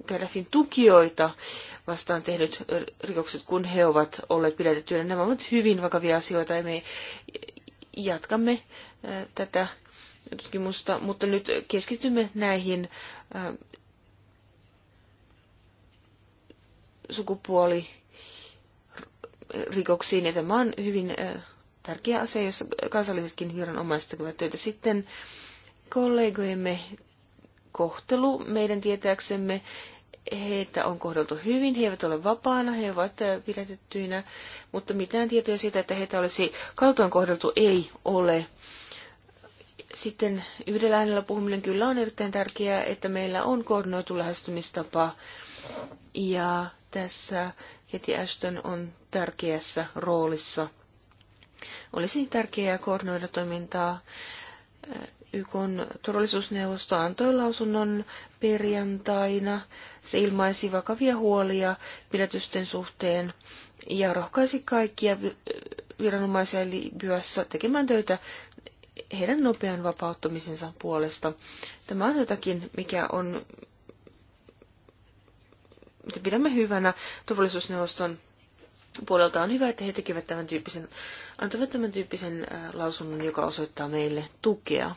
Gaddafin tukijoita vastaan tehdyt rikokset, kun he ovat olleet pidätettyinä. Nämä ovat hyvin vakavia asioita ja me jatkamme tätä tutkimusta, mutta nyt keskitymme näihin sukupuolirikoksiin. Ja tämä on hyvin tärkeä asia, jossa kansallisetkin viranomaiset tekevät töitä. Sitten kollegojemme kohtelu meidän tietääksemme. Heitä on kohdeltu hyvin, he eivät ole vapaana, he ovat äh, pidätettyinä, mutta mitään tietoja siitä, että heitä olisi kaltoin kohdeltu, ei ole. Sitten yhdellä äänellä puhuminen kyllä on erittäin tärkeää, että meillä on koordinoitu lähestymistapa. Ja tässä heti Ashton on tärkeässä roolissa. Olisi tärkeää koordinoida toimintaa äh, YK turvallisuusneuvosto antoi lausunnon perjantaina. Se ilmaisi vakavia huolia pidätysten suhteen ja rohkaisi kaikkia viranomaisia Libyassa tekemään töitä heidän nopean vapauttamisensa puolesta. Tämä on jotakin, mikä on, mitä pidämme hyvänä turvallisuusneuvoston puolelta on hyvä, että he tekevät tämän tyyppisen, antavat tämän tyyppisen lausunnon, joka osoittaa meille tukea.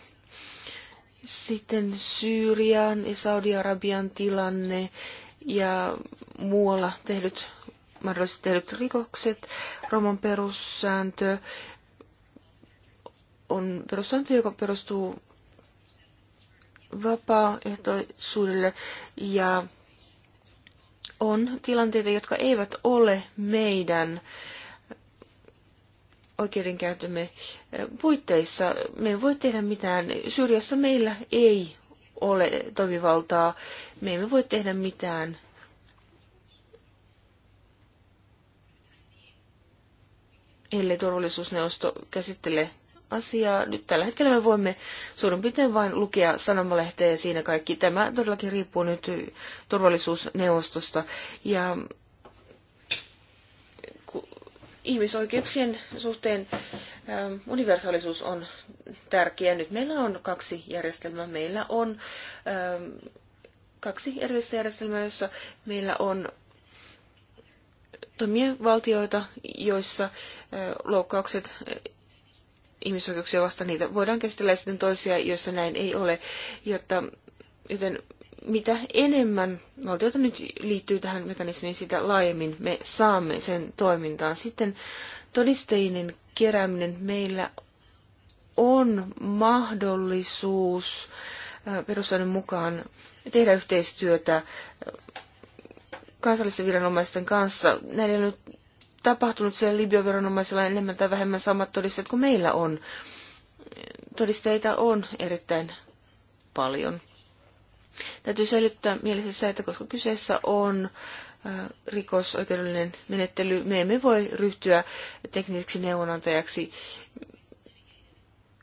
Sitten Syyrian ja Saudi-Arabian tilanne ja muualla tehdyt, mahdollisesti tehdyt rikokset. Roman perussääntö on perussääntö, joka perustuu vapaaehtoisuudelle ja on tilanteita, jotka eivät ole meidän äh, oikeudenkäytömme puitteissa. Me ei voi tehdä mitään. Syyriassa meillä ei ole toimivaltaa. Me emme voi tehdä mitään. ellei turvallisuusneuvosto käsittele asiaa. Nyt tällä hetkellä me voimme suurin piirtein vain lukea sanomalehteä ja siinä kaikki. Tämä todellakin riippuu nyt turvallisuusneuvostosta. Ja ihmisoikeuksien suhteen ähm, universaalisuus on tärkeä. Nyt meillä on kaksi järjestelmää. Meillä on ähm, kaksi erillistä järjestelmää, joissa meillä on toimia valtioita, joissa äh, loukkaukset äh, ihmisoikeuksia vastaan niitä voidaan käsitellä ja sitten toisia, joissa näin ei ole, jotta, joten mitä enemmän valtioita nyt liittyy tähän mekanismiin, sitä laajemmin me saamme sen toimintaan. Sitten todisteinen kerääminen meillä on mahdollisuus perussäännön mukaan tehdä yhteistyötä kansallisten viranomaisten kanssa. Näillä on nyt tapahtunut siellä Libyan viranomaisilla enemmän tai vähemmän samat todisteet kuin meillä on. Todisteita on erittäin paljon. Täytyy säilyttää mielessä että koska kyseessä on rikosoikeudellinen menettely, me emme voi ryhtyä tekniseksi neuvonantajaksi,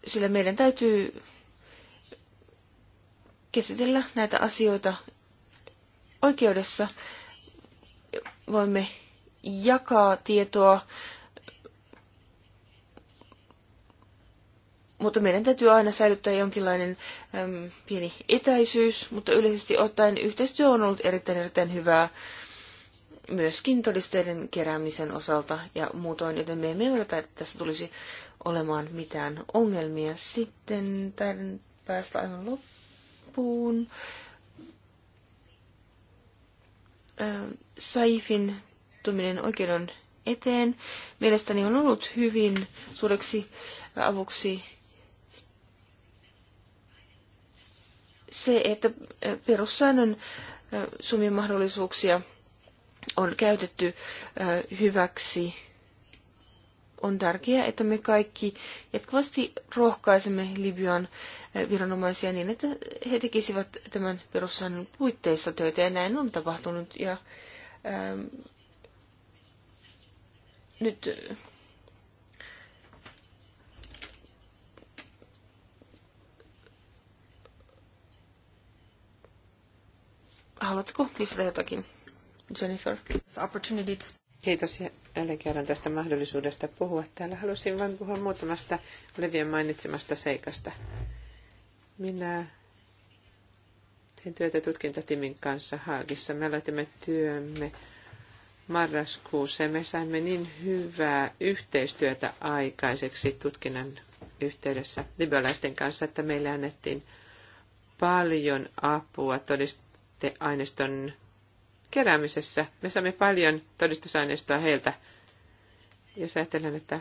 sillä meidän täytyy käsitellä näitä asioita oikeudessa. Voimme jakaa tietoa mutta meidän täytyy aina säilyttää jonkinlainen äm, pieni etäisyys, mutta yleisesti ottaen yhteistyö on ollut erittäin erittäin hyvää myöskin todisteiden keräämisen osalta ja muutoin, joten me emme odota, että tässä tulisi olemaan mitään ongelmia. Sitten tämän päästä aivan loppuun. Saifin tuminen oikeuden eteen. Mielestäni on ollut hyvin suureksi avuksi se, että perussäännön sumien mahdollisuuksia on käytetty hyväksi, on tärkeää, että me kaikki jatkuvasti rohkaisemme Libyan viranomaisia niin, että he tekisivät tämän perussäännön puitteissa töitä, ja näin on tapahtunut. Ja, ähm, nyt Haluatteko lisätä jotakin, Jennifer? Kiitos jälleen kerran tästä mahdollisuudesta puhua. Täällä halusin vain puhua muutamasta Olivien mainitsemasta seikasta. Minä tein työtä tutkintatimin kanssa Haagissa. Me aloitimme työmme marraskuussa ja me saimme niin hyvää yhteistyötä aikaiseksi tutkinnan yhteydessä libyalaisten kanssa, että meille annettiin paljon apua todist- todisteaineiston keräämisessä. Me saamme paljon todistusaineistoa heiltä. Jos ajatellaan, että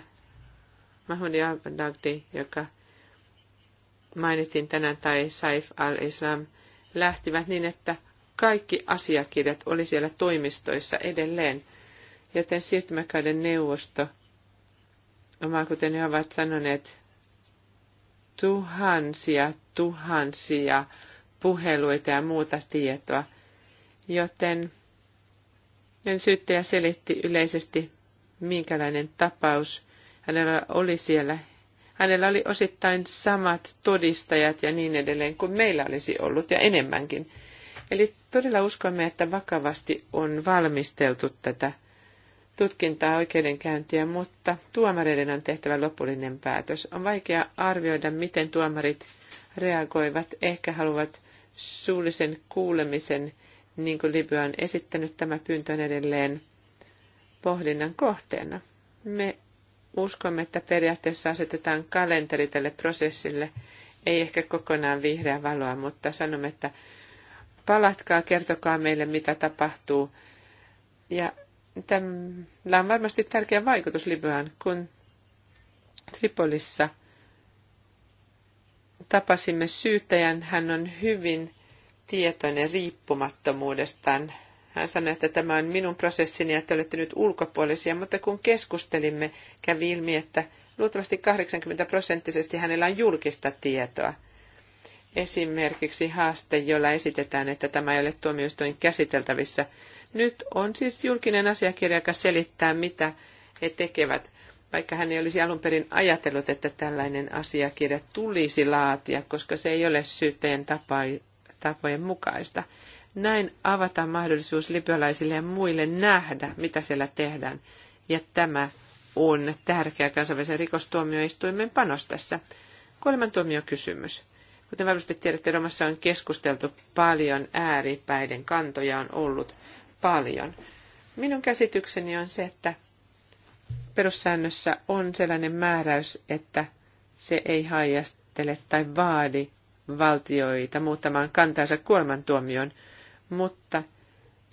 Mahmoud Al-Dagdi, joka mainittiin tänään, tai Saif al-Islam, lähtivät niin, että kaikki asiakirjat oli siellä toimistoissa edelleen. Joten siirtymäkauden neuvosto, oma kuten he ovat sanoneet, tuhansia, tuhansia puheluita ja muuta tietoa, joten syyttäjä selitti yleisesti, minkälainen tapaus hänellä oli siellä. Hänellä oli osittain samat todistajat ja niin edelleen kuin meillä olisi ollut ja enemmänkin. Eli todella uskomme, että vakavasti on valmisteltu tätä tutkintaa oikeudenkäyntiä, mutta tuomareiden on tehtävä lopullinen päätös. On vaikea arvioida, miten tuomarit reagoivat, ehkä haluavat suullisen kuulemisen, niin kuin Libya on esittänyt, tämä pyyntö on edelleen pohdinnan kohteena. Me uskomme, että periaatteessa asetetaan kalenteri tälle prosessille, ei ehkä kokonaan vihreää valoa, mutta sanomme, että palatkaa, kertokaa meille, mitä tapahtuu. Ja tämä on varmasti tärkeä vaikutus Libyaan, kun Tripolissa – tapasimme syyttäjän. Hän on hyvin tietoinen riippumattomuudestaan. Hän sanoi, että tämä on minun prosessini ja te olette nyt ulkopuolisia, mutta kun keskustelimme, kävi ilmi, että luultavasti 80 prosenttisesti hänellä on julkista tietoa. Esimerkiksi haaste, jolla esitetään, että tämä ei ole tuomioistuin käsiteltävissä. Nyt on siis julkinen asiakirja, joka selittää, mitä he tekevät vaikka hän ei olisi alun perin ajatellut, että tällainen asiakirja tulisi laatia, koska se ei ole syyteen tapojen mukaista. Näin avataan mahdollisuus libyalaisille ja muille nähdä, mitä siellä tehdään, ja tämä on tärkeä kansainvälisen rikostuomioistuimen panos tässä. Kuolemantuomiokysymys. Kuten varmasti tiedätte, Romassa on keskusteltu paljon, ääripäiden kantoja on ollut paljon. Minun käsitykseni on se, että perussäännössä on sellainen määräys, että se ei haijastele tai vaadi valtioita muuttamaan kantaansa kuolemantuomioon, mutta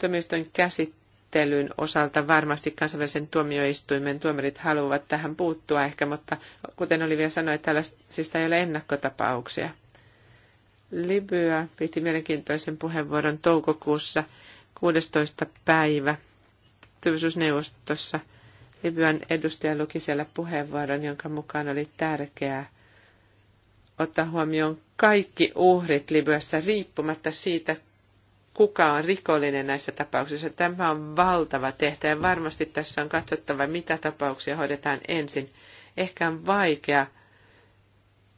tuomioistuin käsittelyn osalta varmasti kansainvälisen tuomioistuimen tuomarit haluavat tähän puuttua ehkä, mutta kuten Olivia sanoi, tällaisista ei ole ennakkotapauksia. Libya piti mielenkiintoisen puheenvuoron toukokuussa 16. päivä työllisyysneuvostossa – Libyan edustaja luki siellä puheenvuoron, jonka mukaan oli tärkeää ottaa huomioon kaikki uhrit Libyassa riippumatta siitä, kuka on rikollinen näissä tapauksissa. Tämä on valtava tehtävä varmasti tässä on katsottava, mitä tapauksia hoidetaan ensin. Ehkä on vaikea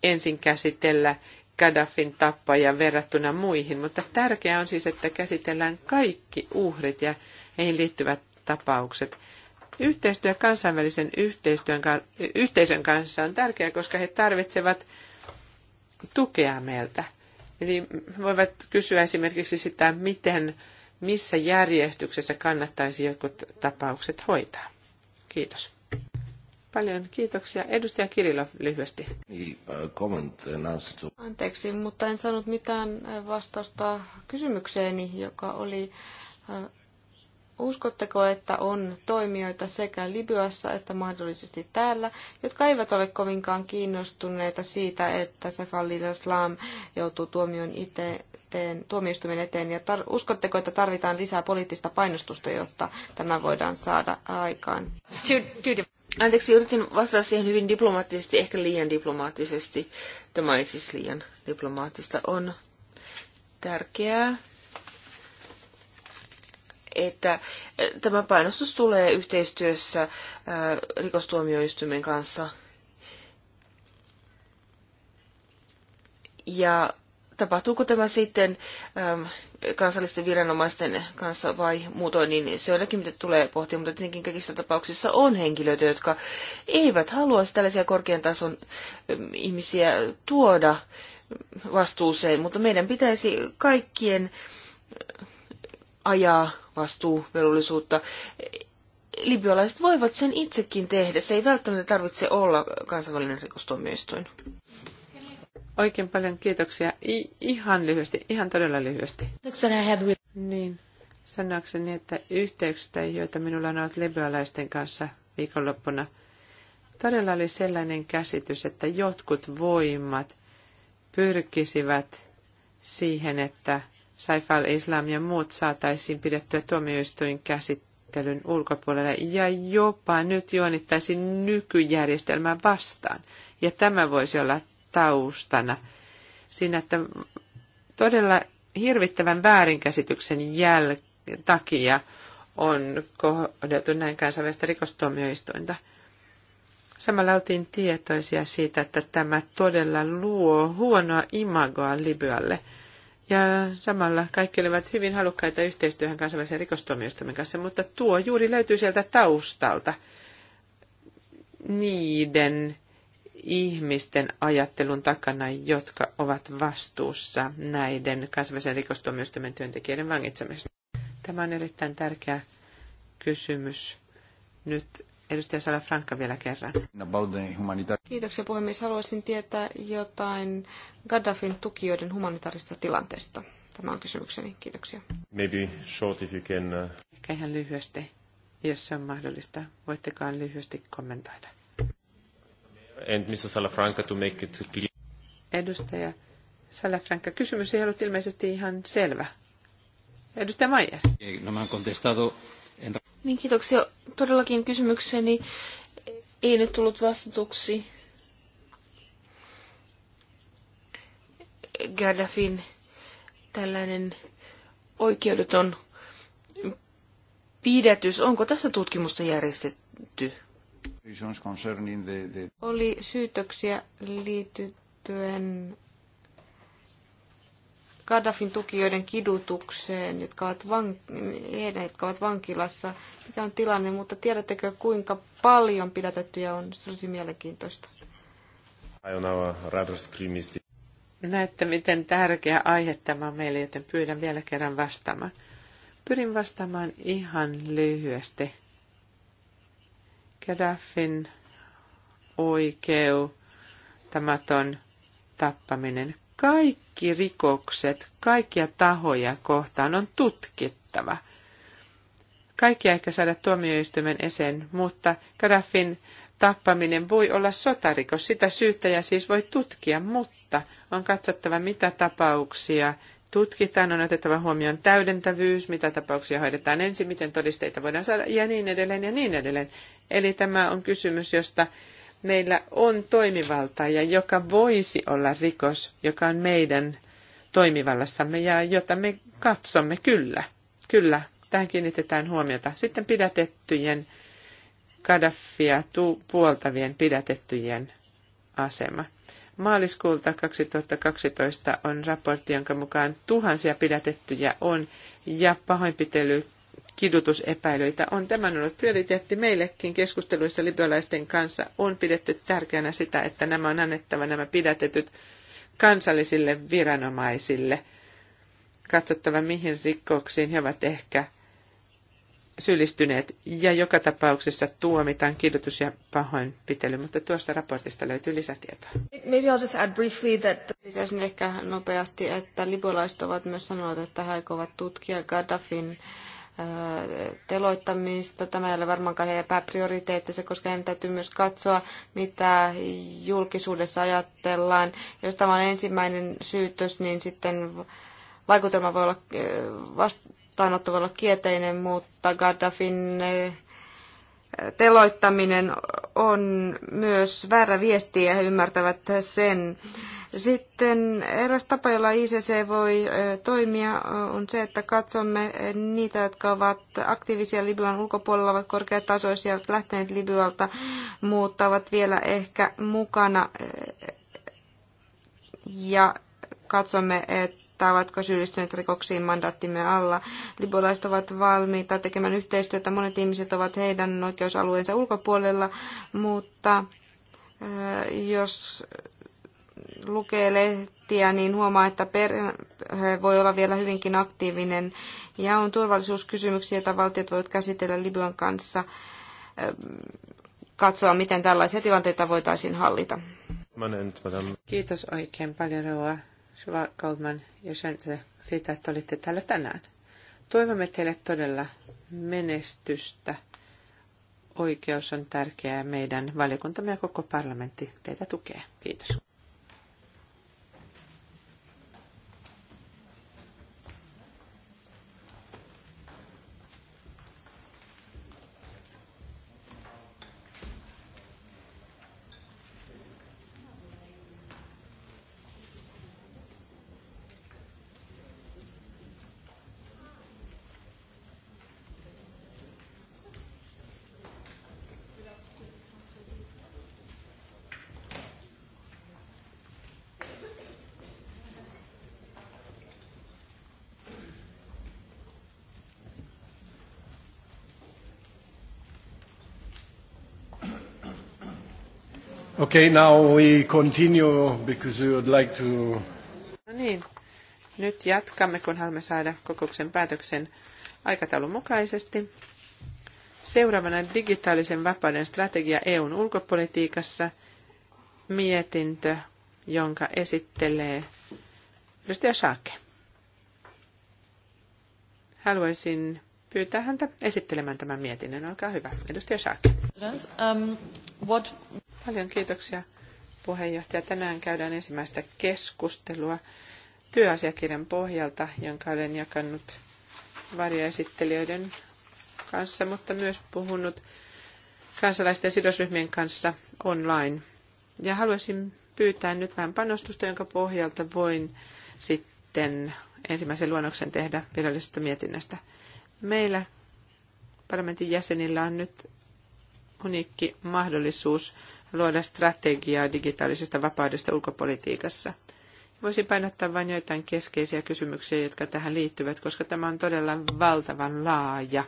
ensin käsitellä Gaddafin tappaja verrattuna muihin, mutta tärkeää on siis, että käsitellään kaikki uhrit ja heihin liittyvät tapaukset. Yhteistyö kansainvälisen yhteistyön, yhteisön kanssa on tärkeää, koska he tarvitsevat tukea meiltä. Eli voivat kysyä esimerkiksi sitä, miten, missä järjestyksessä kannattaisi jotkut tapaukset hoitaa. Kiitos. Paljon kiitoksia. Edustaja Kirilov lyhyesti. Eh, eh, Anteeksi, mutta en saanut mitään eh, vastausta kysymykseeni, joka oli Uskotteko, että on toimijoita sekä Libyassa että mahdollisesti täällä, jotka eivät ole kovinkaan kiinnostuneita siitä, että Sefalil Islam joutuu tuomion eteen, tuomioistuimen eteen? Ja tar- uskotteko, että tarvitaan lisää poliittista painostusta, jotta tämä voidaan saada aikaan? Anteeksi, yritin vastata siihen hyvin diplomaattisesti, ehkä liian diplomaattisesti. Tämä oli siis liian diplomaattista. On tärkeää että eh, tämä painostus tulee yhteistyössä eh, rikostuomioistuimen kanssa. Ja tapahtuuko tämä sitten ehm, kansallisten viranomaisten kanssa vai muutoin, niin se on jotakin, mitä tulee pohtia, mutta tietenkin kaikissa tapauksissa on henkilöitä, jotka eivät halua tällaisia korkean tason ehm, ihmisiä tuoda vastuuseen, mutta meidän pitäisi kaikkien ajaa vastuuvelvollisuutta. Libyalaiset voivat sen itsekin tehdä. Se ei välttämättä tarvitse olla kansainvälinen rikostuomioistuin. Oikein paljon kiitoksia. I- ihan lyhyesti, ihan todella lyhyesti. Niin, sanoakseni, että yhteyksistä, joita minulla on ollut libyalaisten kanssa viikonloppuna, todella oli sellainen käsitys, että jotkut voimat pyrkisivät siihen, että – al Islam ja muut saataisiin pidettyä tuomioistuin käsittelyn ulkopuolelle ja jopa nyt juonittaisiin nykyjärjestelmää vastaan. Ja tämä voisi olla taustana siinä, että todella hirvittävän väärinkäsityksen jäl- takia on kohdeltu näin kansainvälistä rikostuomioistuinta. Samalla oltiin tietoisia siitä, että tämä todella luo huonoa imagoa Libyalle – ja samalla kaikki olivat hyvin halukkaita yhteistyöhön kansainvälisen rikostuomioistuimen kanssa, mutta tuo juuri löytyy sieltä taustalta niiden ihmisten ajattelun takana, jotka ovat vastuussa näiden kansainvälisen rikostuomioistuimen työntekijöiden vangitsemisesta. Tämä on erittäin tärkeä kysymys nyt Edustaja Salafranca vielä kerran. Kiitoksia puhemies. Haluaisin tietää jotain Gaddafin tukijoiden humanitaarista tilanteesta. Tämä on kysymykseni. Kiitoksia. Maybe short if you can... Uh, Ehkä ihan lyhyesti, jos se on mahdollista. Voittekaan lyhyesti kommentoida. And Mr. Salafranca to make it clear. Edustaja Salafranca, kysymys ei ollut ilmeisesti ihan selvä. Edustaja Maier. Eh, no, contestado en... Niin kiitoksia. Todellakin kysymykseni ei nyt tullut vastatuksi. Gaddafin tällainen oikeudeton pidätys, onko tässä tutkimusta järjestetty? Oli syytöksiä liittyen Gaddafin tukijoiden kidutukseen, jotka ovat, van, heidän, jotka ovat vankilassa. Mikä on tilanne, mutta tiedättekö kuinka paljon pidätettyjä on? Se olisi mielenkiintoista. Näette, miten tärkeä aihe tämä on meille, joten pyydän vielä kerran vastaamaan. Pyrin vastaamaan ihan lyhyesti. Gaddafin oikeu, tamaton tappaminen. Kaikki kaikki rikokset kaikkia tahoja kohtaan on tutkittava. Kaikki ehkä saada tuomioistuimen esen, mutta Gaddafin tappaminen voi olla sotarikos. Sitä syyttäjä siis voi tutkia, mutta on katsottava, mitä tapauksia tutkitaan, on otettava huomioon täydentävyys, mitä tapauksia hoidetaan ensin, miten todisteita voidaan saada ja niin edelleen ja niin edelleen. Eli tämä on kysymys, josta meillä on toimivalta ja joka voisi olla rikos, joka on meidän toimivallassamme ja jota me katsomme kyllä. Kyllä, tähän kiinnitetään huomiota. Sitten pidätettyjen Gaddafia puoltavien pidätettyjen asema. Maaliskuulta 2012 on raportti, jonka mukaan tuhansia pidätettyjä on ja pahoinpitely kidutusepäilyitä on. Tämä on ollut prioriteetti meillekin keskusteluissa libyalaisten kanssa. On pidetty tärkeänä sitä, että nämä on annettava nämä pidätetyt kansallisille viranomaisille. Katsottava, mihin rikoksiin he ovat ehkä syyllistyneet ja joka tapauksessa tuomitaan kidutus ja pahoinpitely, mutta tuosta raportista löytyy lisätietoa. Maybe I'll just add briefly that... Lisäisin ehkä nopeasti, että libyalaiset ovat myös sanoneet, että he aikovat tutkia Gaddafin teloittamista. Tämä ei ole varmaankaan heidän pääprioriteettinsa, koska heidän täytyy myös katsoa, mitä julkisuudessa ajatellaan. Jos tämä on ensimmäinen syytös, niin sitten vaikutelma voi olla, eh, vastaanotto voi olla kielteinen, mutta Gaddafin eh, teloittaminen on myös väärä viesti ja he ymmärtävät sen. Sitten eräs tapa, jolla ICC voi toimia, on se, että katsomme niitä, jotka ovat aktiivisia Libyan ulkopuolella, ovat korkeatasoisia, ovat lähteneet Libyalta, mutta ovat vielä ehkä mukana. Ja katsomme, että ovatko syyllistyneet rikoksiin mandaattimme alla. Libolaiset ovat valmiita tekemään yhteistyötä. Monet ihmiset ovat heidän oikeusalueensa ulkopuolella, mutta jos lukee lehtiä, niin huomaa, että perhe voi olla vielä hyvinkin aktiivinen ja on turvallisuuskysymyksiä, joita valtiot voivat käsitellä Libyan kanssa. Ähm, katsoa, miten tällaisia tilanteita voitaisiin hallita. Kiitos oikein paljon, Roa Shua Goldman ja Shantse, siitä, että olitte täällä tänään. Toivomme teille todella menestystä oikeus on tärkeää meidän valiokuntamme ja koko parlamentti teitä tukee. Kiitos. Okay, now we continue because we would like to... No niin, nyt jatkamme, kun haluamme saada kokouksen päätöksen aikataulun mukaisesti. Seuraavana digitaalisen vapauden strategia EUn ulkopolitiikassa mietintö, jonka esittelee edustaja Saake. Haluaisin pyytää häntä esittelemään tämän mietinnön. Olkaa hyvä, edustaja Saake. Um, What... Paljon kiitoksia puheenjohtaja. Tänään käydään ensimmäistä keskustelua työasiakirjan pohjalta, jonka olen jakanut varjoesittelijöiden kanssa, mutta myös puhunut kansalaisten sidosryhmien kanssa online. Ja haluaisin pyytää nyt vähän panostusta, jonka pohjalta voin sitten ensimmäisen luonnoksen tehdä virallisesta mietinnöstä. Meillä parlamentin jäsenillä on nyt uniikki mahdollisuus luoda strategiaa digitaalisesta vapaudesta ulkopolitiikassa. Voisin painottaa vain joitain keskeisiä kysymyksiä, jotka tähän liittyvät, koska tämä on todella valtavan laaja,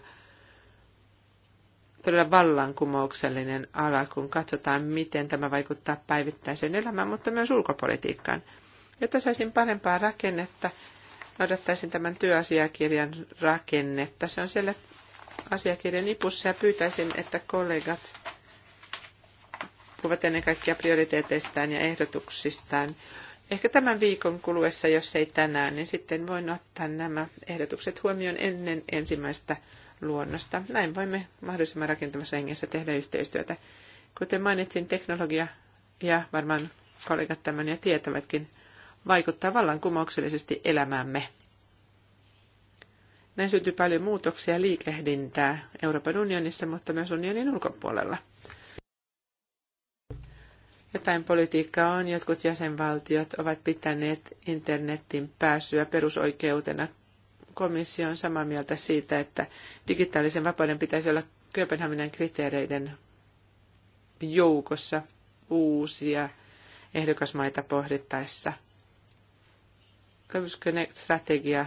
todella vallankumouksellinen ala, kun katsotaan, miten tämä vaikuttaa päivittäiseen elämään, mutta myös ulkopolitiikkaan. Jotta saisin parempaa rakennetta, noudattaisin tämän työasiakirjan rakennetta. Se on siellä asiakirjan nipussa ja pyytäisin, että kollegat puhuvat ennen kaikkea prioriteeteistaan ja ehdotuksistaan. Ehkä tämän viikon kuluessa, jos ei tänään, niin sitten voin ottaa nämä ehdotukset huomioon ennen ensimmäistä luonnosta. Näin voimme mahdollisimman rakentamassa hengessä tehdä yhteistyötä. Kuten mainitsin, teknologia ja varmaan kollegat tämän jo tietävätkin, vaikuttaa vallankumouksellisesti elämäämme näin syntyy paljon muutoksia ja liikehdintää Euroopan unionissa, mutta myös unionin ulkopuolella. Jotain politiikkaa on, jotkut jäsenvaltiot ovat pitäneet internetin pääsyä perusoikeutena. Komissio on samaa mieltä siitä, että digitaalisen vapauden pitäisi olla Kööpenhaminan kriteereiden joukossa uusia ehdokasmaita pohdittaessa. Close Connect-strategia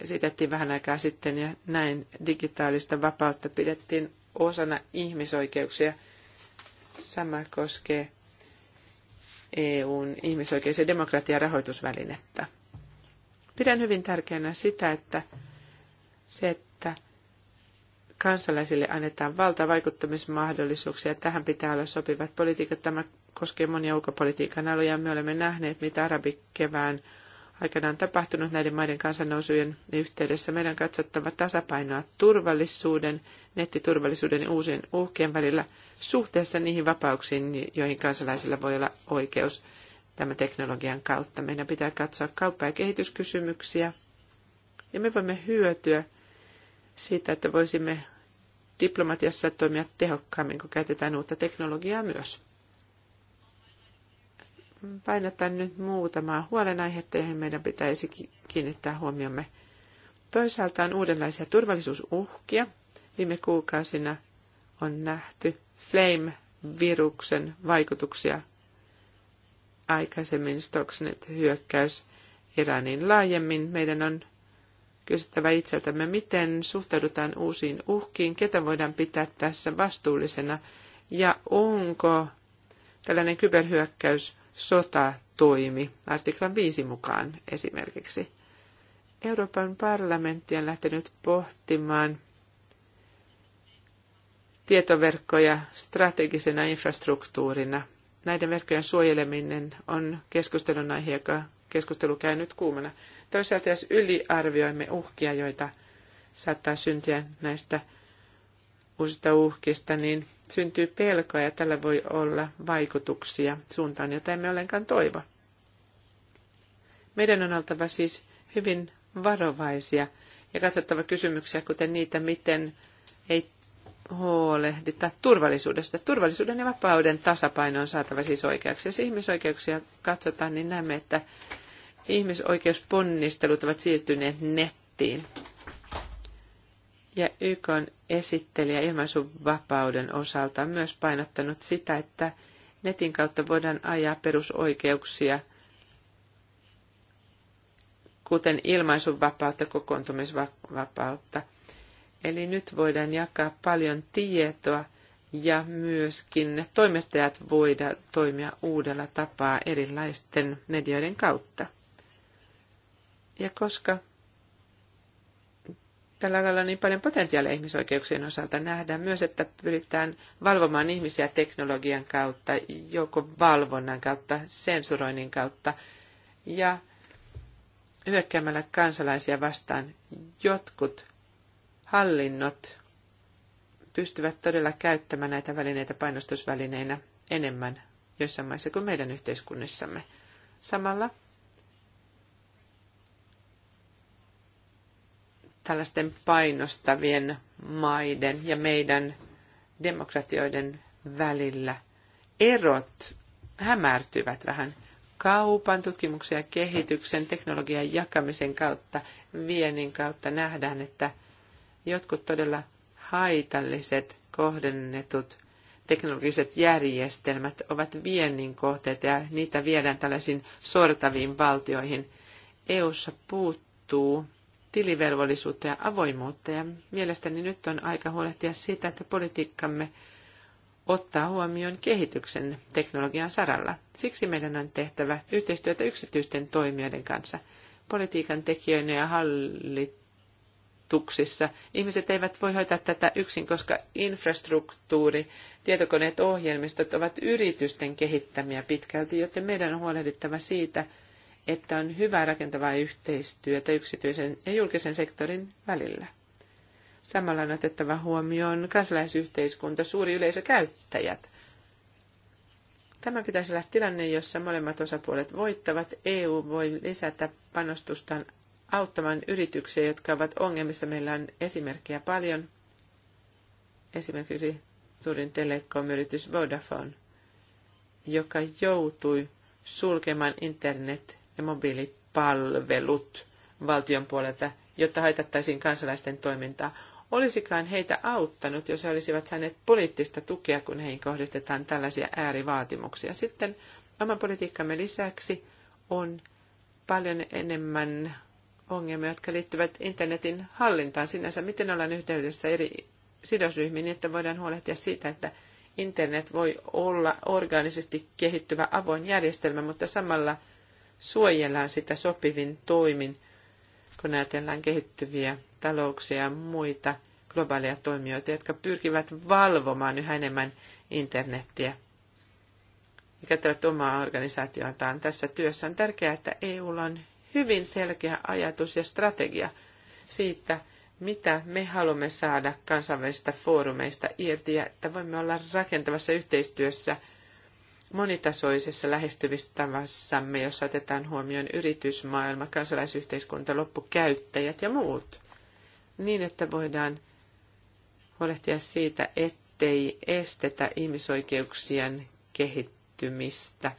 esitettiin vähän aikaa sitten ja näin digitaalista vapautta pidettiin osana ihmisoikeuksia. Sama koskee EUn ihmisoikeus- ja demokratiarahoitusvälinettä. Pidän hyvin tärkeänä sitä, että se, että kansalaisille annetaan valtavaikuttamismahdollisuuksia. Tähän pitää olla sopivat politiikat. Tämä koskee monia ulkopolitiikan aloja. Me olemme nähneet, mitä arabikevään aikanaan tapahtunut näiden maiden kansannousujen yhteydessä. Meidän on katsottava tasapainoa turvallisuuden, nettiturvallisuuden ja uusien uhkien välillä suhteessa niihin vapauksiin, joihin kansalaisilla voi olla oikeus tämän teknologian kautta. Meidän pitää katsoa kauppa- ja kehityskysymyksiä, ja me voimme hyötyä siitä, että voisimme diplomatiassa toimia tehokkaammin, kun käytetään uutta teknologiaa myös painotan nyt muutamaa huolenaihetta, joihin meidän pitäisi kiinnittää huomiomme. Toisaalta on uudenlaisia turvallisuusuhkia. Viime kuukausina on nähty Flame-viruksen vaikutuksia. Aikaisemmin Stuxnet hyökkäys Iranin laajemmin. Meidän on kysyttävä itseltämme, miten suhtaudutaan uusiin uhkiin, ketä voidaan pitää tässä vastuullisena ja onko tällainen kyberhyökkäys sotatoimi artiklan 5 mukaan esimerkiksi. Euroopan parlamentti on lähtenyt pohtimaan tietoverkkoja strategisena infrastruktuurina. Näiden verkkojen suojeleminen on keskustelun aihe, joka keskustelu käy nyt kuumana. Toisaalta jos yliarvioimme uhkia, joita saattaa syntyä näistä uusista uhkista, niin syntyy pelkoa ja tällä voi olla vaikutuksia suuntaan, jota emme ollenkaan toivo. Meidän on oltava siis hyvin varovaisia ja katsottava kysymyksiä, kuten niitä, miten ei huolehdita turvallisuudesta. Turvallisuuden ja vapauden tasapaino on saatava siis oikeaksi. Jos ihmisoikeuksia katsotaan, niin näemme, että ihmisoikeusponnistelut ovat siirtyneet nettiin. Ja YK on esittelijä ilmaisuvapauden osalta on myös painottanut sitä, että netin kautta voidaan ajaa perusoikeuksia, kuten ilmaisuvapautta, kokoontumisvapautta. Eli nyt voidaan jakaa paljon tietoa ja myöskin toimittajat voida toimia uudella tapaa erilaisten medioiden kautta. Ja koska tällä lailla niin paljon potentiaalia ihmisoikeuksien osalta. Nähdään myös, että pyritään valvomaan ihmisiä teknologian kautta, joko valvonnan kautta, sensuroinnin kautta ja hyökkäämällä kansalaisia vastaan. Jotkut hallinnot pystyvät todella käyttämään näitä välineitä painostusvälineinä enemmän joissain maissa kuin meidän yhteiskunnissamme. Samalla tällaisten painostavien maiden ja meidän demokratioiden välillä erot hämärtyvät vähän kaupan, tutkimuksen ja kehityksen, teknologian jakamisen kautta, viennin kautta nähdään, että jotkut todella haitalliset kohdennetut teknologiset järjestelmät ovat viennin kohteita ja niitä viedään tällaisiin sortaviin valtioihin. EUssa puuttuu tilivelvollisuutta ja avoimuutta. Ja mielestäni nyt on aika huolehtia siitä, että politiikkamme ottaa huomioon kehityksen teknologian saralla. Siksi meidän on tehtävä yhteistyötä yksityisten toimijoiden kanssa, politiikan tekijöinä ja hallituksissa. Ihmiset eivät voi hoitaa tätä yksin, koska infrastruktuuri, tietokoneet, ohjelmistot ovat yritysten kehittämiä pitkälti, joten meidän on huolehdittava siitä, että on hyvää rakentavaa yhteistyötä yksityisen ja julkisen sektorin välillä. Samalla on otettava huomioon kansalaisyhteiskunta, suuri yleisö, käyttäjät. Tämä pitäisi olla tilanne, jossa molemmat osapuolet voittavat. EU voi lisätä panostustaan auttamaan yrityksiä, jotka ovat ongelmissa. Meillä on esimerkkejä paljon. Esimerkiksi suurin telekomyritys Vodafone, joka joutui sulkemaan internet ja mobiilipalvelut valtion puolelta, jotta haitattaisiin kansalaisten toimintaa. Olisikaan heitä auttanut, jos he olisivat saaneet poliittista tukea, kun heihin kohdistetaan tällaisia äärivaatimuksia. Sitten oman politiikkamme lisäksi on paljon enemmän ongelmia, jotka liittyvät internetin hallintaan sinänsä. Miten ollaan yhteydessä eri sidosryhmiin, niin että voidaan huolehtia siitä, että internet voi olla organisesti kehittyvä avoin järjestelmä, mutta samalla – suojellaan sitä sopivin toimin, kun ajatellaan kehittyviä talouksia ja muita globaaleja toimijoita, jotka pyrkivät valvomaan yhä enemmän internettiä ja käyttävät omaa organisaatiotaan tässä työssä. On tärkeää, että EUlla on hyvin selkeä ajatus ja strategia siitä, mitä me haluamme saada kansainvälisistä foorumeista irti ja että voimme olla rakentavassa yhteistyössä – monitasoisessa lähestymistavassamme, jossa otetaan huomioon yritysmaailma, kansalaisyhteiskunta, loppukäyttäjät ja muut, niin että voidaan huolehtia siitä, ettei estetä ihmisoikeuksien kehittymistä,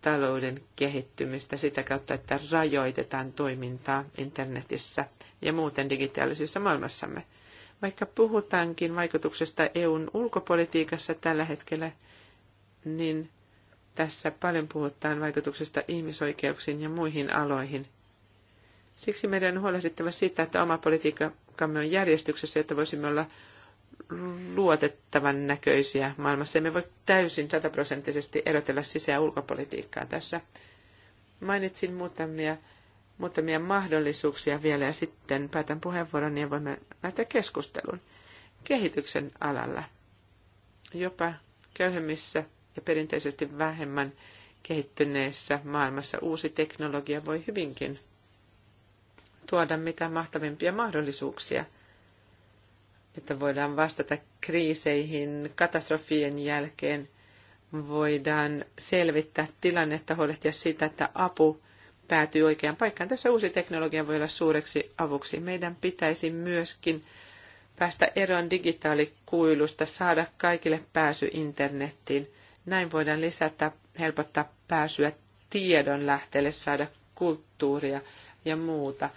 talouden kehittymistä sitä kautta, että rajoitetaan toimintaa internetissä ja muuten digitaalisessa maailmassamme. Vaikka puhutaankin vaikutuksesta EUn ulkopolitiikassa tällä hetkellä, niin tässä paljon puhutaan vaikutuksesta ihmisoikeuksiin ja muihin aloihin. Siksi meidän on huolehdittava siitä, että oma politiikkamme on järjestyksessä, että voisimme olla luotettavan näköisiä maailmassa. Emme voi täysin sataprosenttisesti erotella sisä- ja ulkopolitiikkaa tässä. Mainitsin muutamia, muutamia mahdollisuuksia vielä ja sitten päätän puheenvuoron ja voimme näyttää keskustelun kehityksen alalla. Jopa köyhemmissä ja perinteisesti vähemmän kehittyneessä maailmassa uusi teknologia voi hyvinkin tuoda mitä mahtavimpia mahdollisuuksia, että voidaan vastata kriiseihin, katastrofien jälkeen, voidaan selvittää tilannetta, huolehtia sitä, että apu päätyy oikeaan paikkaan. Tässä uusi teknologia voi olla suureksi avuksi. Meidän pitäisi myöskin päästä eroon digitaalikuilusta, saada kaikille pääsy internettiin – näin voidaan lisätä, helpottaa pääsyä tiedon lähteelle, saada kulttuuria ja muuta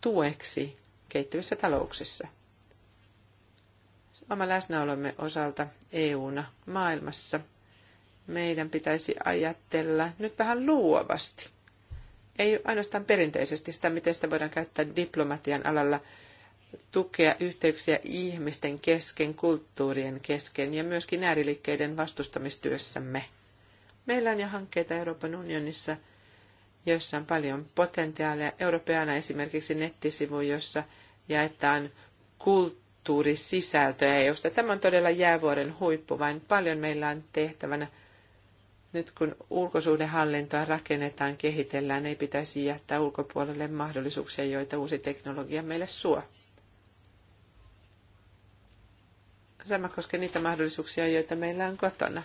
tueksi kehittyvissä talouksissa. Oma läsnäolomme osalta EUna maailmassa meidän pitäisi ajatella nyt vähän luovasti. Ei ainoastaan perinteisesti sitä, miten sitä voidaan käyttää diplomatian alalla – tukea yhteyksiä ihmisten kesken, kulttuurien kesken ja myöskin ääriliikkeiden vastustamistyössämme. Meillä on jo hankkeita Euroopan unionissa, joissa on paljon potentiaalia. Europeana esimerkiksi nettisivu, jossa jaetaan kulttuurisisältöä EUsta. Tämä on todella jäävuoren huippu, vain paljon meillä on tehtävänä. Nyt kun ulkosuhdehallintoa rakennetaan, kehitellään, ei pitäisi jättää ulkopuolelle mahdollisuuksia, joita uusi teknologia meille suo. Sama koskee niitä mahdollisuuksia, joita meillä on kotona.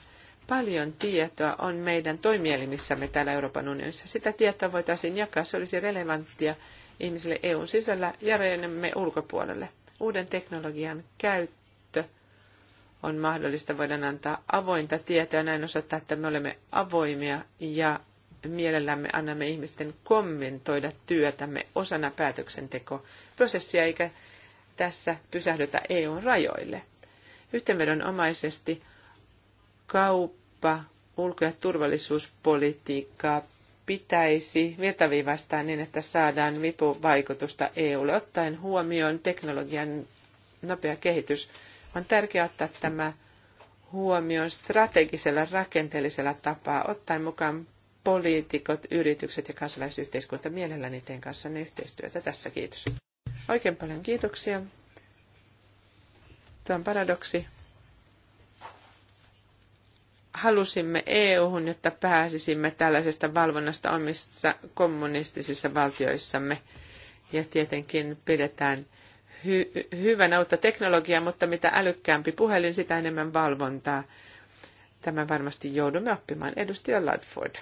Paljon tietoa on meidän toimielimissämme täällä Euroopan unionissa. Sitä tietoa voitaisiin jakaa, se olisi relevanttia ihmisille EUn sisällä ja rajojemme ulkopuolelle. Uuden teknologian käyttö on mahdollista, voidaan antaa avointa tietoa ja näin osoittaa, että me olemme avoimia ja mielellämme annamme ihmisten kommentoida työtämme osana päätöksentekoprosessia, eikä tässä pysähdytä EUn rajoille. Yhteenvedonomaisesti kauppa, ulko- ja turvallisuuspolitiikkaa pitäisi virtaviivaistaa niin, että saadaan vipuvaikutusta EUlle. Ottaen huomioon teknologian nopea kehitys, on tärkeää ottaa tämä huomioon strategisella rakenteellisella tapaa, ottaen mukaan poliitikot, yritykset ja kansalaisyhteiskunta. Mielelläni teen kanssanne yhteistyötä tässä. Kiitos. Oikein paljon kiitoksia. Tuo on paradoksi. Halusimme EU-hun, jotta pääsisimme tällaisesta valvonnasta omissa kommunistisissa valtioissamme. Ja tietenkin pidetään hy- hyvänä uutta teknologiaa, mutta mitä älykkäämpi puhelin, sitä enemmän valvontaa. Tämän varmasti joudumme oppimaan. Edustaja Ludford.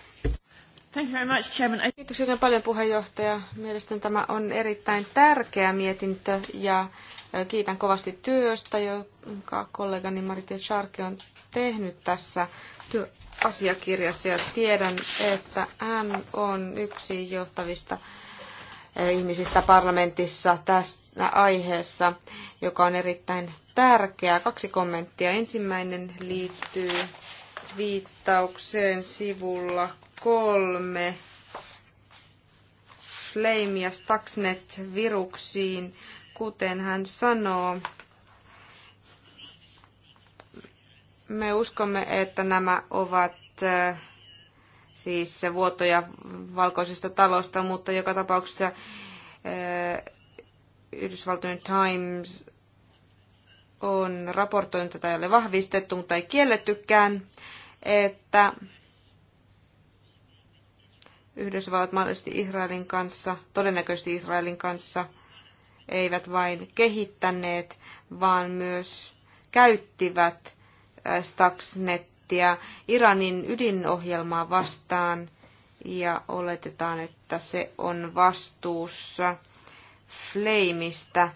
Thank you very much, Chairman. Kiitos oikein paljon puheenjohtaja. Mielestäni tämä on erittäin tärkeä mietintö ja Kiitän kovasti työstä, jonka kollegani Maritia Charke on tehnyt tässä työasiakirjassa ja tiedän, että hän on yksi johtavista ihmisistä parlamentissa tässä aiheessa, joka on erittäin tärkeä. Kaksi kommenttia. Ensimmäinen liittyy viittaukseen sivulla kolme Flame- ja Stuxnet-viruksiin kuten hän sanoo, me uskomme, että nämä ovat siis vuotoja valkoisesta talosta, mutta joka tapauksessa Yhdysvaltojen Times on raportoinut, tätä ei ole vahvistettu, mutta ei kiellettykään, että Yhdysvallat mahdollisesti Israelin kanssa, todennäköisesti Israelin kanssa – eivät vain kehittäneet, vaan myös käyttivät äh, Stuxnettia Iranin ydinohjelmaa vastaan ja oletetaan, että se on vastuussa Flameista.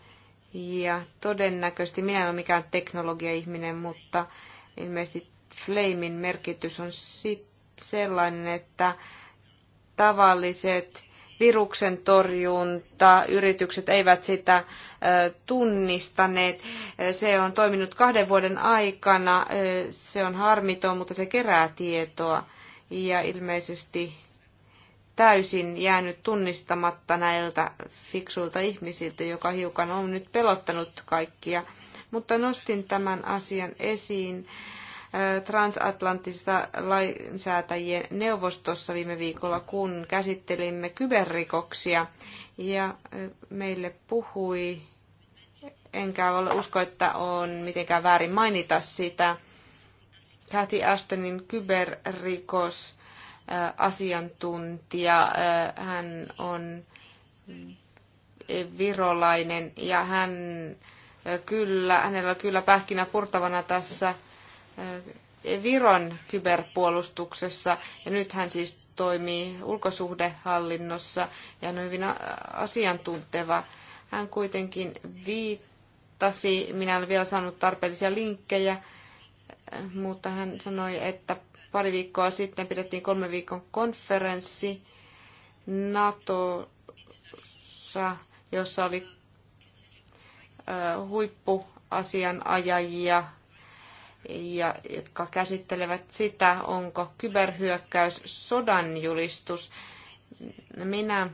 Ja todennäköisesti, minä en ole mikään teknologiaihminen, mutta ilmeisesti Flamein merkitys on sit sellainen, että tavalliset viruksen torjunta, yritykset eivät sitä tunnistaneet. Se on toiminut kahden vuoden aikana, se on harmiton, mutta se kerää tietoa ja ilmeisesti täysin jäänyt tunnistamatta näiltä fiksuilta ihmisiltä, joka hiukan on nyt pelottanut kaikkia. Mutta nostin tämän asian esiin transatlanttisessa lainsäätäjien neuvostossa viime viikolla, kun käsittelimme kyberrikoksia. Ja meille puhui, enkä ole usko, että on mitenkään väärin mainita sitä, Kathy Ashtonin kyberrikos asiantuntija. Hän on virolainen ja hän kyllä, hänellä on kyllä pähkinä purtavana tässä Viron kyberpuolustuksessa ja nyt hän siis toimii ulkosuhdehallinnossa ja on hyvin asiantunteva. Hän kuitenkin viittasi, minä olen vielä saanut tarpeellisia linkkejä, mutta hän sanoi, että pari viikkoa sitten pidettiin kolme viikon konferenssi NATOssa, jossa oli huippuasianajajia ja jotka käsittelevät sitä, onko kyberhyökkäys sodan julistus. Minä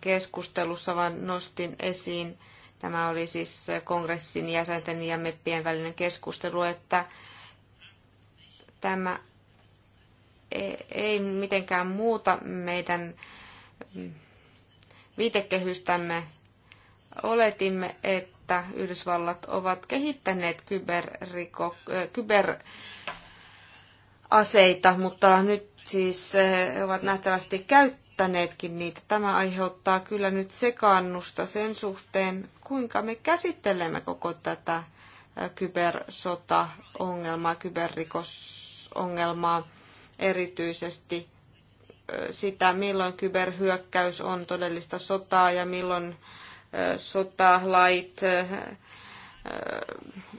keskustelussa vaan nostin esiin, tämä oli siis kongressin jäsenten ja meppien välinen keskustelu, että tämä e- ei mitenkään muuta meidän viitekehystämme. Oletimme, että että Yhdysvallat ovat kehittäneet kyberriko, äh, kyberaseita, mutta nyt siis äh, ovat nähtävästi käyttäneetkin niitä. Tämä aiheuttaa kyllä nyt sekaannusta sen suhteen, kuinka me käsittelemme koko tätä äh, kybersota-ongelmaa, kyberrikosongelmaa, erityisesti sitä, milloin kyberhyökkäys on todellista sotaa ja milloin sotalait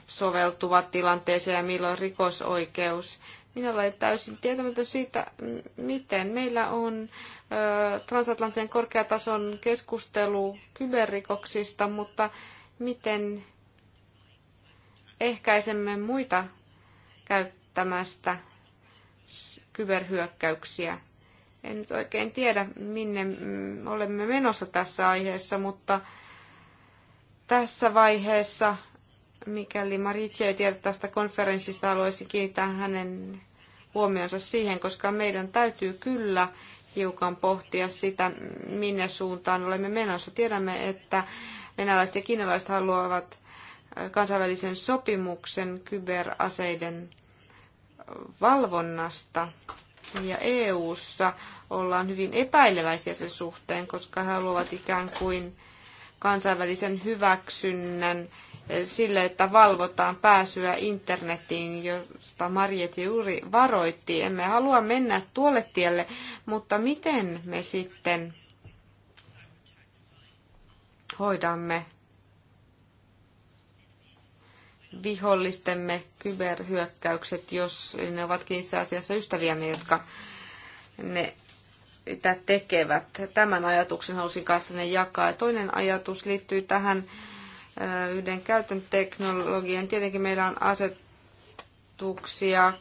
soveltuvat tilanteeseen ja milloin rikosoikeus. Minä olen täysin tietämätön siitä, miten meillä on transatlanttinen korkeatason keskustelu kyberrikoksista, mutta miten ehkäisemme muita käyttämästä kyberhyökkäyksiä. En nyt oikein tiedä, minne olemme menossa tässä aiheessa, mutta tässä vaiheessa, mikäli Maritje ei tiedä tästä konferenssista, haluaisin kiinnittää hänen huomionsa siihen, koska meidän täytyy kyllä hiukan pohtia sitä, minne suuntaan olemme menossa. Tiedämme, että venäläiset ja kiinalaiset haluavat äh, kansainvälisen sopimuksen kyberaseiden valvonnasta. Ja EU:ssa ollaan hyvin epäileväisiä sen suhteen, koska he haluavat ikään kuin kansainvälisen hyväksynnän eh, sille, että valvotaan pääsyä internetiin, josta Marjet juuri varoitti. Emme halua mennä tuolle tielle, mutta miten me sitten hoidamme vihollistemme kyberhyökkäykset, jos ne ovatkin itse asiassa ystäviämme, jotka ne mitä tekevät. Tämän ajatuksen halusin kanssanne jakaa. Ja toinen ajatus liittyy tähän yhden käytön teknologian. Tietenkin meillä on asetuksia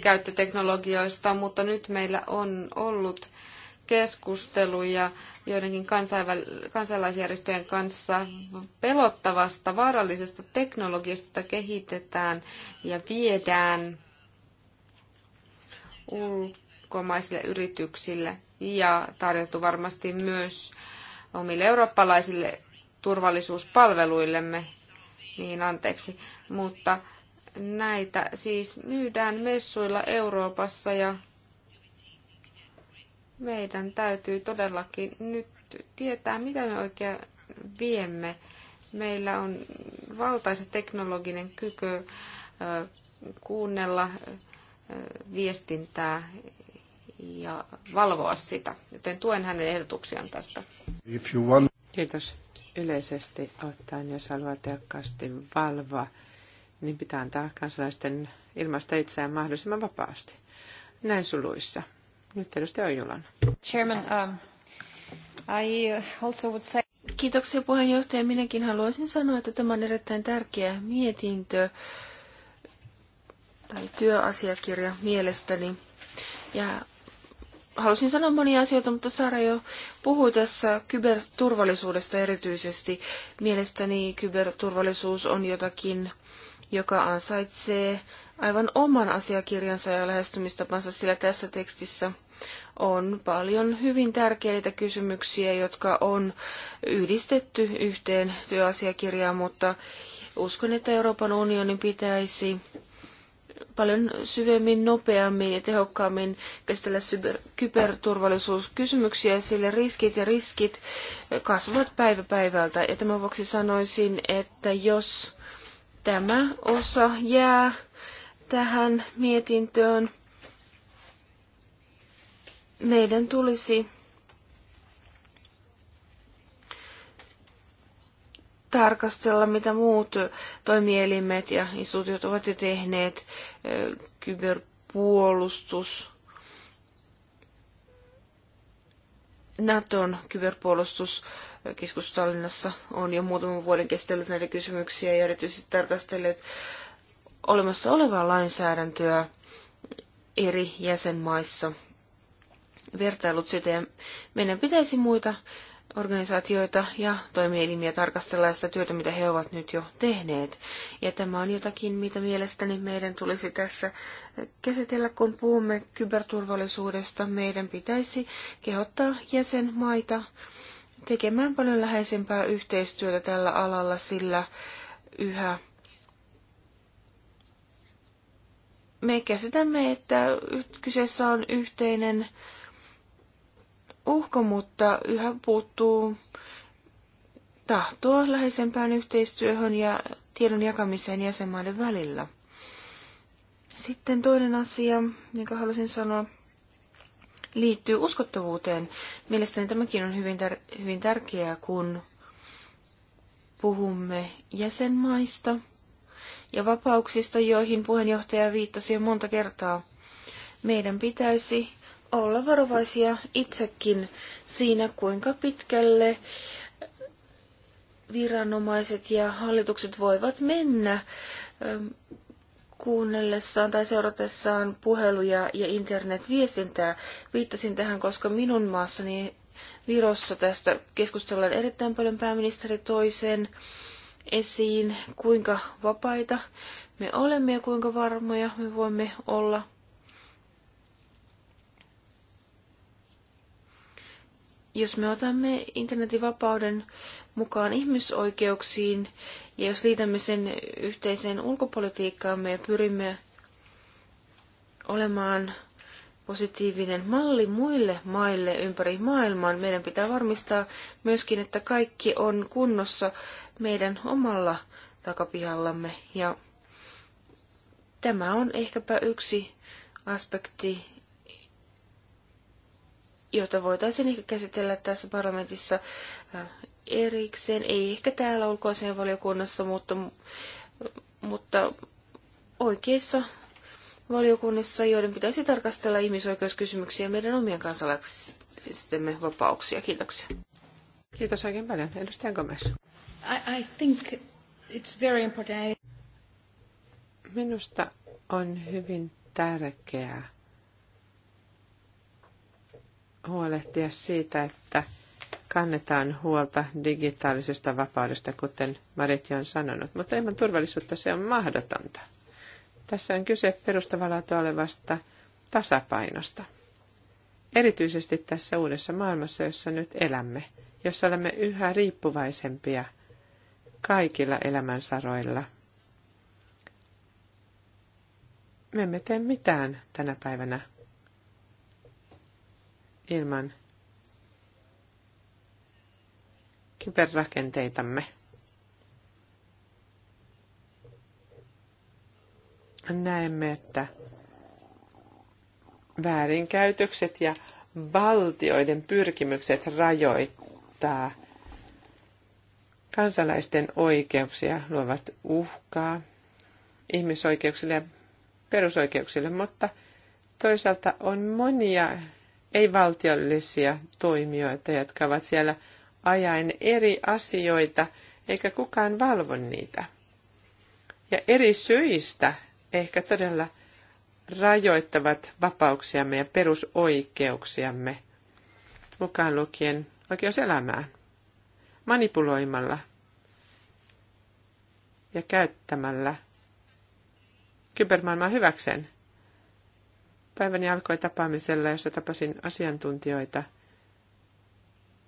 käyttöteknologioista, mutta nyt meillä on ollut keskusteluja joidenkin kansainväl- kansalaisjärjestöjen kanssa pelottavasta, vaarallisesta teknologiasta, jota kehitetään ja viedään ulkomaisille yrityksille ja tarjottu varmasti myös omille eurooppalaisille turvallisuuspalveluillemme, niin anteeksi, mutta näitä siis myydään messuilla Euroopassa ja meidän täytyy todellakin nyt tietää, mitä me oikein viemme. Meillä on valtaisa teknologinen kyky kuunnella viestintää ja valvoa sitä. Joten tuen hänen ehdotuksiaan tästä. If you want... Kiitos. Yleisesti ottaen, jos haluaa tehokkaasti valvoa, niin pitää antaa kansalaisten ilmaista itseään mahdollisimman vapaasti. Näin suluissa. Nyt edustaja Ojulan. Chairman, um, I also would say... Kiitoksia puheenjohtaja. Minäkin haluaisin sanoa, että tämä on erittäin tärkeä mietintö työasiakirja mielestäni. Ja halusin sanoa monia asioita, mutta Sara jo puhui tässä kyberturvallisuudesta erityisesti. Mielestäni kyberturvallisuus on jotakin, joka ansaitsee aivan oman asiakirjansa ja lähestymistapansa, sillä tässä tekstissä on paljon hyvin tärkeitä kysymyksiä, jotka on yhdistetty yhteen työasiakirjaan, mutta uskon, että Euroopan unionin pitäisi paljon syvemmin, nopeammin ja tehokkaammin käsitellä cyber, kyberturvallisuuskysymyksiä, sillä riskit ja riskit kasvavat päivä päivältä. Ja tämän vuoksi sanoisin, että jos tämä osa jää tähän mietintöön, meidän tulisi tarkastella, mitä muut toimielimet ja instituutiot ovat jo tehneet, kyberpuolustus, Naton kyberpuolustuskeskus Tallinnassa on jo muutaman vuoden kestellyt näitä kysymyksiä ja erityisesti tarkastelleet olemassa olevaa lainsäädäntöä eri jäsenmaissa, vertailut sitä ja meidän pitäisi muita organisaatioita ja toimielimiä tarkastellaan sitä työtä, mitä he ovat nyt jo tehneet. Ja tämä on jotakin, mitä mielestäni meidän tulisi tässä käsitellä, kun puhumme kyberturvallisuudesta. Meidän pitäisi kehottaa jäsenmaita tekemään paljon läheisempää yhteistyötä tällä alalla, sillä yhä me käsitämme, että kyseessä on yhteinen uhka, mutta yhä puuttuu tahtoa läheisempään yhteistyöhön ja tiedon jakamiseen jäsenmaiden välillä. Sitten toinen asia, jonka halusin sanoa, liittyy uskottavuuteen. Mielestäni tämäkin on hyvin, tär- hyvin tärkeää, kun puhumme jäsenmaista ja vapauksista, joihin puheenjohtaja viittasi jo monta kertaa. Meidän pitäisi olla varovaisia itsekin siinä, kuinka pitkälle viranomaiset ja hallitukset voivat mennä ähm, kuunnellessaan tai seuratessaan puheluja ja internetviestintää. Viittasin tähän, koska minun maassani Virossa tästä keskustellaan erittäin paljon pääministeri toisen esiin, kuinka vapaita me olemme ja kuinka varmoja me voimme olla jos me otamme internetin vapauden mukaan ihmisoikeuksiin ja jos liitämme sen yhteiseen ulkopolitiikkaamme ja pyrimme olemaan positiivinen malli muille maille ympäri maailmaan. meidän pitää varmistaa myöskin, että kaikki on kunnossa meidän omalla takapihallamme. Ja tämä on ehkäpä yksi aspekti, jota voitaisiin ehkä käsitellä tässä parlamentissa äh, erikseen, ei ehkä täällä ulkoiseen valiokunnassa, mutta, mutta oikeissa valiokunnissa, joiden pitäisi tarkastella ihmisoikeuskysymyksiä meidän omien kansalaisistemme vapauksia. Kiitoksia. Kiitos oikein paljon. Edustaja Gomez. I, I think it's very important. Minusta on hyvin tärkeää huolehtia siitä, että kannetaan huolta digitaalisesta vapaudesta, kuten Marit on sanonut, mutta ilman turvallisuutta se on mahdotonta. Tässä on kyse perustavalaatua olevasta tasapainosta. Erityisesti tässä uudessa maailmassa, jossa nyt elämme, jossa olemme yhä riippuvaisempia kaikilla elämänsaroilla. Me emme tee mitään tänä päivänä ilman kyberrakenteitamme. Näemme, että väärinkäytökset ja valtioiden pyrkimykset rajoittaa kansalaisten oikeuksia luovat uhkaa ihmisoikeuksille ja perusoikeuksille, mutta toisaalta on monia ei-valtiollisia toimijoita, jotka ovat siellä ajaen eri asioita, eikä kukaan valvo niitä. Ja eri syistä ehkä todella rajoittavat vapauksiamme ja perusoikeuksiamme, mukaan lukien oikeus elämään, manipuloimalla ja käyttämällä kybermaailmaa hyväkseen. Päiväni alkoi tapaamisella, jossa tapasin asiantuntijoita,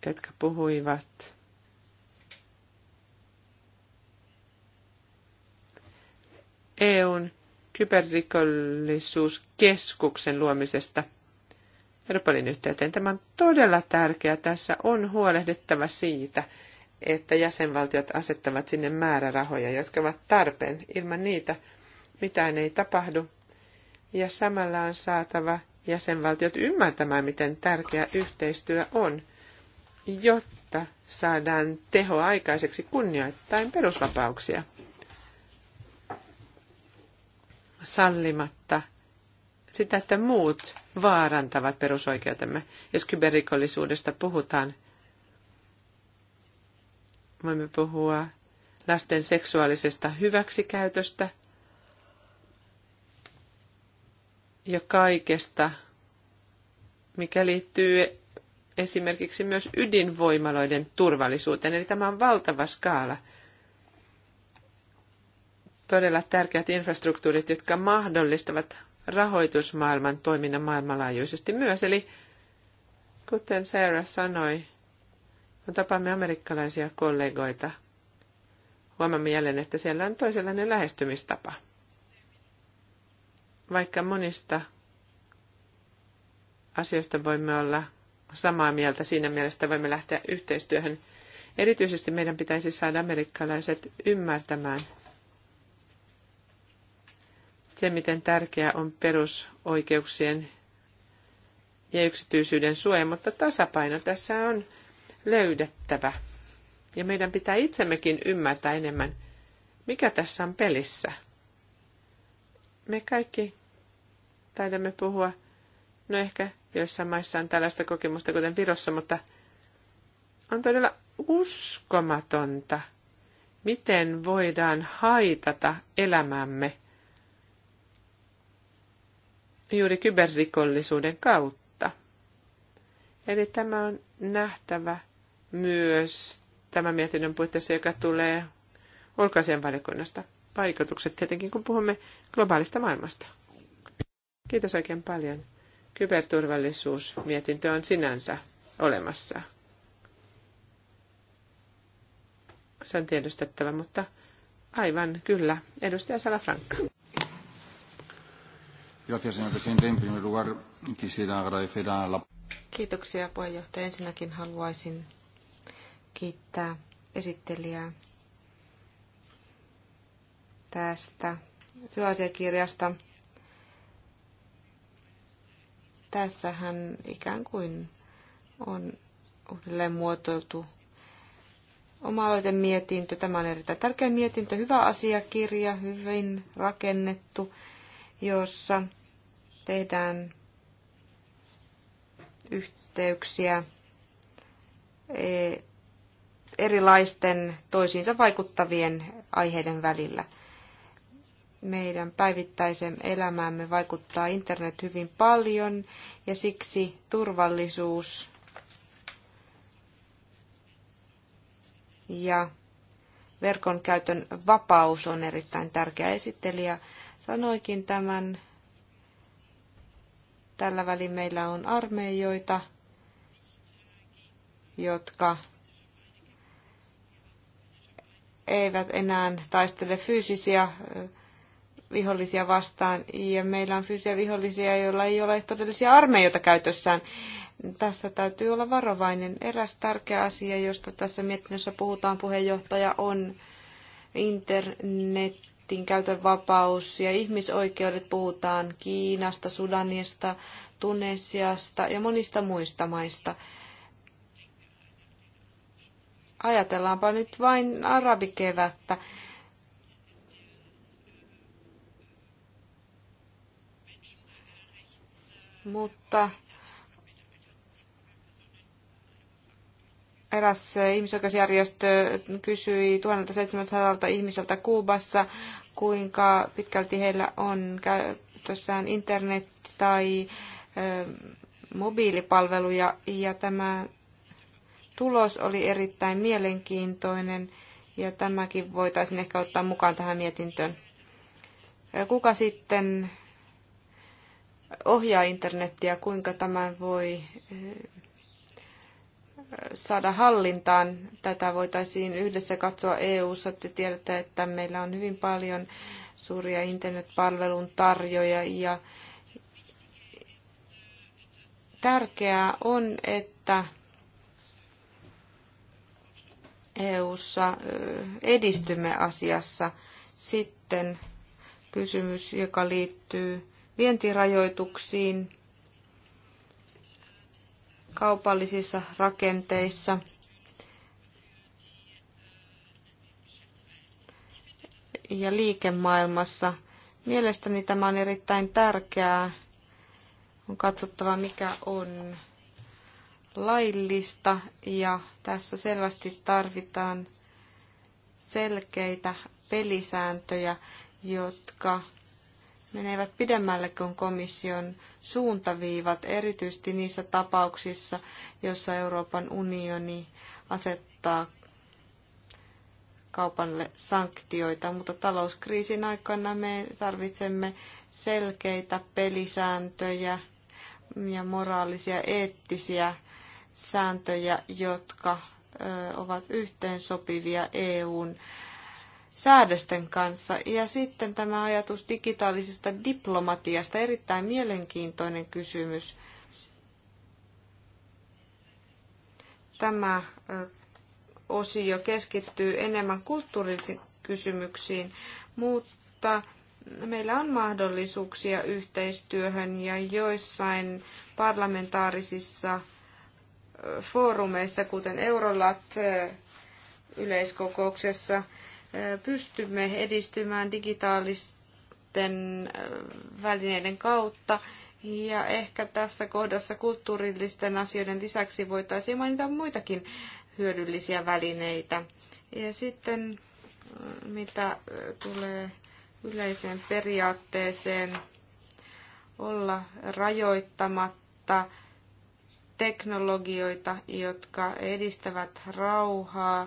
jotka puhuivat EUn kyberrikollisuuskeskuksen luomisesta Europolin yhteyteen. Tämä on todella tärkeää. Tässä on huolehdittava siitä, että jäsenvaltiot asettavat sinne määrärahoja, jotka ovat tarpeen. Ilman niitä mitään ei tapahdu ja samalla on saatava jäsenvaltiot ymmärtämään, miten tärkeä yhteistyö on, jotta saadaan teho aikaiseksi kunnioittain perusvapauksia sallimatta sitä, että muut vaarantavat perusoikeutemme. Jos kyberrikollisuudesta puhutaan, voimme puhua lasten seksuaalisesta hyväksikäytöstä – ja kaikesta, mikä liittyy esimerkiksi myös ydinvoimaloiden turvallisuuteen. Eli tämä on valtava skaala. Todella tärkeät infrastruktuurit, jotka mahdollistavat rahoitusmaailman toiminnan maailmanlaajuisesti myös. Eli kuten Sarah sanoi, kun tapaamme amerikkalaisia kollegoita, huomaamme jälleen, että siellä on toisenlainen lähestymistapa – vaikka monista asioista voimme olla samaa mieltä, siinä mielessä voimme lähteä yhteistyöhön. Erityisesti meidän pitäisi saada amerikkalaiset ymmärtämään se, miten tärkeää on perusoikeuksien ja yksityisyyden suoja, mutta tasapaino tässä on löydettävä. Ja meidän pitää itsemmekin ymmärtää enemmän, mikä tässä on pelissä – me kaikki taidamme puhua, no ehkä joissain maissa on tällaista kokemusta, kuten Virossa, mutta on todella uskomatonta, miten voidaan haitata elämämme juuri kyberrikollisuuden kautta. Eli tämä on nähtävä myös tämä mietinnön puitteissa, joka tulee ulkoisen valikunnasta vaikutukset tietenkin, kun puhumme globaalista maailmasta. Kiitos oikein paljon. Kyberturvallisuusmietintö on sinänsä olemassa. Se on tiedostettava, mutta aivan kyllä. Edustaja Salafranca. Kiitoksia, puheenjohtaja. Ensinnäkin haluaisin kiittää esittelijää tästä työasiakirjasta. Tässähän ikään kuin on uudelleen muotoiltu oma mietintö. Tämä on erittäin tärkeä mietintö, hyvä asiakirja, hyvin rakennettu, jossa tehdään yhteyksiä e- erilaisten toisiinsa vaikuttavien aiheiden välillä meidän päivittäisen elämäämme vaikuttaa internet hyvin paljon ja siksi turvallisuus ja verkon käytön vapaus on erittäin tärkeä esittelijä. Sanoikin tämän, tällä välin meillä on armeijoita, jotka eivät enää taistele fyysisiä vihollisia vastaan ja meillä on fyysisiä vihollisia, joilla ei ole todellisia armeijoita käytössään. Tässä täytyy olla varovainen. Eräs tärkeä asia, josta tässä mietinnössä puhutaan puheenjohtaja, on internetin käytön vapaus ja ihmisoikeudet puhutaan Kiinasta, Sudanista, Tunesiasta ja monista muista maista. Ajatellaanpa nyt vain arabikevättä Mutta eräs ihmisoikeusjärjestö kysyi 1700 ihmiseltä Kuubassa, kuinka pitkälti heillä on käytössään internet tai mobiilipalveluja ja tämä tulos oli erittäin mielenkiintoinen ja tämäkin voitaisiin ehkä ottaa mukaan tähän mietintöön. Kuka sitten ohjaa internettiä, kuinka tämän voi eh, saada hallintaan. Tätä voitaisiin yhdessä katsoa EU-ssa. Te tiedätte, että meillä on hyvin paljon suuria internetpalvelun tarjoja ja tärkeää on, että EU-ssa eh, edistymme asiassa. Sitten kysymys, joka liittyy vientirajoituksiin kaupallisissa rakenteissa. ja liikemaailmassa. Mielestäni tämä on erittäin tärkeää. On katsottava, mikä on laillista ja tässä selvästi tarvitaan selkeitä pelisääntöjä, jotka menevät pidemmälle kuin komission suuntaviivat, erityisesti niissä tapauksissa, joissa Euroopan unioni asettaa kaupalle sanktioita, mutta talouskriisin aikana me tarvitsemme selkeitä pelisääntöjä ja moraalisia, eettisiä sääntöjä, jotka ovat yhteensopivia EUn säädösten kanssa. Ja sitten tämä ajatus digitaalisesta diplomatiasta, erittäin mielenkiintoinen kysymys. Tämä osio keskittyy enemmän kulttuurisiin kysymyksiin, mutta meillä on mahdollisuuksia yhteistyöhön ja joissain parlamentaarisissa foorumeissa, kuten Eurolat yleiskokouksessa, pystymme edistymään digitaalisten välineiden kautta. Ja ehkä tässä kohdassa kulttuurillisten asioiden lisäksi voitaisiin mainita muitakin hyödyllisiä välineitä. Ja sitten mitä tulee yleiseen periaatteeseen olla rajoittamatta teknologioita, jotka edistävät rauhaa.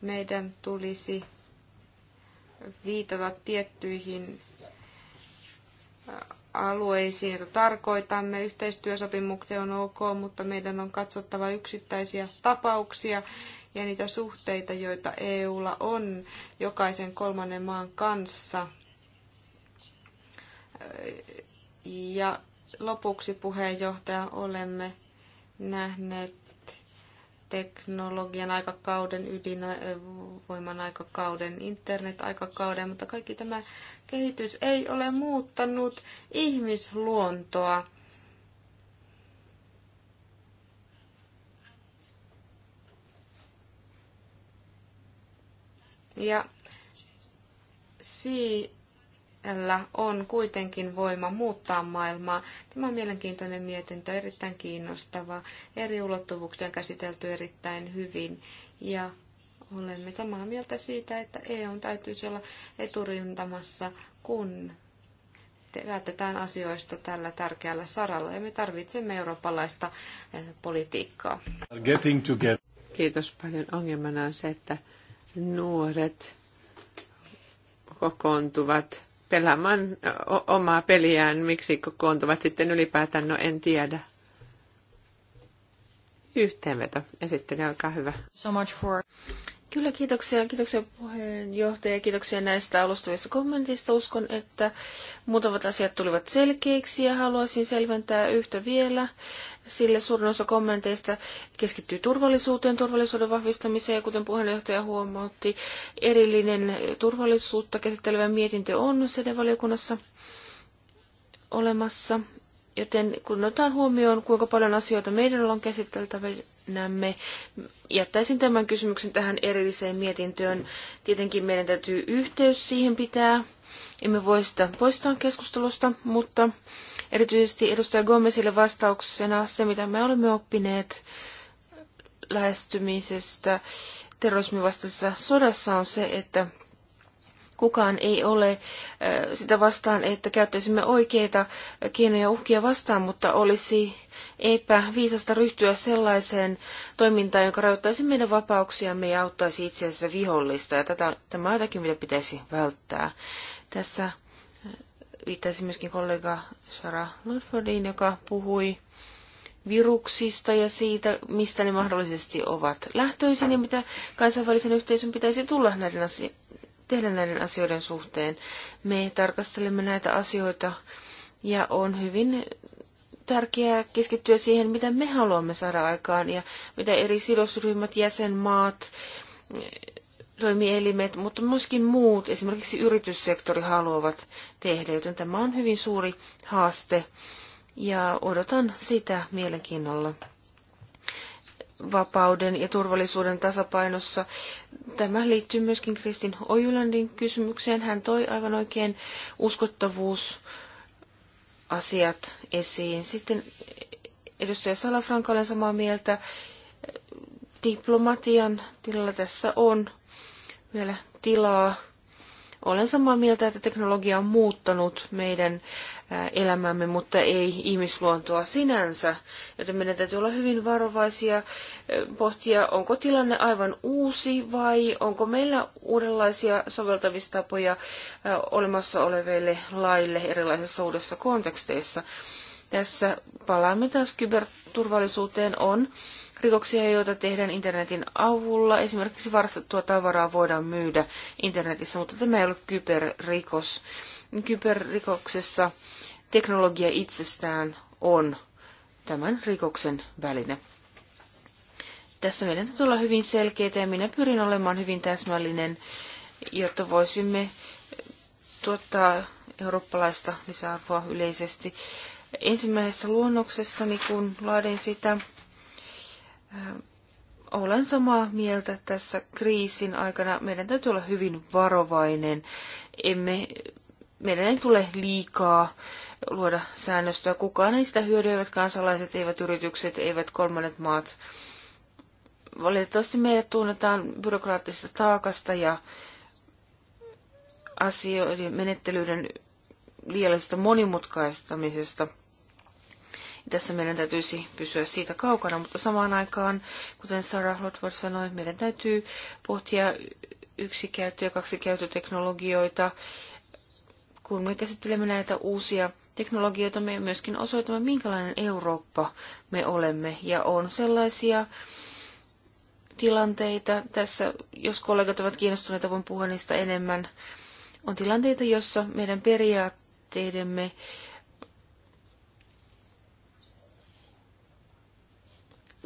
Meidän tulisi viitata tiettyihin alueisiin, joita tarkoitamme. Yhteistyösopimuksia on ok, mutta meidän on katsottava yksittäisiä tapauksia ja niitä suhteita, joita EUlla on jokaisen kolmannen maan kanssa. Ja lopuksi puheenjohtaja olemme nähneet teknologian aikakauden, ydinvoiman aikakauden, internet-aikakauden, mutta kaikki tämä kehitys ei ole muuttanut ihmisluontoa. Ja si- Tällä on kuitenkin voima muuttaa maailmaa. Tämä on mielenkiintoinen mietintö, erittäin kiinnostava. Eri ulottuvuuksia on käsitelty erittäin hyvin ja olemme samaa mieltä siitä, että EU täytyisi olla eturintamassa, kun päätetään asioista tällä tärkeällä saralla ja me tarvitsemme eurooppalaista eh, politiikkaa. Kiitos paljon. Ongelmana on se, että nuoret kokoontuvat pelaamaan omaa peliään. Miksi kokoontuvat sitten ylipäätään, no en tiedä. Yhteenveto. sitten olkaa hyvä. So much for... Kyllä, kiitoksia. Kiitoksia puheenjohtaja. Kiitoksia näistä alustavista kommentista. Uskon, että muutamat asiat tulivat selkeiksi ja haluaisin selventää yhtä vielä, Sille suurin osa kommenteista keskittyy turvallisuuteen, turvallisuuden vahvistamiseen ja kuten puheenjohtaja huomautti, erillinen turvallisuutta käsittelevä mietintö on sede valiokunnassa olemassa Joten kun otetaan huomioon, kuinka paljon asioita meidän on käsiteltävänämme, jättäisin tämän kysymyksen tähän erilliseen mietintöön. Tietenkin meidän täytyy yhteys siihen pitää. Emme voi sitä poistaa keskustelusta, mutta erityisesti edustaja Gomezille vastauksena se, mitä me olemme oppineet lähestymisestä terrorismin vastaisessa sodassa on se, että Kukaan ei ole sitä vastaan, että käyttäisimme oikeita keinoja uhkia vastaan, mutta olisi epäviisasta ryhtyä sellaiseen toimintaan, joka rajoittaisi meidän vapauksiamme ja auttaisi itse asiassa vihollista. Ja tätä, tämä on jotakin, mitä pitäisi välttää. Tässä viittaisin myöskin kollega Sarah Ludfordiin, joka puhui viruksista ja siitä, mistä ne mahdollisesti ovat lähtöisin ja mitä kansainvälisen yhteisön pitäisi tulla näiden asioiden tehdä näiden asioiden suhteen. Me tarkastelemme näitä asioita ja on hyvin tärkeää keskittyä siihen, mitä me haluamme saada aikaan ja mitä eri sidosryhmät, jäsenmaat, toimielimet, mutta myöskin muut, esimerkiksi yrityssektori, haluavat tehdä, joten tämä on hyvin suuri haaste ja odotan sitä mielenkiinnolla vapauden ja turvallisuuden tasapainossa. Tämä liittyy myöskin Kristin Ojulandin kysymykseen. Hän toi aivan oikein uskottavuusasiat esiin. Sitten edustaja Salafranka, olen samaa mieltä. Diplomatian tilalla tässä on vielä tilaa olen samaa mieltä, että teknologia on muuttanut meidän elämämme, mutta ei ihmisluontoa sinänsä. Joten meidän täytyy olla hyvin varovaisia pohtia, onko tilanne aivan uusi vai onko meillä uudenlaisia soveltavistapoja olemassa oleville laille erilaisissa uudessa konteksteissa. Tässä palaamme taas kyberturvallisuuteen on rikoksia, joita tehdään internetin avulla. Esimerkiksi varastettua tavaraa voidaan myydä internetissä, mutta tämä ei ole kyberrikos. Kyberrikoksessa teknologia itsestään on tämän rikoksen väline. Tässä meidän täytyy olla hyvin selkeitä ja minä pyrin olemaan hyvin täsmällinen, jotta voisimme tuottaa eurooppalaista lisäarvoa yleisesti. Ensimmäisessä luonnoksessani, kun laadin sitä, Äh, olen samaa mieltä tässä kriisin aikana. Meidän täytyy olla hyvin varovainen. Emme, meidän ei tule liikaa luoda säännöstöä. Kukaan ei sitä hyödy, eivät kansalaiset, eivät yritykset, eivät kolmannet maat. Valitettavasti meidät tunnetaan byrokraattisesta taakasta ja asioiden menettelyiden liiallisesta monimutkaistamisesta. Tässä meidän täytyisi pysyä siitä kaukana, mutta samaan aikaan, kuten Sarah Lodford sanoi, meidän täytyy pohtia yksi käyttö- ja kaksi käyttöteknologioita. Kun me käsittelemme näitä uusia teknologioita, me myöskin osoitamme, minkälainen Eurooppa me olemme. Ja on sellaisia tilanteita, tässä jos kollegat ovat kiinnostuneita, voin puhua niistä enemmän, on tilanteita, jossa meidän periaatteidemme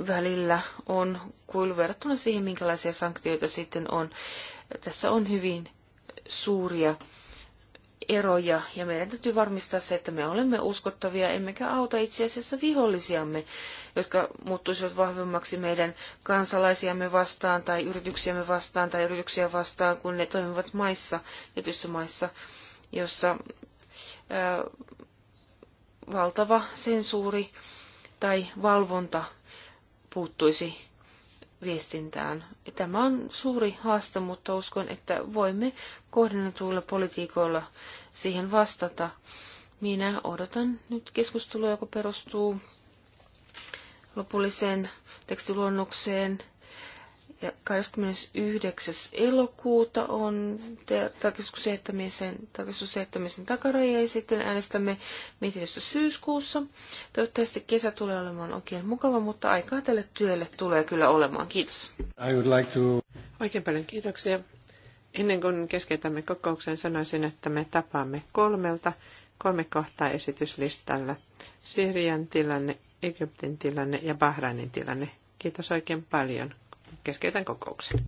välillä on kuin verrattuna siihen, minkälaisia sanktioita sitten on. Tässä on hyvin suuria eroja ja meidän täytyy varmistaa se, että me olemme uskottavia emmekä auta itse asiassa vihollisiamme, jotka muuttuisivat vahvemmaksi meidän kansalaisiamme vastaan tai yrityksiämme vastaan tai yrityksiä vastaan, kun ne toimivat maissa, tietyissä maissa, jossa ää, valtava sensuuri tai valvonta puuttuisi viestintään. Tämä on suuri haaste, mutta uskon, että voimme kohdennetuilla politiikoilla siihen vastata. Minä odotan nyt keskustelua, joka perustuu lopulliseen tekstiluonnokseen – ja 29. elokuuta on tarkistusettämisen, takaraja ja sitten äänestämme mietinnöstä syyskuussa. Toivottavasti kesä tulee olemaan oikein mukava, mutta aikaa tälle työlle tulee kyllä olemaan. Kiitos. I would like to... Oikein paljon kiitoksia. Ennen kuin keskeytämme kokouksen, sanoisin, että me tapaamme kolmelta kolme kohtaa esityslistalla. Syyrian tilanne, Egyptin tilanne ja Bahrainin tilanne. Kiitos oikein paljon. Keskeytän kokouksen.